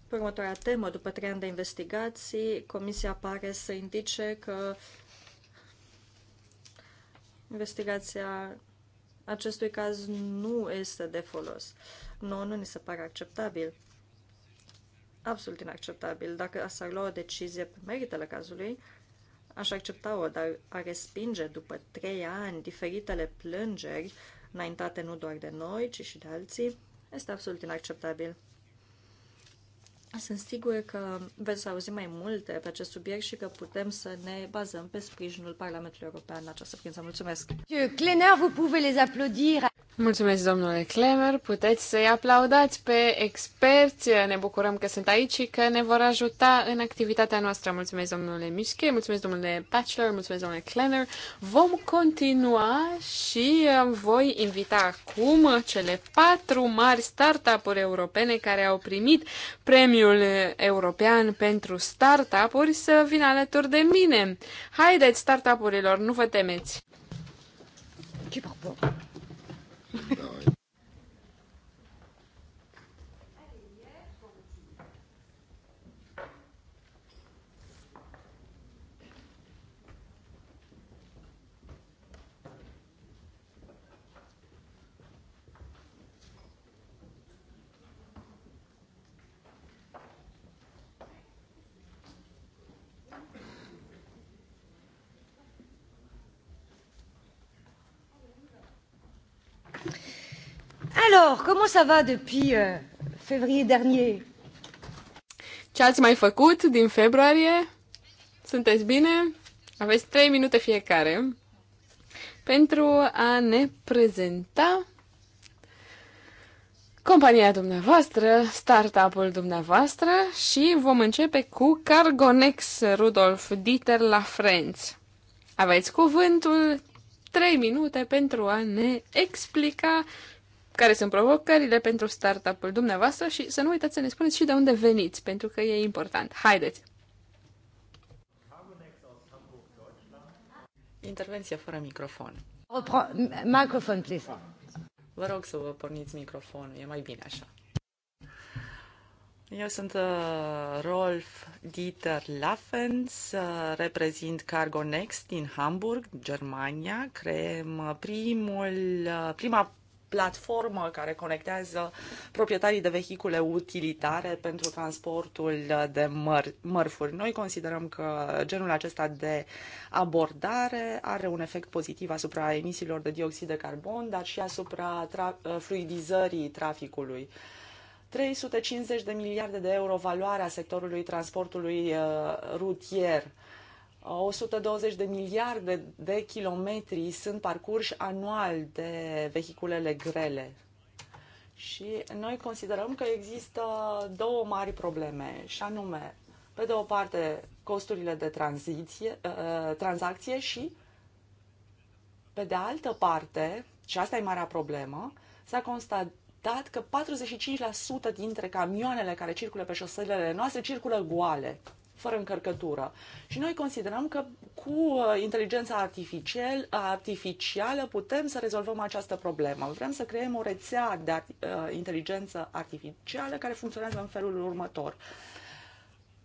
Pe următoarea temă, după trei ani de investigații, comisia pare să indice că investigația acestui caz nu este de folos. Nu, nu ni se pare acceptabil absolut inacceptabil. Dacă s-ar lua o decizie pe meritele cazului, aș accepta-o, dar a respinge după trei ani diferitele plângeri înaintate nu doar de noi, ci și de alții, este absolut inacceptabil. Sunt sigur că veți auzi mai multe pe acest subiect și că putem să ne bazăm pe sprijinul Parlamentului European în această privință. Mulțumesc! Clenar, vous pouvez les applaudir. Mulțumesc, domnule Klemer. Puteți să-i aplaudați pe experți. Ne bucurăm că sunt aici și că ne vor ajuta în activitatea noastră. Mulțumesc, domnule Mișche, mulțumesc, domnule Bachelor, mulțumesc, domnule Klemer. Vom continua și voi invita acum cele patru mari startup-uri europene care au primit premiul european pentru startup-uri să vină alături de mine. Haideți, startup-urilor, nu vă temeți! Ce da, e Alors, comment ça va depuis euh, février dernier? Ce ați mai făcut din februarie? Sunteți bine? Aveți 3 minute fiecare pentru a ne prezenta compania dumneavoastră, startup-ul dumneavoastră și vom începe cu Cargonex Rudolf Dieter la Frenz. Aveți cuvântul 3 minute pentru a ne explica care sunt provocările pentru startup-ul dumneavoastră și să nu uitați să ne spuneți și de unde veniți, pentru că e important. Haideți! Intervenție fără microfon. Microfon, please. Vă rog să vă porniți microfonul, e mai bine așa. Eu sunt uh, Rolf Dieter Laffens, uh, reprezint CargoNext din Hamburg, Germania. Creăm uh, primul, uh, prima platformă care conectează proprietarii de vehicule utilitare pentru transportul de măr- mărfuri. Noi considerăm că genul acesta de abordare are un efect pozitiv asupra emisiilor de dioxid de carbon, dar și asupra tra- fluidizării traficului. 350 de miliarde de euro valoarea sectorului transportului uh, rutier 120 de miliarde de kilometri sunt parcurși anual de vehiculele grele. Și noi considerăm că există două mari probleme, și anume, pe de o parte, costurile de tranziție, ă, ă, tranzacție și, pe de altă parte, și asta e marea problemă, s-a constatat că 45% dintre camioanele care circulă pe șoselele noastre circulă goale fără încărcătură. Și noi considerăm că cu uh, inteligența artificial, artificială putem să rezolvăm această problemă. Vrem să creăm o rețea de ar- uh, inteligență artificială care funcționează în felul următor.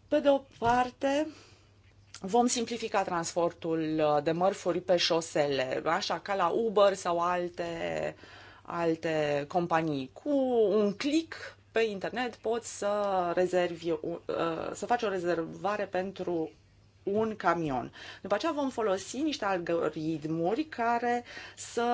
Pe de o parte, vom simplifica transportul uh, de mărfuri pe șosele, așa ca la Uber sau alte alte companii. Cu un click pe internet poți să rezervi, uh, să faci o rezervare pentru un camion. După aceea vom folosi niște algoritmuri care să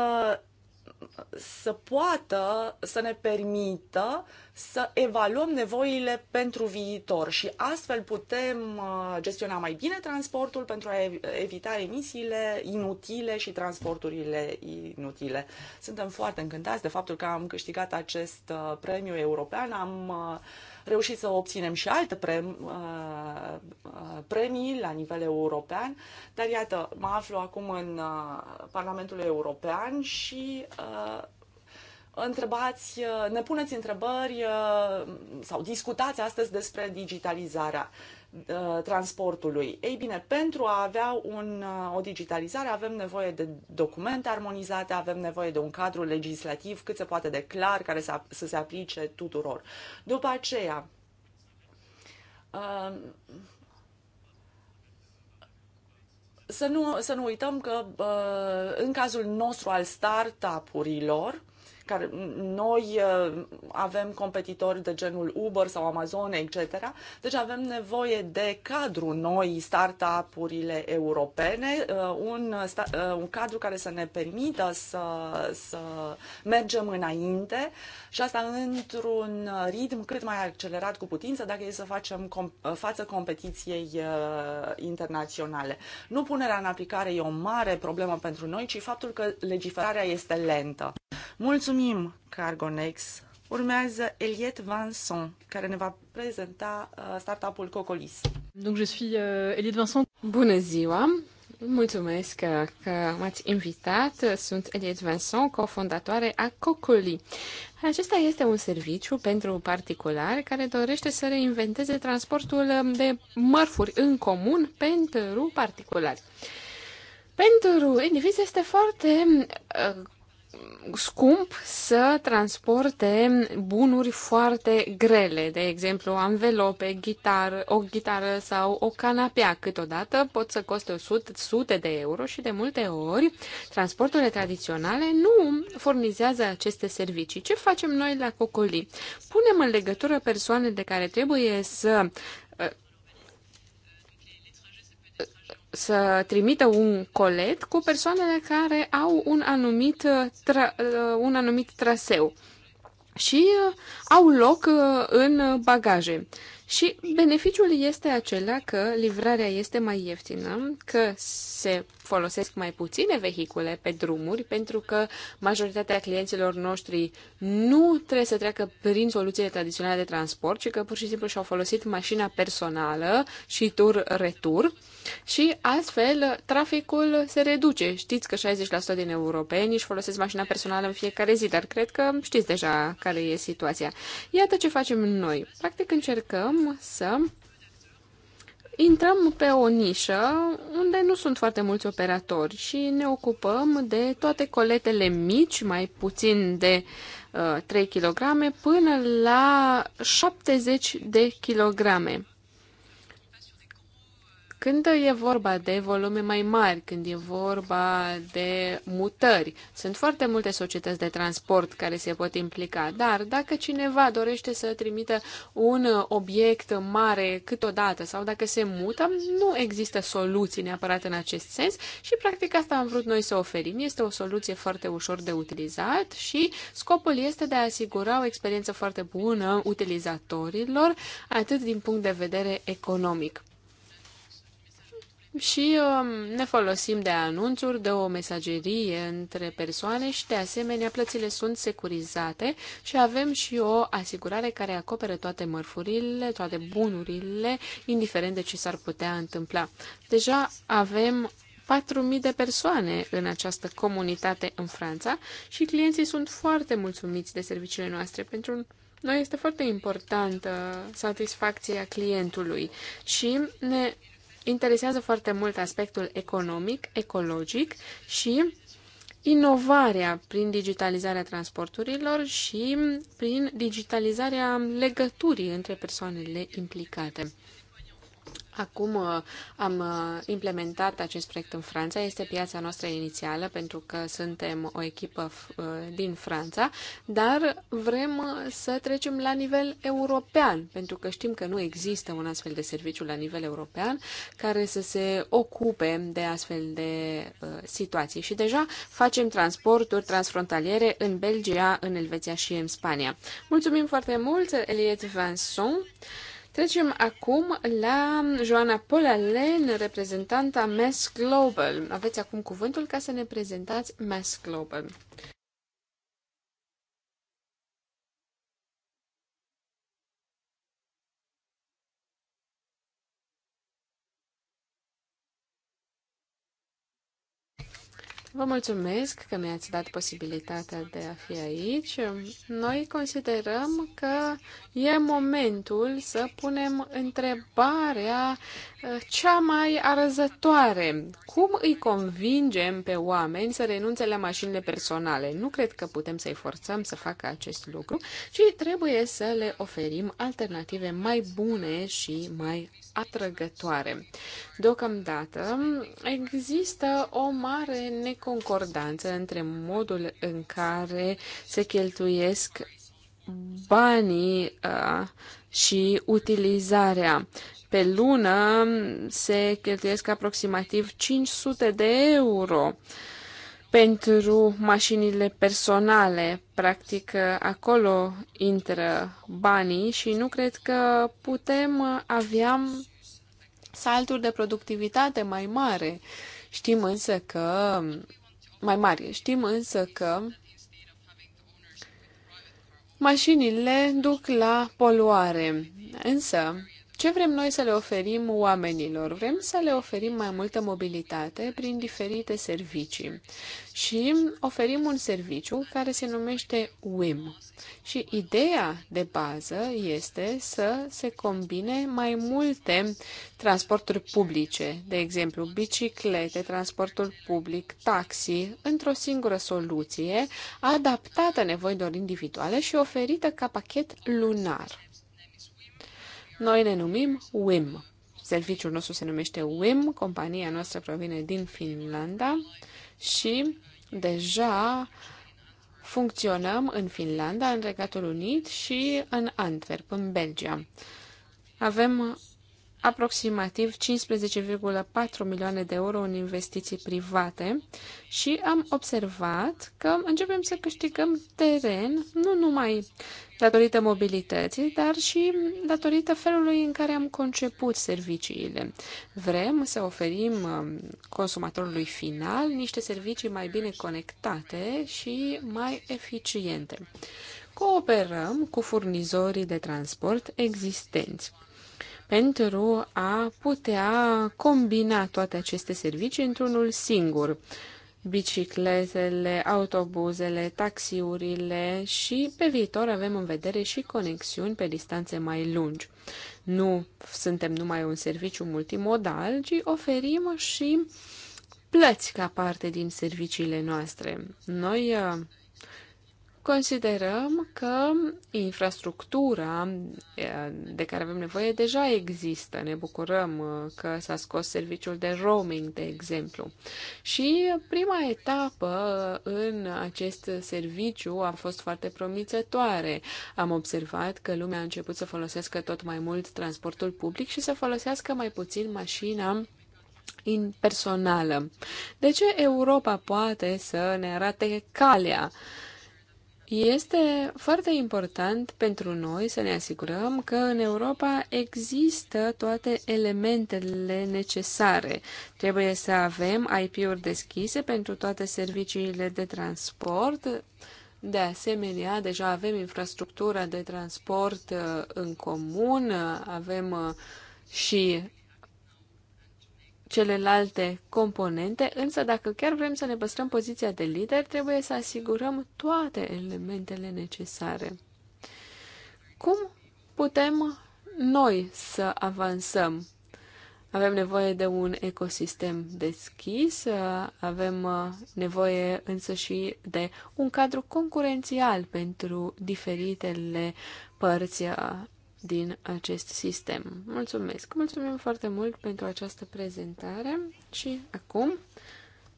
să poată să ne permită să evaluăm nevoile pentru viitor și astfel putem uh, gestiona mai bine transportul pentru a evita emisiile inutile și transporturile inutile. Suntem foarte încântați de faptul că am câștigat acest uh, premiu european. Am uh, reușit să obținem și alte uh, uh, premii la nivel european, dar iată, mă aflu acum în uh, Parlamentul European și întrebați, ne puneți întrebări sau discutați astăzi despre digitalizarea. Uh, transportului. Ei bine, pentru a avea un, uh, o digitalizare avem nevoie de documente armonizate, avem nevoie de un cadru legislativ cât se poate de clar care să, să se aplice tuturor. După aceea, uh, să nu, să nu uităm că în cazul nostru al startup-urilor, care noi uh, avem competitori de genul Uber sau Amazon, etc. Deci avem nevoie de cadru noi, startup-urile europene, uh, un, uh, un cadru care să ne permită să, să mergem înainte și asta într-un ritm cât mai accelerat cu putință dacă e să facem com- față competiției internaționale. Nu punerea în aplicare e o mare problemă pentru noi, ci faptul că legiferarea este lentă. Mulțumim Mulțumim, Cargonex. Urmează Eliette Vincent, care ne va prezenta uh, startup-ul Cocolis. Donc je suis uh, Eliet Eliette Vincent. Bună ziua! Mulțumesc uh, că, m-ați invitat. Sunt Eliette Vincent, cofondatoare a Cocoli. Acesta este un serviciu pentru particulari care dorește să reinventeze transportul um, de mărfuri în comun pentru particulari. Pentru indivizi este foarte uh, scump să transporte bunuri foarte grele, de exemplu anvelope, ghitar, o ghitară sau o canapea. Câteodată pot să coste 100, sute de euro și de multe ori transporturile tradiționale nu furnizează aceste servicii. Ce facem noi la Cocoli? Punem în legătură persoanele care trebuie să să trimită un colet cu persoanele care au un anumit, uh, tra, uh, un anumit traseu și uh, au loc în bagaje. Și beneficiul este acela că livrarea este mai ieftină, că se folosesc mai puține vehicule pe drumuri, pentru că majoritatea clienților noștri nu trebuie să treacă prin soluțiile tradiționale de transport, ci că pur și simplu și-au folosit mașina personală și tur-retur. retur și astfel traficul se reduce. Știți că 60% din europeni își folosesc mașina personală în fiecare zi, dar cred că știți deja care e situația. Iată ce facem noi. Practic încercăm să intrăm pe o nișă unde nu sunt foarte mulți operatori și ne ocupăm de toate coletele mici, mai puțin de uh, 3 kg, până la 70 de kilograme. Când e vorba de volume mai mari, când e vorba de mutări, sunt foarte multe societăți de transport care se pot implica, dar dacă cineva dorește să trimită un obiect mare câteodată sau dacă se mută, nu există soluții neapărat în acest sens și practic asta am vrut noi să oferim. Este o soluție foarte ușor de utilizat și scopul este de a asigura o experiență foarte bună utilizatorilor, atât din punct de vedere economic și um, ne folosim de anunțuri, de o mesagerie între persoane și, de asemenea, plățile sunt securizate și avem și o asigurare care acoperă toate mărfurile, toate bunurile, indiferent de ce s-ar putea întâmpla. Deja avem 4.000 de persoane în această comunitate în Franța și clienții sunt foarte mulțumiți de serviciile noastre pentru noi este foarte importantă satisfacția clientului și ne interesează foarte mult aspectul economic, ecologic și inovarea prin digitalizarea transporturilor și prin digitalizarea legăturii între persoanele implicate. Acum uh, am uh, implementat acest proiect în Franța, este piața noastră inițială pentru că suntem o echipă uh, din Franța, dar vrem să trecem la nivel european, pentru că știm că nu există un astfel de serviciu la nivel european care să se ocupe de astfel de situații. Și deja facem transporturi transfrontaliere în Belgia, în Elveția și în Spania. Mulțumim foarte mult, Eliette Vincent! Trecem acum la Joana Polalen, reprezentanta Mass Global. Aveți acum cuvântul ca să ne prezentați Mass Global. Vă mulțumesc că mi-ați dat posibilitatea de a fi aici. Noi considerăm că e momentul să punem întrebarea eh, cea mai arzătoare. Cum îi convingem pe oameni să renunțe la mașinile personale? Nu cred că putem să-i forțăm să facă acest lucru, ci trebuie să le oferim alternative mai bune și mai atrăgătoare. Deocamdată există o mare necesitate concordanță între modul în care se cheltuiesc banii uh, și utilizarea. Pe lună se cheltuiesc aproximativ 500 de euro pentru mașinile personale. Practic, uh, acolo intră banii și nu cred că putem avea salturi de productivitate mai mare Știm însă că mai mari. Știm însă că mașinile duc la poluare. Însă, ce vrem noi să le oferim oamenilor? Vrem să le oferim mai multă mobilitate prin diferite servicii și oferim un serviciu care se numește WIM. Și ideea de bază este să se combine mai multe transporturi publice, de exemplu biciclete, transportul public, taxi, într-o singură soluție, adaptată nevoilor individuale și oferită ca pachet lunar. Noi ne numim WIM. Serviciul nostru se numește WIM, compania noastră provine din Finlanda și deja funcționăm în Finlanda, în Regatul Unit și în Antwerp, în Belgia. Avem aproximativ 15,4 milioane de euro în investiții private și am observat că începem să câștigăm teren nu numai datorită mobilității, dar și datorită felului în care am conceput serviciile. Vrem să oferim um, consumatorului final niște servicii mai bine conectate și mai eficiente. Cooperăm cu furnizorii de transport existenți pentru a putea combina toate aceste servicii într-unul singur bicicletele, autobuzele, taxiurile și pe viitor avem în vedere și conexiuni pe distanțe mai lungi. Nu suntem numai un serviciu multimodal, ci oferim și plăți ca parte din serviciile noastre. Noi uh, considerăm că infrastructura eh, de care avem nevoie deja există. Ne bucurăm eh, că s-a scos serviciul de roaming, de exemplu. Și prima etapă în acest serviciu a fost foarte promițătoare. Am observat că lumea a început să folosească tot mai mult transportul public și să folosească mai puțin mașina personală. De ce Europa poate să ne arate calea? Este foarte important pentru noi să ne asigurăm că în Europa există toate elementele necesare. Trebuie să avem IP-uri deschise pentru toate serviciile de transport. De asemenea, deja avem infrastructura de transport uh, în comun, avem uh, și celelalte componente, însă dacă chiar vrem să ne păstrăm poziția de lider, trebuie să asigurăm toate elementele necesare. Cum putem noi să avansăm? Avem nevoie de un ecosistem deschis, avem nevoie însă și de un cadru concurențial pentru diferitele părți din acest sistem. Mulțumesc! Mulțumim foarte mult pentru această prezentare și acum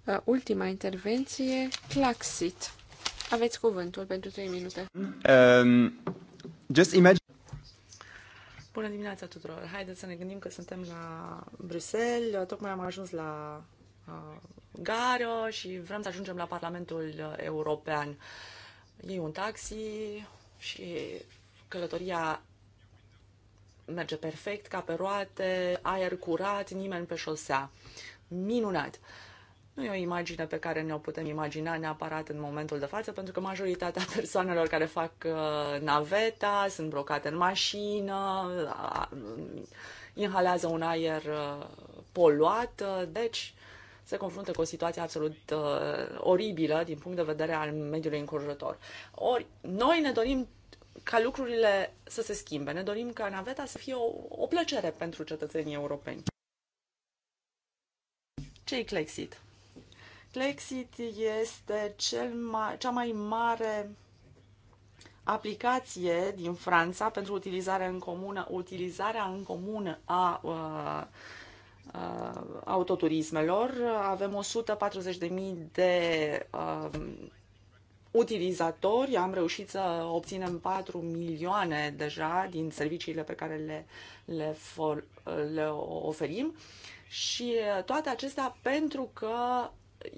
uh, ultima intervenție, Claxit. Aveți cuvântul pentru 3 minute. Um, just imagine... Bună dimineața tuturor! Haideți să ne gândim că suntem la Bruxelles, tocmai am ajuns la uh, gară și vrem să ajungem la Parlamentul European. Iei un taxi și călătoria merge perfect, ca pe roate, aer curat, nimeni pe șosea. Minunat! Nu e o imagine pe care ne-o putem imagina neapărat în momentul de față, pentru că majoritatea persoanelor care fac uh, naveta sunt blocate în mașină, inhalează un aer uh, poluat, uh, deci se confruntă cu o situație absolut uh, oribilă din punct de vedere al mediului înconjurător. Ori noi ne dorim ca lucrurile să se schimbe. Ne dorim ca naveta să fie o, o plăcere pentru cetățenii europeni. ce e Clexit? Clexit este cel mai, cea mai mare aplicație din Franța pentru utilizarea în comună, utilizarea în comună a uh, uh, autoturismelor. Avem 140.000 de uh, utilizatori. Am reușit să obținem 4 milioane deja din serviciile pe care le, le, for, le oferim și toate acestea pentru că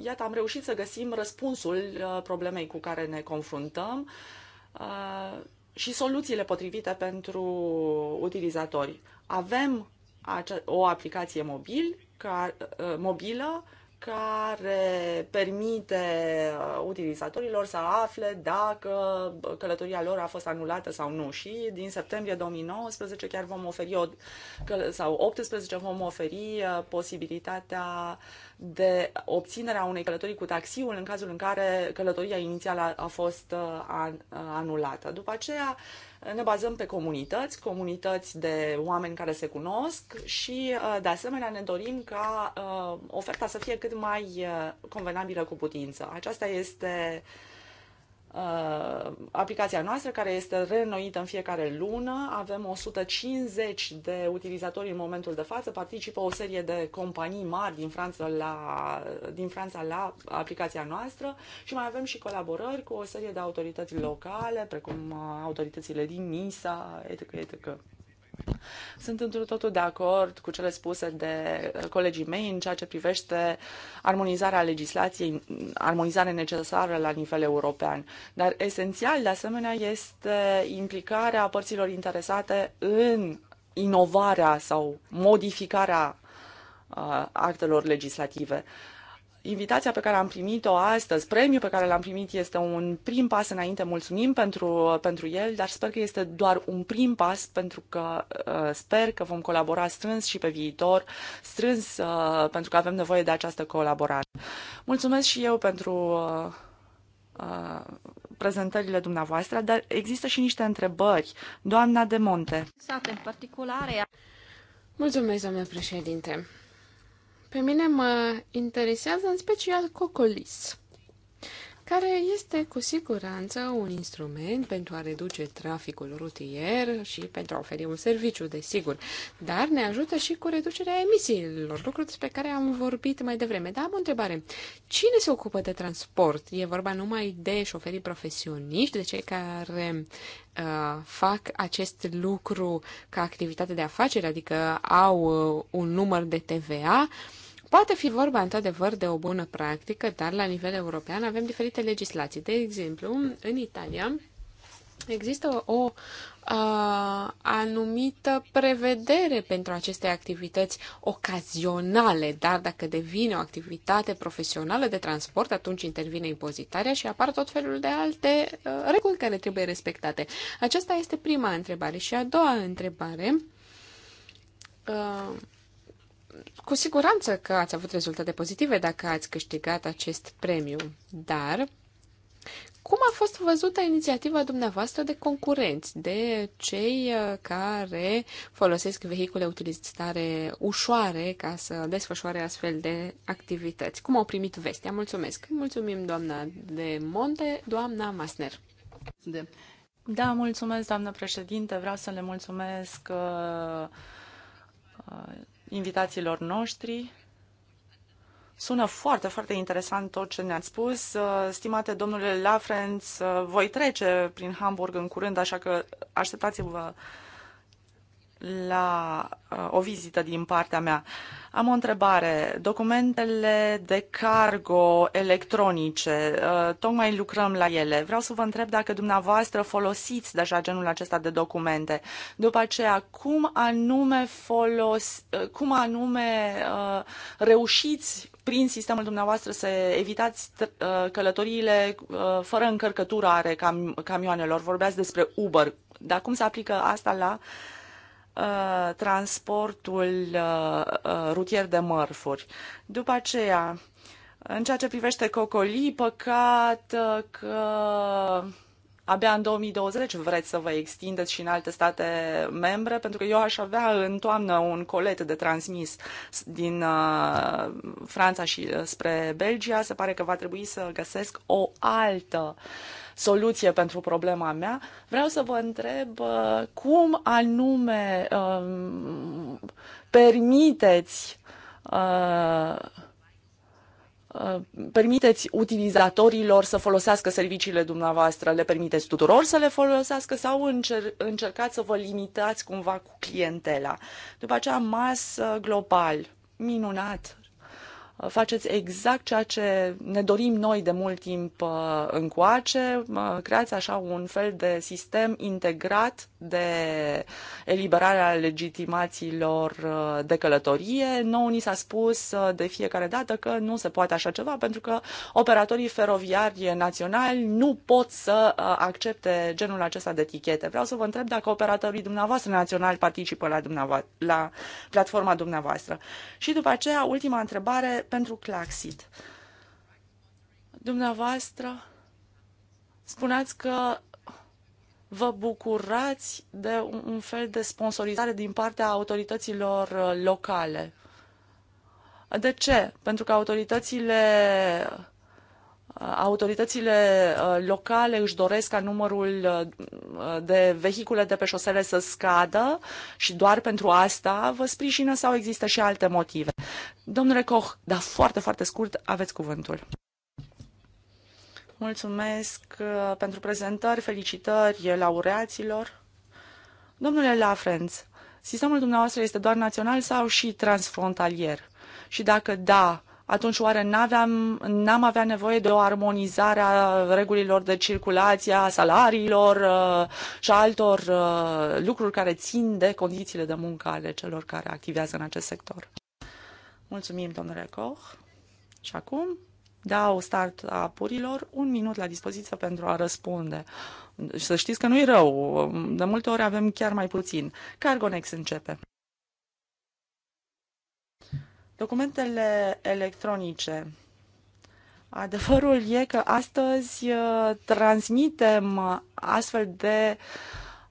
iată, am reușit să găsim răspunsul uh, problemei cu care ne confruntăm uh, și soluțiile potrivite pentru utilizatori. Avem o aplicație mobil, uh, mobilă care permite uh, utilizatorilor să afle dacă călătoria lor a fost anulată sau nu. Și din septembrie 2019 chiar vom oferi, o, sau 18 vom oferi uh, posibilitatea de obținerea unei călătorii cu taxiul în cazul în care călătoria inițială a fost uh, uh, anulată. După aceea uh, ne bazăm pe comunități, comunități de oameni care se cunosc și de asemenea ne dorim ca oferta să fie cât mai convenabilă cu putință. Aceasta este uh, uh, aplicația noastră, care este reînnoită în fiecare lună. Avem 150 de utilizatori în momentul de față. Participă o serie de companii mari din Franța la, din Franța la aplicația noastră și mai avem și colaborări cu o serie de autorități locale, precum autoritățile din Nisa, etc. etc. Sunt într totul de acord cu cele spuse de uh, colegii mei în ceea ce privește armonizarea legislației, armonizare necesară la nivel european. Dar esențial, de asemenea, este implicarea părților interesate în inovarea sau modificarea uh, actelor legislative. Uh, invitația pe care am primit-o astăzi, premiul pe care l-am primit este un prim pas înainte, mulțumim pentru, pentru el, dar sper că este doar un prim pas pentru că uh, sper că vom colabora strâns și pe viitor, strâns uh, pentru că avem nevoie de această colaborare. Mulțumesc și eu pentru uh, prezentările dumneavoastră, dar există și niște întrebări. Doamna de Monte. Sate în particulare. Mulțumesc, doamnă președinte. Pe mine mă interesează în special Cocolis, care este cu siguranță un instrument pentru a reduce traficul rutier și pentru a oferi un serviciu, desigur, dar ne ajută și cu reducerea emisiilor, lucruri despre care am vorbit mai devreme. Dar am o întrebare. Cine se ocupă de transport? E vorba numai de șoferii profesioniști, de cei care uh, fac acest lucru ca activitate de afacere, adică au uh, un număr de TVA Poate fi vorba, într-adevăr, de o bună practică, dar la nivel european avem diferite legislații. De exemplu, în Italia există o a, anumită prevedere pentru aceste activități ocazionale, dar dacă devine o activitate profesională de transport, atunci intervine impozitarea și apar tot felul de alte a, reguli care trebuie respectate. Aceasta este prima întrebare. Și a doua întrebare. A, cu siguranță că ați avut rezultate pozitive dacă ați câștigat acest premiu, dar cum a fost văzută inițiativa dumneavoastră de concurenți, de cei uh, care folosesc vehicule utilizare ușoare ca să desfășoare astfel de activități? Cum au primit vestea? Mulțumesc! Mulțumim, doamna de Monte, doamna Masner. De. Da, mulțumesc, doamnă președinte. Vreau să le mulțumesc uh, uh, invitațiilor noștri. Sună foarte, foarte interesant tot ce ne-ați spus. Uh, stimate domnule Lafrenț, uh, voi trece prin Hamburg în curând, așa că așteptați-vă la uh, o vizită din partea mea. Am o întrebare. Documentele de cargo electronice, uh, tocmai lucrăm la ele. Vreau să vă întreb dacă dumneavoastră folosiți deja genul acesta de documente. După aceea, cum anume, folos, uh, cum anume reușiți prin sistemul dumneavoastră să evitați călătoriile fără încărcătură are cam, camioanelor. Vorbeați despre Uber. Dar cum se aplică asta la uh, Uh, transportul uh, uh, rutier de mărfuri. După aceea, în ceea ce privește cocolii, păcat uh, că abia în 2020 vreți să vă extindeți și în alte state membre, pentru că eu aș avea în toamnă un colet de transmis din uh, Franța și spre Belgia. Se pare că va trebui să găsesc o altă uh, soluție pentru problema mea, vreau să vă întreb uh, cum anume um, permiteți uh, uh, permiteți utilizatorilor să folosească serviciile dumneavoastră, le permiteți tuturor să le folosească sau încer- încercați să vă limitați cumva cu clientela. După aceea, mas global, minunat, Uh, faceți exact ceea ce ne dorim noi de mult timp uh, încoace, uh, creați așa un fel de sistem integrat de eliberare a legitimațiilor uh, de călătorie. Nouă ni s-a spus uh, de fiecare dată că nu se poate așa ceva pentru că operatorii feroviari naționali nu pot să uh, accepte genul acesta de etichete. Vreau să vă întreb dacă operatorii dumneavoastră naționali participă la, dumneavoastră, la platforma dumneavoastră. Și după aceea, ultima întrebare pentru Claxit. Dumneavoastră spuneați că vă bucurați de un fel de sponsorizare din partea autorităților uh, locale. De ce? Pentru că autoritățile uh, autoritățile uh, locale își doresc ca numărul de vehicule de pe șosele să scadă și doar pentru asta vă sprijină sau există și alte motive. Domnule Koch, dar foarte, foarte scurt, aveți cuvântul. Mulțumesc uh, pentru prezentări, felicitări laureaților. Domnule Lafrenț, sistemul dumneavoastră este doar național sau și transfrontalier? Și dacă da, atunci oare n am avea nevoie de o armonizare a regulilor de circulație, a salariilor uh, și a altor uh, lucruri care țin de condițiile de muncă ale celor care activează în acest sector? Mulțumim, domnule Koch. Și acum dau a apurilor un minut la dispoziție pentru a răspunde. Și să știți că nu-i rău, de multe ori avem chiar mai puțin. Cargonex începe. Documentele electronice. Adevărul e că astăzi uh, transmitem astfel de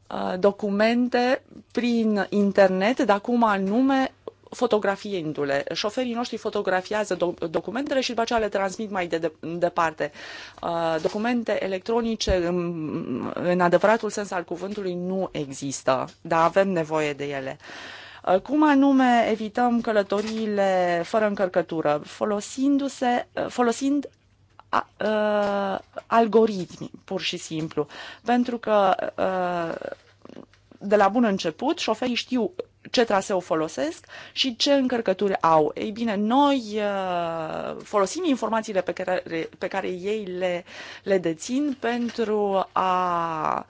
uh, documente prin internet, dar cum anume fotografiindu-le. Șoferii noștri fotografiază documentele și după aceea le transmit mai de, de departe. Uh, documente electronice, în, în adevăratul sens al cuvântului, nu există, dar avem nevoie de ele. Uh, cum anume evităm călătoriile fără încărcătură? Folosindu-se, uh, folosind a, uh, algoritmi, pur și simplu. Pentru că uh, de la bun început, șoferii știu ce traseu folosesc și ce încărcături au. Ei bine, noi uh, folosim informațiile pe care, pe care ei le, le dețin pentru a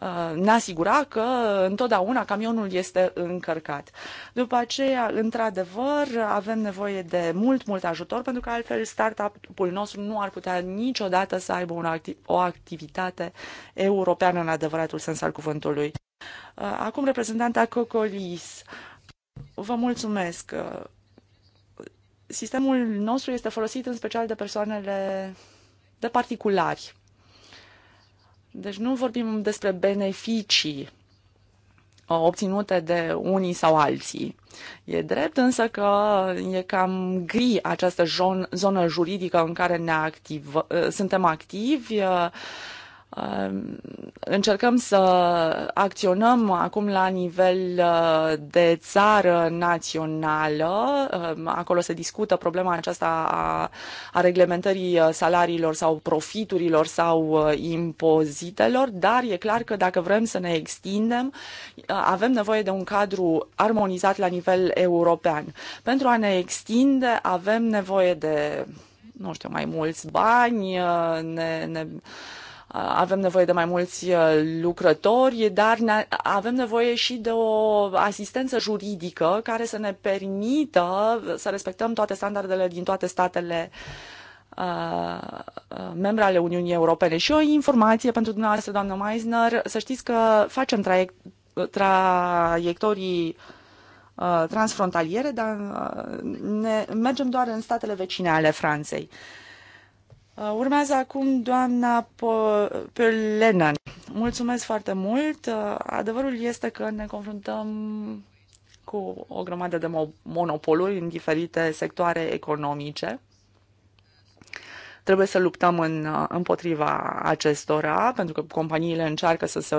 uh, ne asigura că întotdeauna camionul este încărcat. După aceea, într-adevăr, avem nevoie de mult, mult ajutor, pentru că altfel startup-ul nostru nu ar putea niciodată să aibă o activitate europeană în adevăratul sens al cuvântului. Uh, acum reprezentanta Cocolis. Vă mulțumesc. Uh, sistemul nostru este folosit în special de persoanele de particulari. Deci nu vorbim despre beneficii uh, obținute de unii sau alții. E drept însă că e cam gri această zonă juridică în care ne activ, suntem activi Um, încercăm să acționăm acum la nivel uh, de țară națională. Um, acolo se discută problema aceasta a, a reglementării uh, salariilor sau profiturilor sau uh, impozitelor, dar e clar că dacă vrem să ne extindem, avem nevoie de un cadru armonizat la nivel european. Pentru a ne extinde, avem nevoie de nu știu, mai mulți bani, ne, ne avem nevoie de mai mulți uh, lucrători, dar avem nevoie și de o asistență juridică care să ne permită să respectăm toate standardele din toate statele uh, uh, membre ale Uniunii Europene. Și o informație pentru dumneavoastră, doamnă Meisner, să știți că facem traiect traiectorii transfrontaliere, dar ne mergem doar în statele vecine ale Franței. Uh, Uh, urmează acum doamna Pölenan. Mulțumesc foarte mult. Uh, adevărul este că ne confruntăm cu o grămadă de monopoluri în diferite sectoare economice. Trebuie să luptăm în, uh, împotriva acestora, pentru că companiile încearcă să se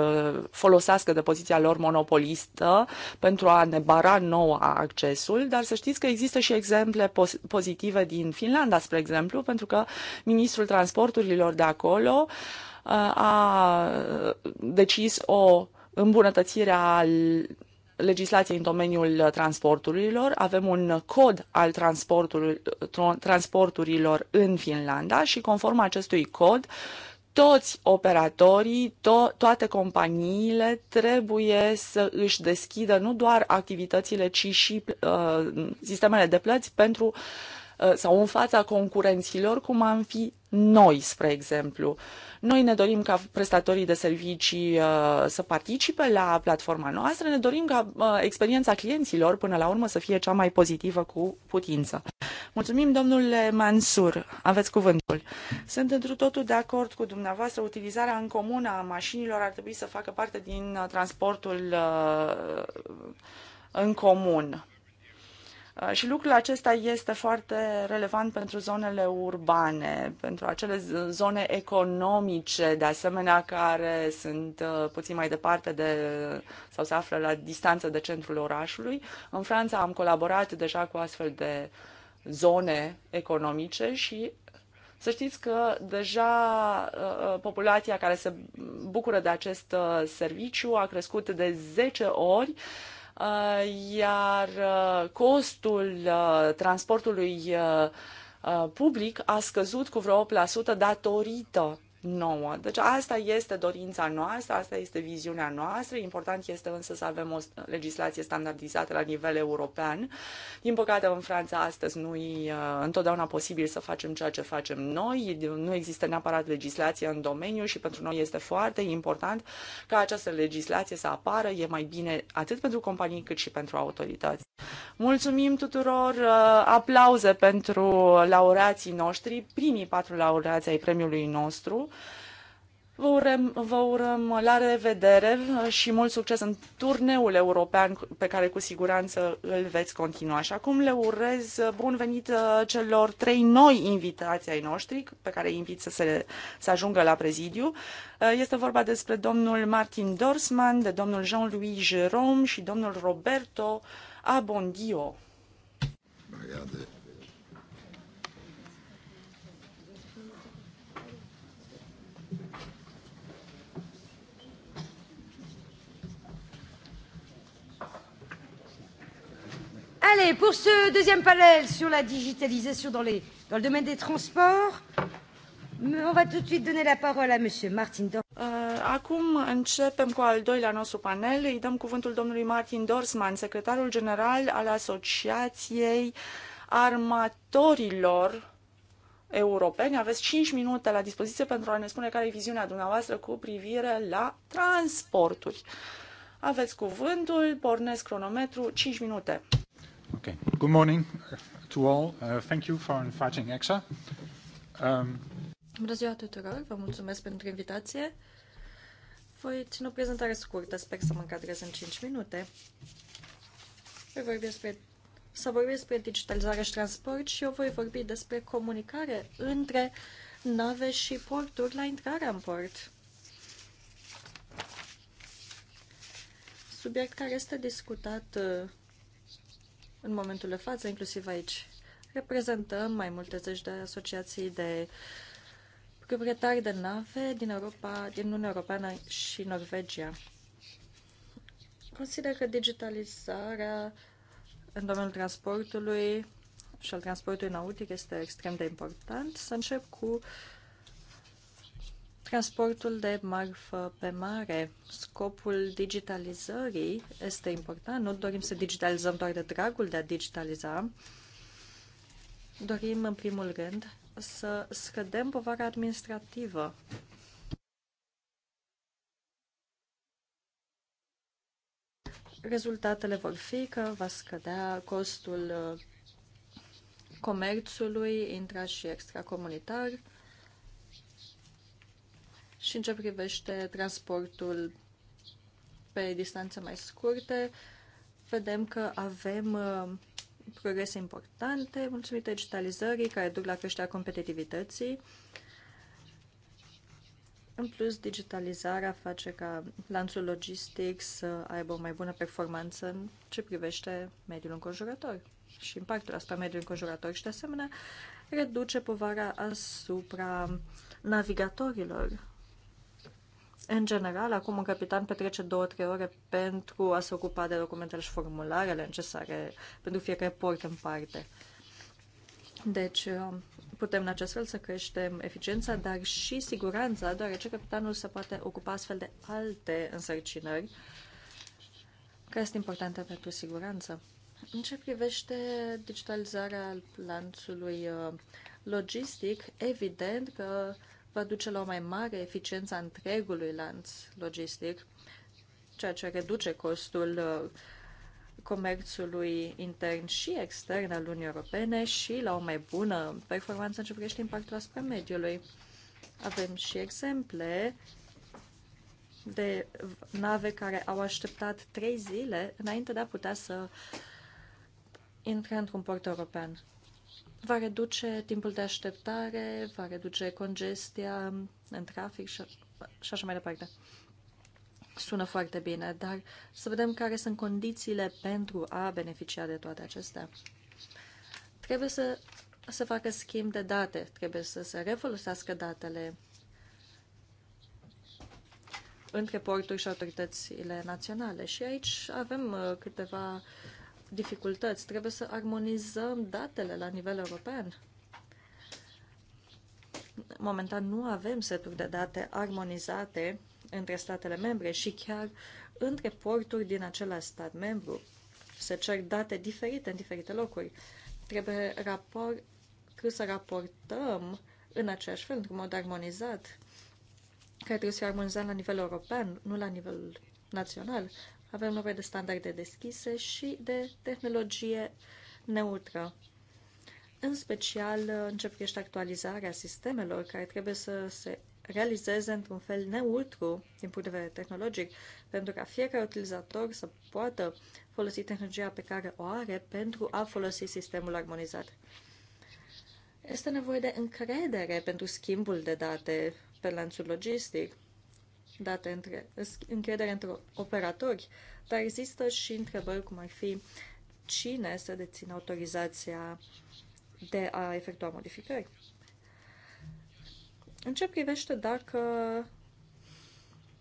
folosească de poziția lor monopolistă pentru a ne bara nouă accesul, dar să știți că există și exemple pozitive din Finlanda, spre exemplu, pentru că ministrul transporturilor de acolo uh, a decis o îmbunătățire a legislației în domeniul uh, transporturilor, avem un cod al transporturilor în Finlanda și conform acestui cod, toți operatorii, to- toate companiile trebuie să își deschidă nu doar activitățile, ci și uh, sistemele de plăți pentru uh, sau în fața concurenților, cum am fi noi, spre exemplu. Noi ne dorim ca prestatorii de servicii uh, să participe la platforma noastră, ne dorim ca uh, experiența clienților până la urmă să fie cea mai pozitivă cu putință. Mulțumim, domnule Mansur, aveți cuvântul. Sunt într totul de acord cu dumneavoastră, utilizarea în comună a mașinilor ar trebui să facă parte din uh, transportul în comun. Uh, și lucrul acesta este foarte relevant pentru zonele urbane, pentru acele zone economice, de asemenea, care sunt uh, puțin mai departe de, sau se află la distanță de centrul orașului. În Franța am colaborat deja cu astfel de zone economice și să știți că deja uh, populația care se bucură de acest serviciu a crescut de 10 ori Uh, iar uh, costul uh, transportului public a scăzut cu vreo 8% datorită nouă. Deci asta este dorința noastră, asta este viziunea noastră. Important este însă să avem o legislație standardizată la nivel european. Din păcate, în Franța astăzi nu e uh, întotdeauna posibil să facem ceea ce facem noi. Nu există neapărat legislație în domeniu și pentru noi este foarte important ca această legislație să apară. E mai bine atât pentru companii cât și pentru autorități. Mulțumim tuturor! Uh, aplauze pentru laureații noștri, primii patru laureați ai premiului nostru. Vă urăm, vă urăm la revedere și mult succes în turneul european pe care cu siguranță îl veți continua. Și acum le urez bun venit uh, celor trei noi invitații ai noștri pe care îi invit să, se, să ajungă la prezidiu. Uh, este vorba despre domnul Martin Dorsman, de domnul Jean-Louis Jerome și domnul Roberto Abondio. Regardez. Allez, pour ce deuxième panel sur la digitalisation dans, les, dans le domaine des transports, on va tout de suite donner la parole à Monsieur Martin Dor. Euh, acum începem cu al doilea nostru panel. Îi dăm cuvântul domnului Martin Dorsman, secretarul general al Asociației Armatorilor Europeni. Aveți 5 minute la dispoziție pentru a ne spune care e viziunea dumneavoastră cu privire la transporturi. Aveți cuvântul, pornesc cronometru, 5 minute. Okay. Good morning to all. Uh, thank you for inviting EXA. Um... Bună ziua tuturor, vă mulțumesc pentru invitație. Voi ține o prezentare scurtă, sper să mă încadrez în 5 minute. Voi vorbi despre, să vorbesc despre digitalizare și transport și eu voi vorbi despre comunicare între nave și porturi la intrarea în port. Subiect care este discutat uh, în momentul de față, inclusiv aici. Reprezentăm mai multe zeci de asociații de proprietari de nave din Europa, din Uniunea Europeană și Norvegia. Consider că digitalizarea în domeniul transportului și al transportului nautic este extrem de important. Să încep cu uh, transportul de marfă pe mare. Scopul digitalizării este important. Nu dorim să digitalizăm doar de dragul de a digitaliza. Dorim, în primul rând, să scădem povara administrativă. Rezultatele vor fi că va scădea costul uh, comerțului intra și extracomunitar, comunitar și în ce privește transportul pe distanțe mai scurte, vedem că avem uh, progrese importante mulțumită digitalizării care duc la creșterea competitivității. În plus, digitalizarea face ca lanțul logistic să aibă o mai bună performanță în ce privește mediul înconjurător și impactul asupra mediului înconjurător și, de asemenea, reduce povara asupra navigatorilor în general, acum un capitan petrece două-trei ore pentru a se ocupa de documentele și formularele necesare pentru fiecare port în parte. Deci, uh, putem în acest fel să creștem eficiența, dar și siguranța, deoarece capitanul se poate ocupa astfel de alte însărcinări care sunt importante pentru siguranță. În ce privește digitalizarea lanțului uh, logistic, evident că uh, va duce la o mai mare eficiență a întregului lanț logistic, ceea ce reduce costul uh, comerțului intern și extern al Uniunii Europene și la o mai bună performanță în ce privește impactul asupra mediului. Avem și exemple de nave care au așteptat trei zile înainte de a putea să intre într-un port european va reduce timpul de așteptare, va reduce congestia în trafic și, și așa mai departe. Sună foarte bine, dar să vedem care sunt condițiile pentru a beneficia de toate acestea. Trebuie să se facă schimb de date, trebuie să se refolosească datele între porturi și autoritățile naționale. Și aici avem uh, câteva uh, dificultăți. Trebuie să armonizăm datele la nivel european. Momentan nu avem seturi de date armonizate între statele membre și chiar între porturi din același stat membru. Se cer date diferite în diferite locuri. Trebuie, rapor, cât să raportăm în același fel, într-un mod armonizat, care trebuie să fie armonizat la nivel european, nu la nivel național. Avem nevoie de standarde deschise și de tehnologie neutră. În special, în ce actualizarea sistemelor care trebuie să se realizeze într-un fel neutru din punct de vedere tehnologic, pentru ca fiecare utilizator să poată folosi tehnologia pe care o are pentru a folosi sistemul armonizat. Este nevoie de încredere pentru schimbul de date pe lanțul logistic date între încredere între operatori, dar există și întrebări cum ar fi cine să dețină autorizația de a efectua modificări. În ce privește dacă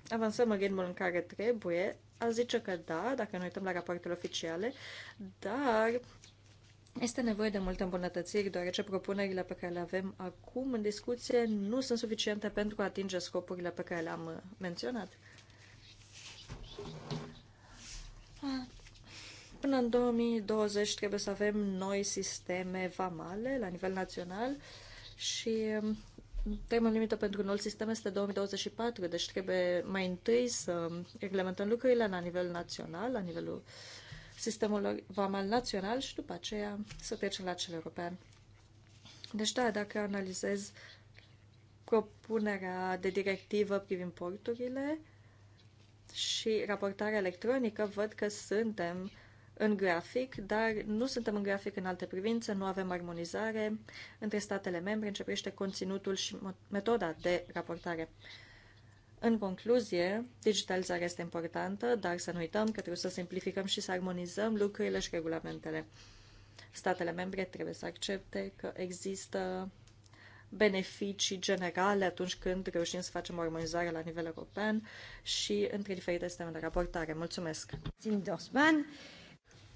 avansăm în ritmul în care trebuie, a zice că da, dacă ne uităm la rapoartele oficiale, dar este nevoie de multe îmbunătățiri, deoarece propunerile pe care le avem acum în discuție nu sunt suficiente pentru a atinge scopurile pe care le-am uh, menționat. Până în 2020 trebuie să avem noi sisteme vamale la nivel național și um, termenul limită pentru noul sistem este 2024, deci trebuie mai întâi să reglementăm lucrurile la nivel național, la nivelul sistemul vamal național și după aceea să trecem la cel european. Deci, da, dacă analizez propunerea de directivă privind porturile și raportarea electronică, văd că suntem în grafic, dar nu suntem în grafic în alte privințe, nu avem armonizare între statele membre, începește conținutul și metoda de raportare. În concluzie, digitalizarea este importantă, dar să nu uităm că trebuie să simplificăm și să armonizăm lucrurile și regulamentele. Statele membre trebuie să accepte că există beneficii generale atunci când reușim să facem o armonizare la nivel european și între diferite sisteme de raportare. Mulțumesc! Dorsman.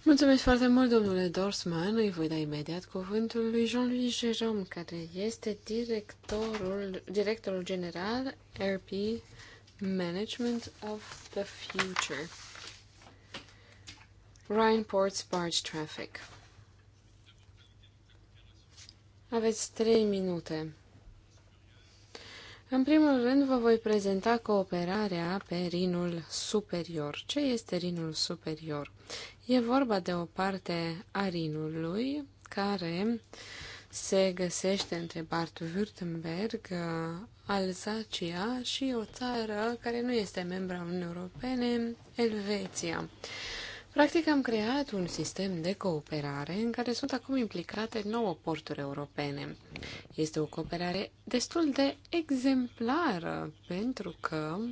Mulțumesc foarte mult, domnule Dorsman. Îi voi da imediat cuvântul lui Jean-Louis Jerome, care este directorul, directorul general RP Management of the Future. Ryan Ports Barge Traffic. Aveți trei minute. În primul rând, vă voi prezenta cooperarea pe Rinul Superior. Ce este Rinul Superior? E vorba de o parte a Rinului care se găsește între Bart-Württemberg, Alsacia și o țară care nu este membra Uniunii Europene, Elveția. Practic am creat un sistem de cooperare în care sunt acum implicate nouă porturi europene. Este o cooperare destul de exemplară pentru că uh,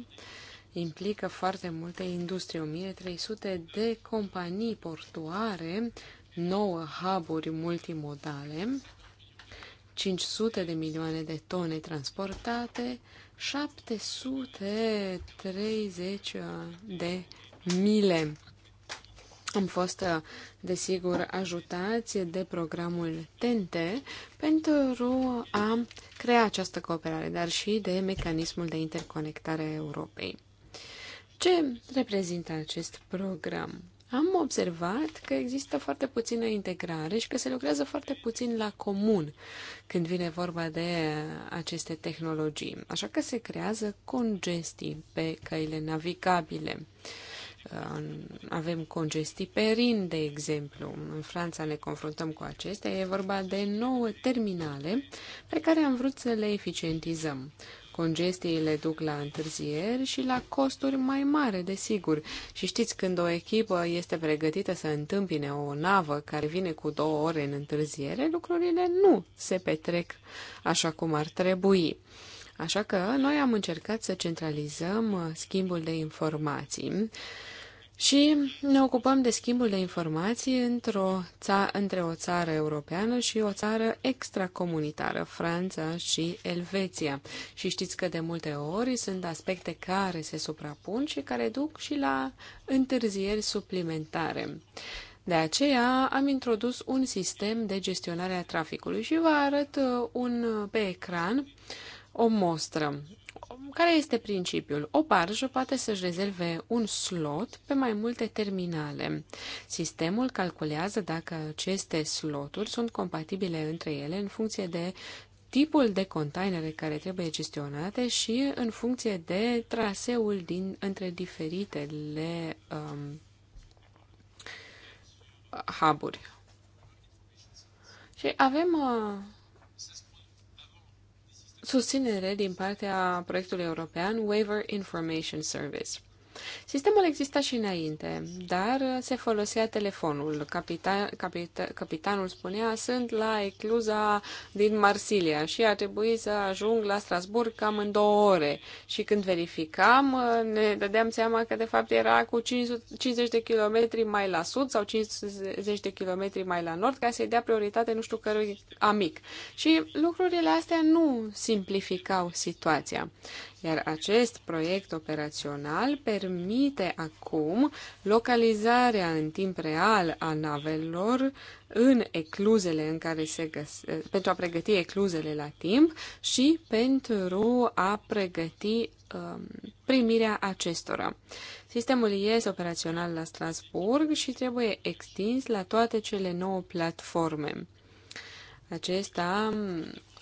implică foarte multe industrie, 1300 de companii portuare, 9 huburi multimodale, 500 de milioane de tone transportate, 730 uh, de mile. Am fost, uh, desigur, ajutați de programul TNT pentru a crea această cooperare, dar și de mecanismul de interconectare a Europei. Ce reprezintă acest program? Am observat că există foarte puțină integrare și că se lucrează foarte puțin la comun când vine vorba de aceste tehnologii. Așa că se creează congestii pe căile navigabile. Avem congestii pe Rin, de exemplu. În Franța ne confruntăm cu acestea. E vorba de nouă terminale pe care am vrut să le eficientizăm. Congestiile duc la întârzieri și la costuri mai mari, desigur. Și știți, când o echipă este pregătită să întâmpine o navă care vine cu două ore în întârziere, lucrurile nu se petrec așa cum ar trebui. Așa că noi am încercat să centralizăm schimbul de informații și ne ocupăm de schimbul de informații într-o ța- între o țară europeană și o țară extracomunitară, Franța și Elveția. Și știți că de multe ori sunt aspecte care se suprapun și care duc și la întârzieri suplimentare. De aceea am introdus un sistem de gestionare a traficului și vă arăt uh, un, pe ecran o mostră care este principiul? O barjă poate să-și rezerve un slot pe mai multe terminale. Sistemul calculează dacă aceste sloturi sunt compatibile între ele în funcție de tipul de containere care trebuie gestionate și în funcție de traseul din, între diferitele um, hub -uri. Și avem uh, susținere din partea proiectului european Waiver Information Service. Sistemul exista și înainte, dar se folosea telefonul. Capita, capita, capitanul spunea, sunt la ecluza din Marsilia și a trebuit să ajung la Strasburg cam în două ore. Și când verificam, ne dădeam seama că de fapt era cu 50 de kilometri mai la sud sau 50 de kilometri mai la nord ca să-i dea prioritate nu știu cărui amic. Și lucrurile astea nu simplificau situația. Iar acest proiect operațional permite acum localizarea în timp real a navelor în ecluzele în care se găsesc, pentru a pregăti ecluzele la timp și pentru a pregăti um, primirea acestora. Sistemul este operațional la Strasburg și trebuie extins la toate cele nouă platforme. Acesta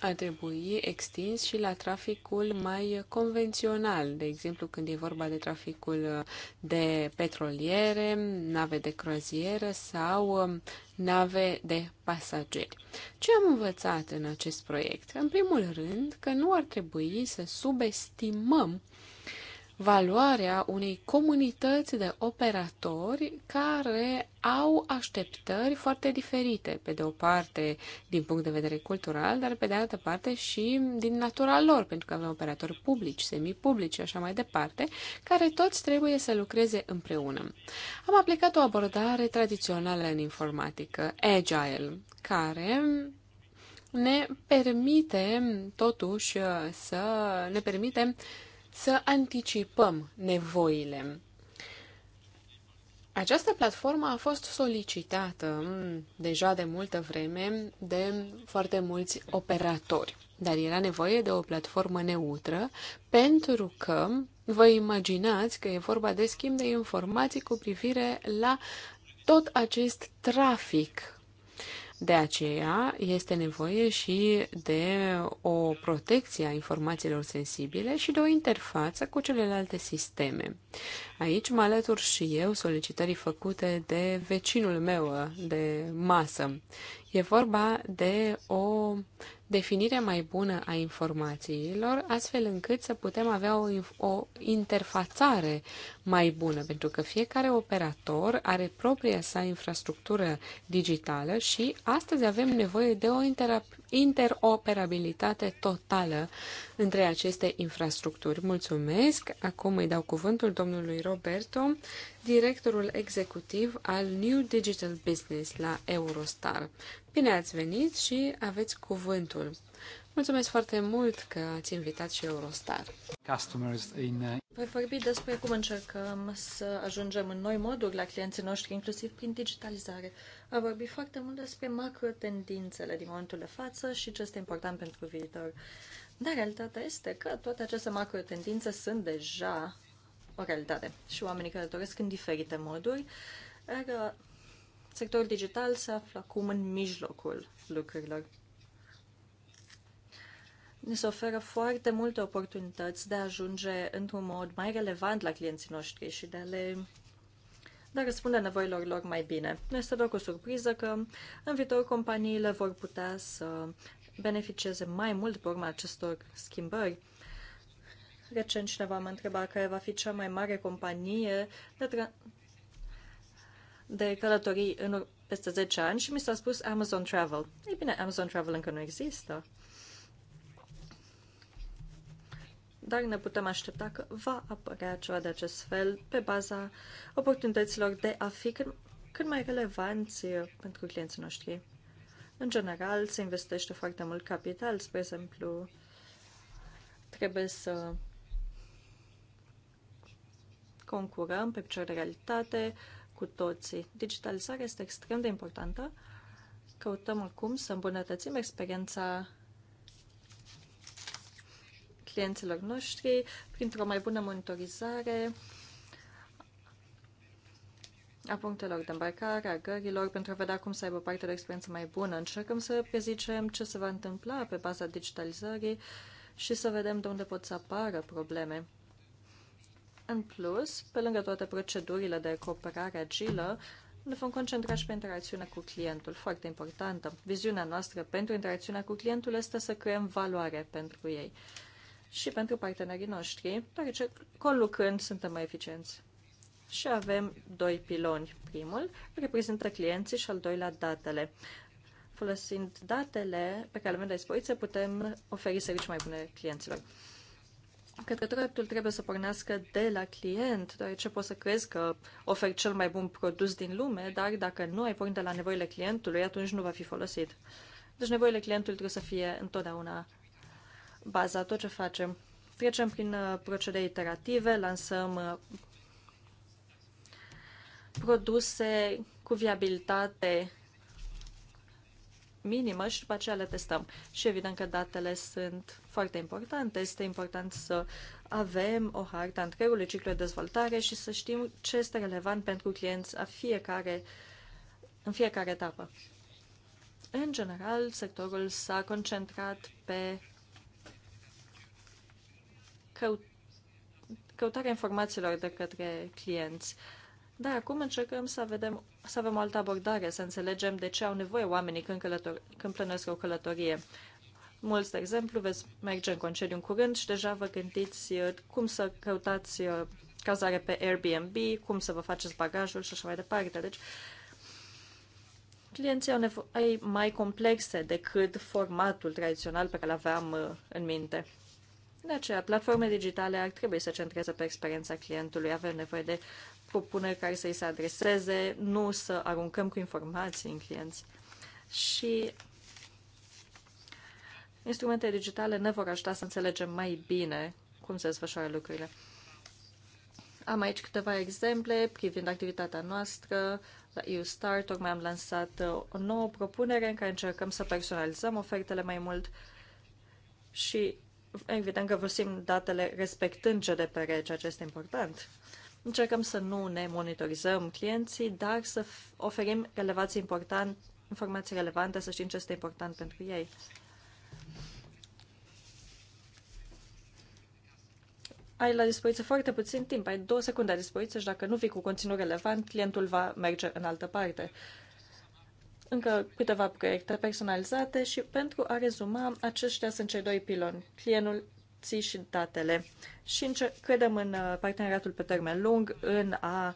ar trebui extins și la traficul mai convențional, de exemplu când e vorba de traficul de petroliere, nave de croazieră sau um, nave de pasageri. Ce am învățat în acest proiect? În primul rând că nu ar trebui să subestimăm valoarea unei comunități de operatori care au așteptări foarte diferite, pe de o parte din punct de vedere cultural, dar pe de altă parte și din natura lor, pentru că avem operatori publici, semipublici și așa mai departe, care toți trebuie să lucreze împreună. Am aplicat o abordare tradițională în informatică, Agile, care ne permite totuși să ne permite să anticipăm nevoile. Această platformă a fost solicitată deja de multă vreme de foarte mulți operatori, dar era nevoie de o platformă neutră pentru că vă imaginați că e vorba de schimb de informații cu privire la tot acest trafic de aceea este nevoie și de o protecție a informațiilor sensibile și de o interfață cu celelalte sisteme. Aici mă alătur și eu solicitării făcute de vecinul meu de masă. E vorba de o definire mai bună a informațiilor, astfel încât să putem avea o, o interfațare mai bună, pentru că fiecare operator are propria sa infrastructură digitală și astăzi avem nevoie de o interoperabilitate totală între aceste infrastructuri. Mulțumesc! Acum îi dau cuvântul domnului Roberto, directorul executiv al New Digital Business la Eurostar. Bine ați venit și aveți cuvântul. Mulțumesc foarte mult că ați invitat și Eurostar. In... Uh, Voi vorbi despre cum încercăm să ajungem în noi moduri la clienții noștri, inclusiv prin digitalizare. A vorbit foarte mult despre macro-tendințele din momentul de față și ce este important pentru viitor. Dar realitatea este că toate aceste macro-tendințe sunt deja o realitate și oamenii care doresc în diferite moduri, iar uh, sectorul digital se află acum în mijlocul lucrurilor ni se oferă foarte multe oportunități de a ajunge într-un mod mai relevant la clienții noștri și de a le de a răspunde nevoilor lor mai bine. Nu este doar o surpriză că în viitor companiile vor putea să beneficieze mai mult pe urma acestor schimbări. Recent cineva m-a întrebat care va fi cea mai mare companie de, de călătorii în peste 10 ani și mi s-a spus Amazon Travel. Ei bine, Amazon Travel încă nu există. dar ne putem aștepta că va apărea ceva de acest fel pe baza oportunităților de a fi cât, cât mai relevanți pentru clienții noștri. În general, se investește foarte mult capital, spre exemplu, trebuie să concurăm pe picior de realitate cu toții. Digitalizarea este extrem de importantă. Căutăm acum să îmbunătățim experiența clienților noștri printr-o mai bună monitorizare a punctelor de îmbarcare, a gărilor, pentru a vedea cum să aibă parte de o experiență mai bună. Încercăm să prezicem ce se va întâmpla pe baza digitalizării și să vedem de unde pot să apară probleme. În plus, pe lângă toate procedurile de cooperare agilă, ne vom concentra și pe interacțiunea cu clientul, foarte importantă. Viziunea noastră pentru interacțiunea cu clientul este să creăm valoare pentru ei și pentru partenerii noștri, deoarece conlucrând suntem mai eficienți. Și avem doi piloni. Primul reprezintă clienții și al doilea datele. Folosind datele pe care le avem la dispoziție, putem oferi servicii mai bune clienților. Cred că dreptul trebuie să pornească de la client, deoarece poți să crezi că oferi cel mai bun produs din lume, dar dacă nu ai pornit de la nevoile clientului, atunci nu va fi folosit. Deci nevoile clientului trebuie să fie întotdeauna baza tot ce facem. Trecem prin uh, procedee iterative, lansăm uh, produse cu viabilitate minimă și după aceea le testăm. Și evident că datele sunt foarte importante. Este important să avem o hartă a întregului ciclu de dezvoltare și să știm ce este relevant pentru clienți a fiecare, în fiecare etapă. În general, sectorul s-a concentrat pe căut căutarea informațiilor de către clienți. Dar acum încercăm să, vedem, să avem o altă abordare, să înțelegem de ce au nevoie oamenii când, călător, când plănesc o călătorie. Mulți, de exemplu, veți merge în concediu în curând și deja vă gândiți uh, cum să căutați uh, cazare pe Airbnb, cum să vă faceți bagajul și așa mai departe. Deci, clienții au nevoie mai complexe decât formatul tradițional pe care l aveam uh, în minte. De aceea, platforme digitale trebuie să centreze pe experiența clientului. Avem nevoie de propuneri care să-i se adreseze, nu să aruncăm cu informații în clienți. Și instrumente digitale ne vor ajuta să înțelegem mai bine cum se desfășoară lucrurile. Am aici câteva exemple privind activitatea noastră la EUSTAR. Tocmai am lansat uh, o nouă propunere în care încercăm să personalizăm ofertele mai mult și evident că folosim datele respectând GDPR, ceea ce este important. Încercăm să nu ne monitorizăm clienții, dar să oferim relevații important, informații relevante, să știm ce este important pentru ei. ai la dispoziție foarte puțin timp, ai două secunde la dispoziție și dacă nu vii cu conținut relevant, clientul va merge în altă parte încă câteva proiecte personalizate și pentru a rezuma, aceștia sunt cei doi piloni, clientul și datele. Și credem în uh, parteneriatul pe termen lung, în a uh,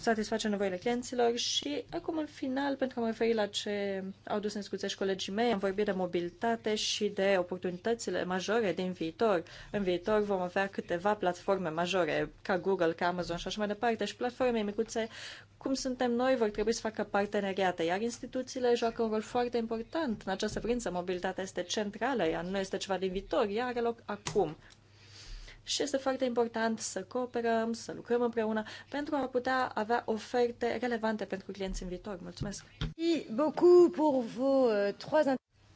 satisface nevoile clienților și acum în final, pentru că mă referi la ce au dus în discuție și colegii mei, am vorbit de mobilitate și de oportunitățile majore din viitor. În viitor vom avea câteva platforme majore, ca Google, ca Amazon și așa mai departe, și platforme micuțe, cum suntem noi, vor trebui să facă parteneriate, iar instituțiile joacă un rol foarte important în această prință. Mobilitatea este centrală, ea nu este ceva din viitor, ea are loc acum și este foarte important să cooperăm, să lucrăm împreună pentru a putea avea oferte relevante pentru clienți în viitor. Mulțumesc!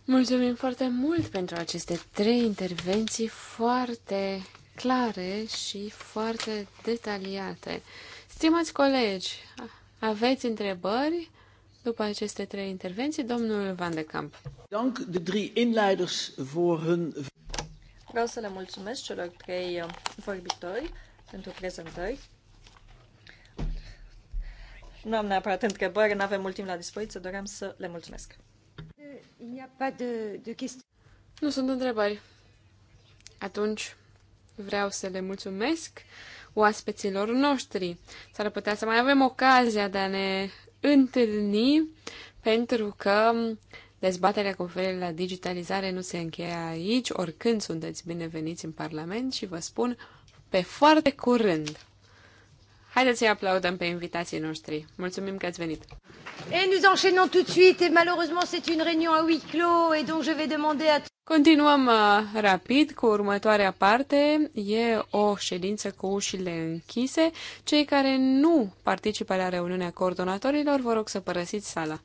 Mulțumim foarte mult pentru aceste trei intervenții foarte clare și foarte detaliate. Stimați colegi, aveți întrebări? După aceste trei intervenții, domnul Van de Camp. Dank de drie inleiders voor hun... Vreau să le mulțumesc celor trei uh, vorbitori pentru prezentări. Nu am neapărat întrebări, nu avem mult timp la dispoziție, doream să le mulțumesc. Nu sunt întrebări. Atunci vreau să le mulțumesc oaspeților noștri. S-ar putea să mai avem ocazia de a ne întâlni pentru că Dezbaterea cu referire la digitalizare nu se încheie aici, oricând sunteți bineveniți în Parlament și vă spun pe foarte curând. Haideți să-i aplaudăm pe invitații noștri. Mulțumim că ați venit. Et nous enchaînons tout de suite et malheureusement c'est une réunion à huis clos et donc je vais demander à Continuăm uh, rapid cu următoarea parte. E o ședință cu ușile închise. Cei care nu participă la reuniunea coordonatorilor vă rog să părăsiți sala.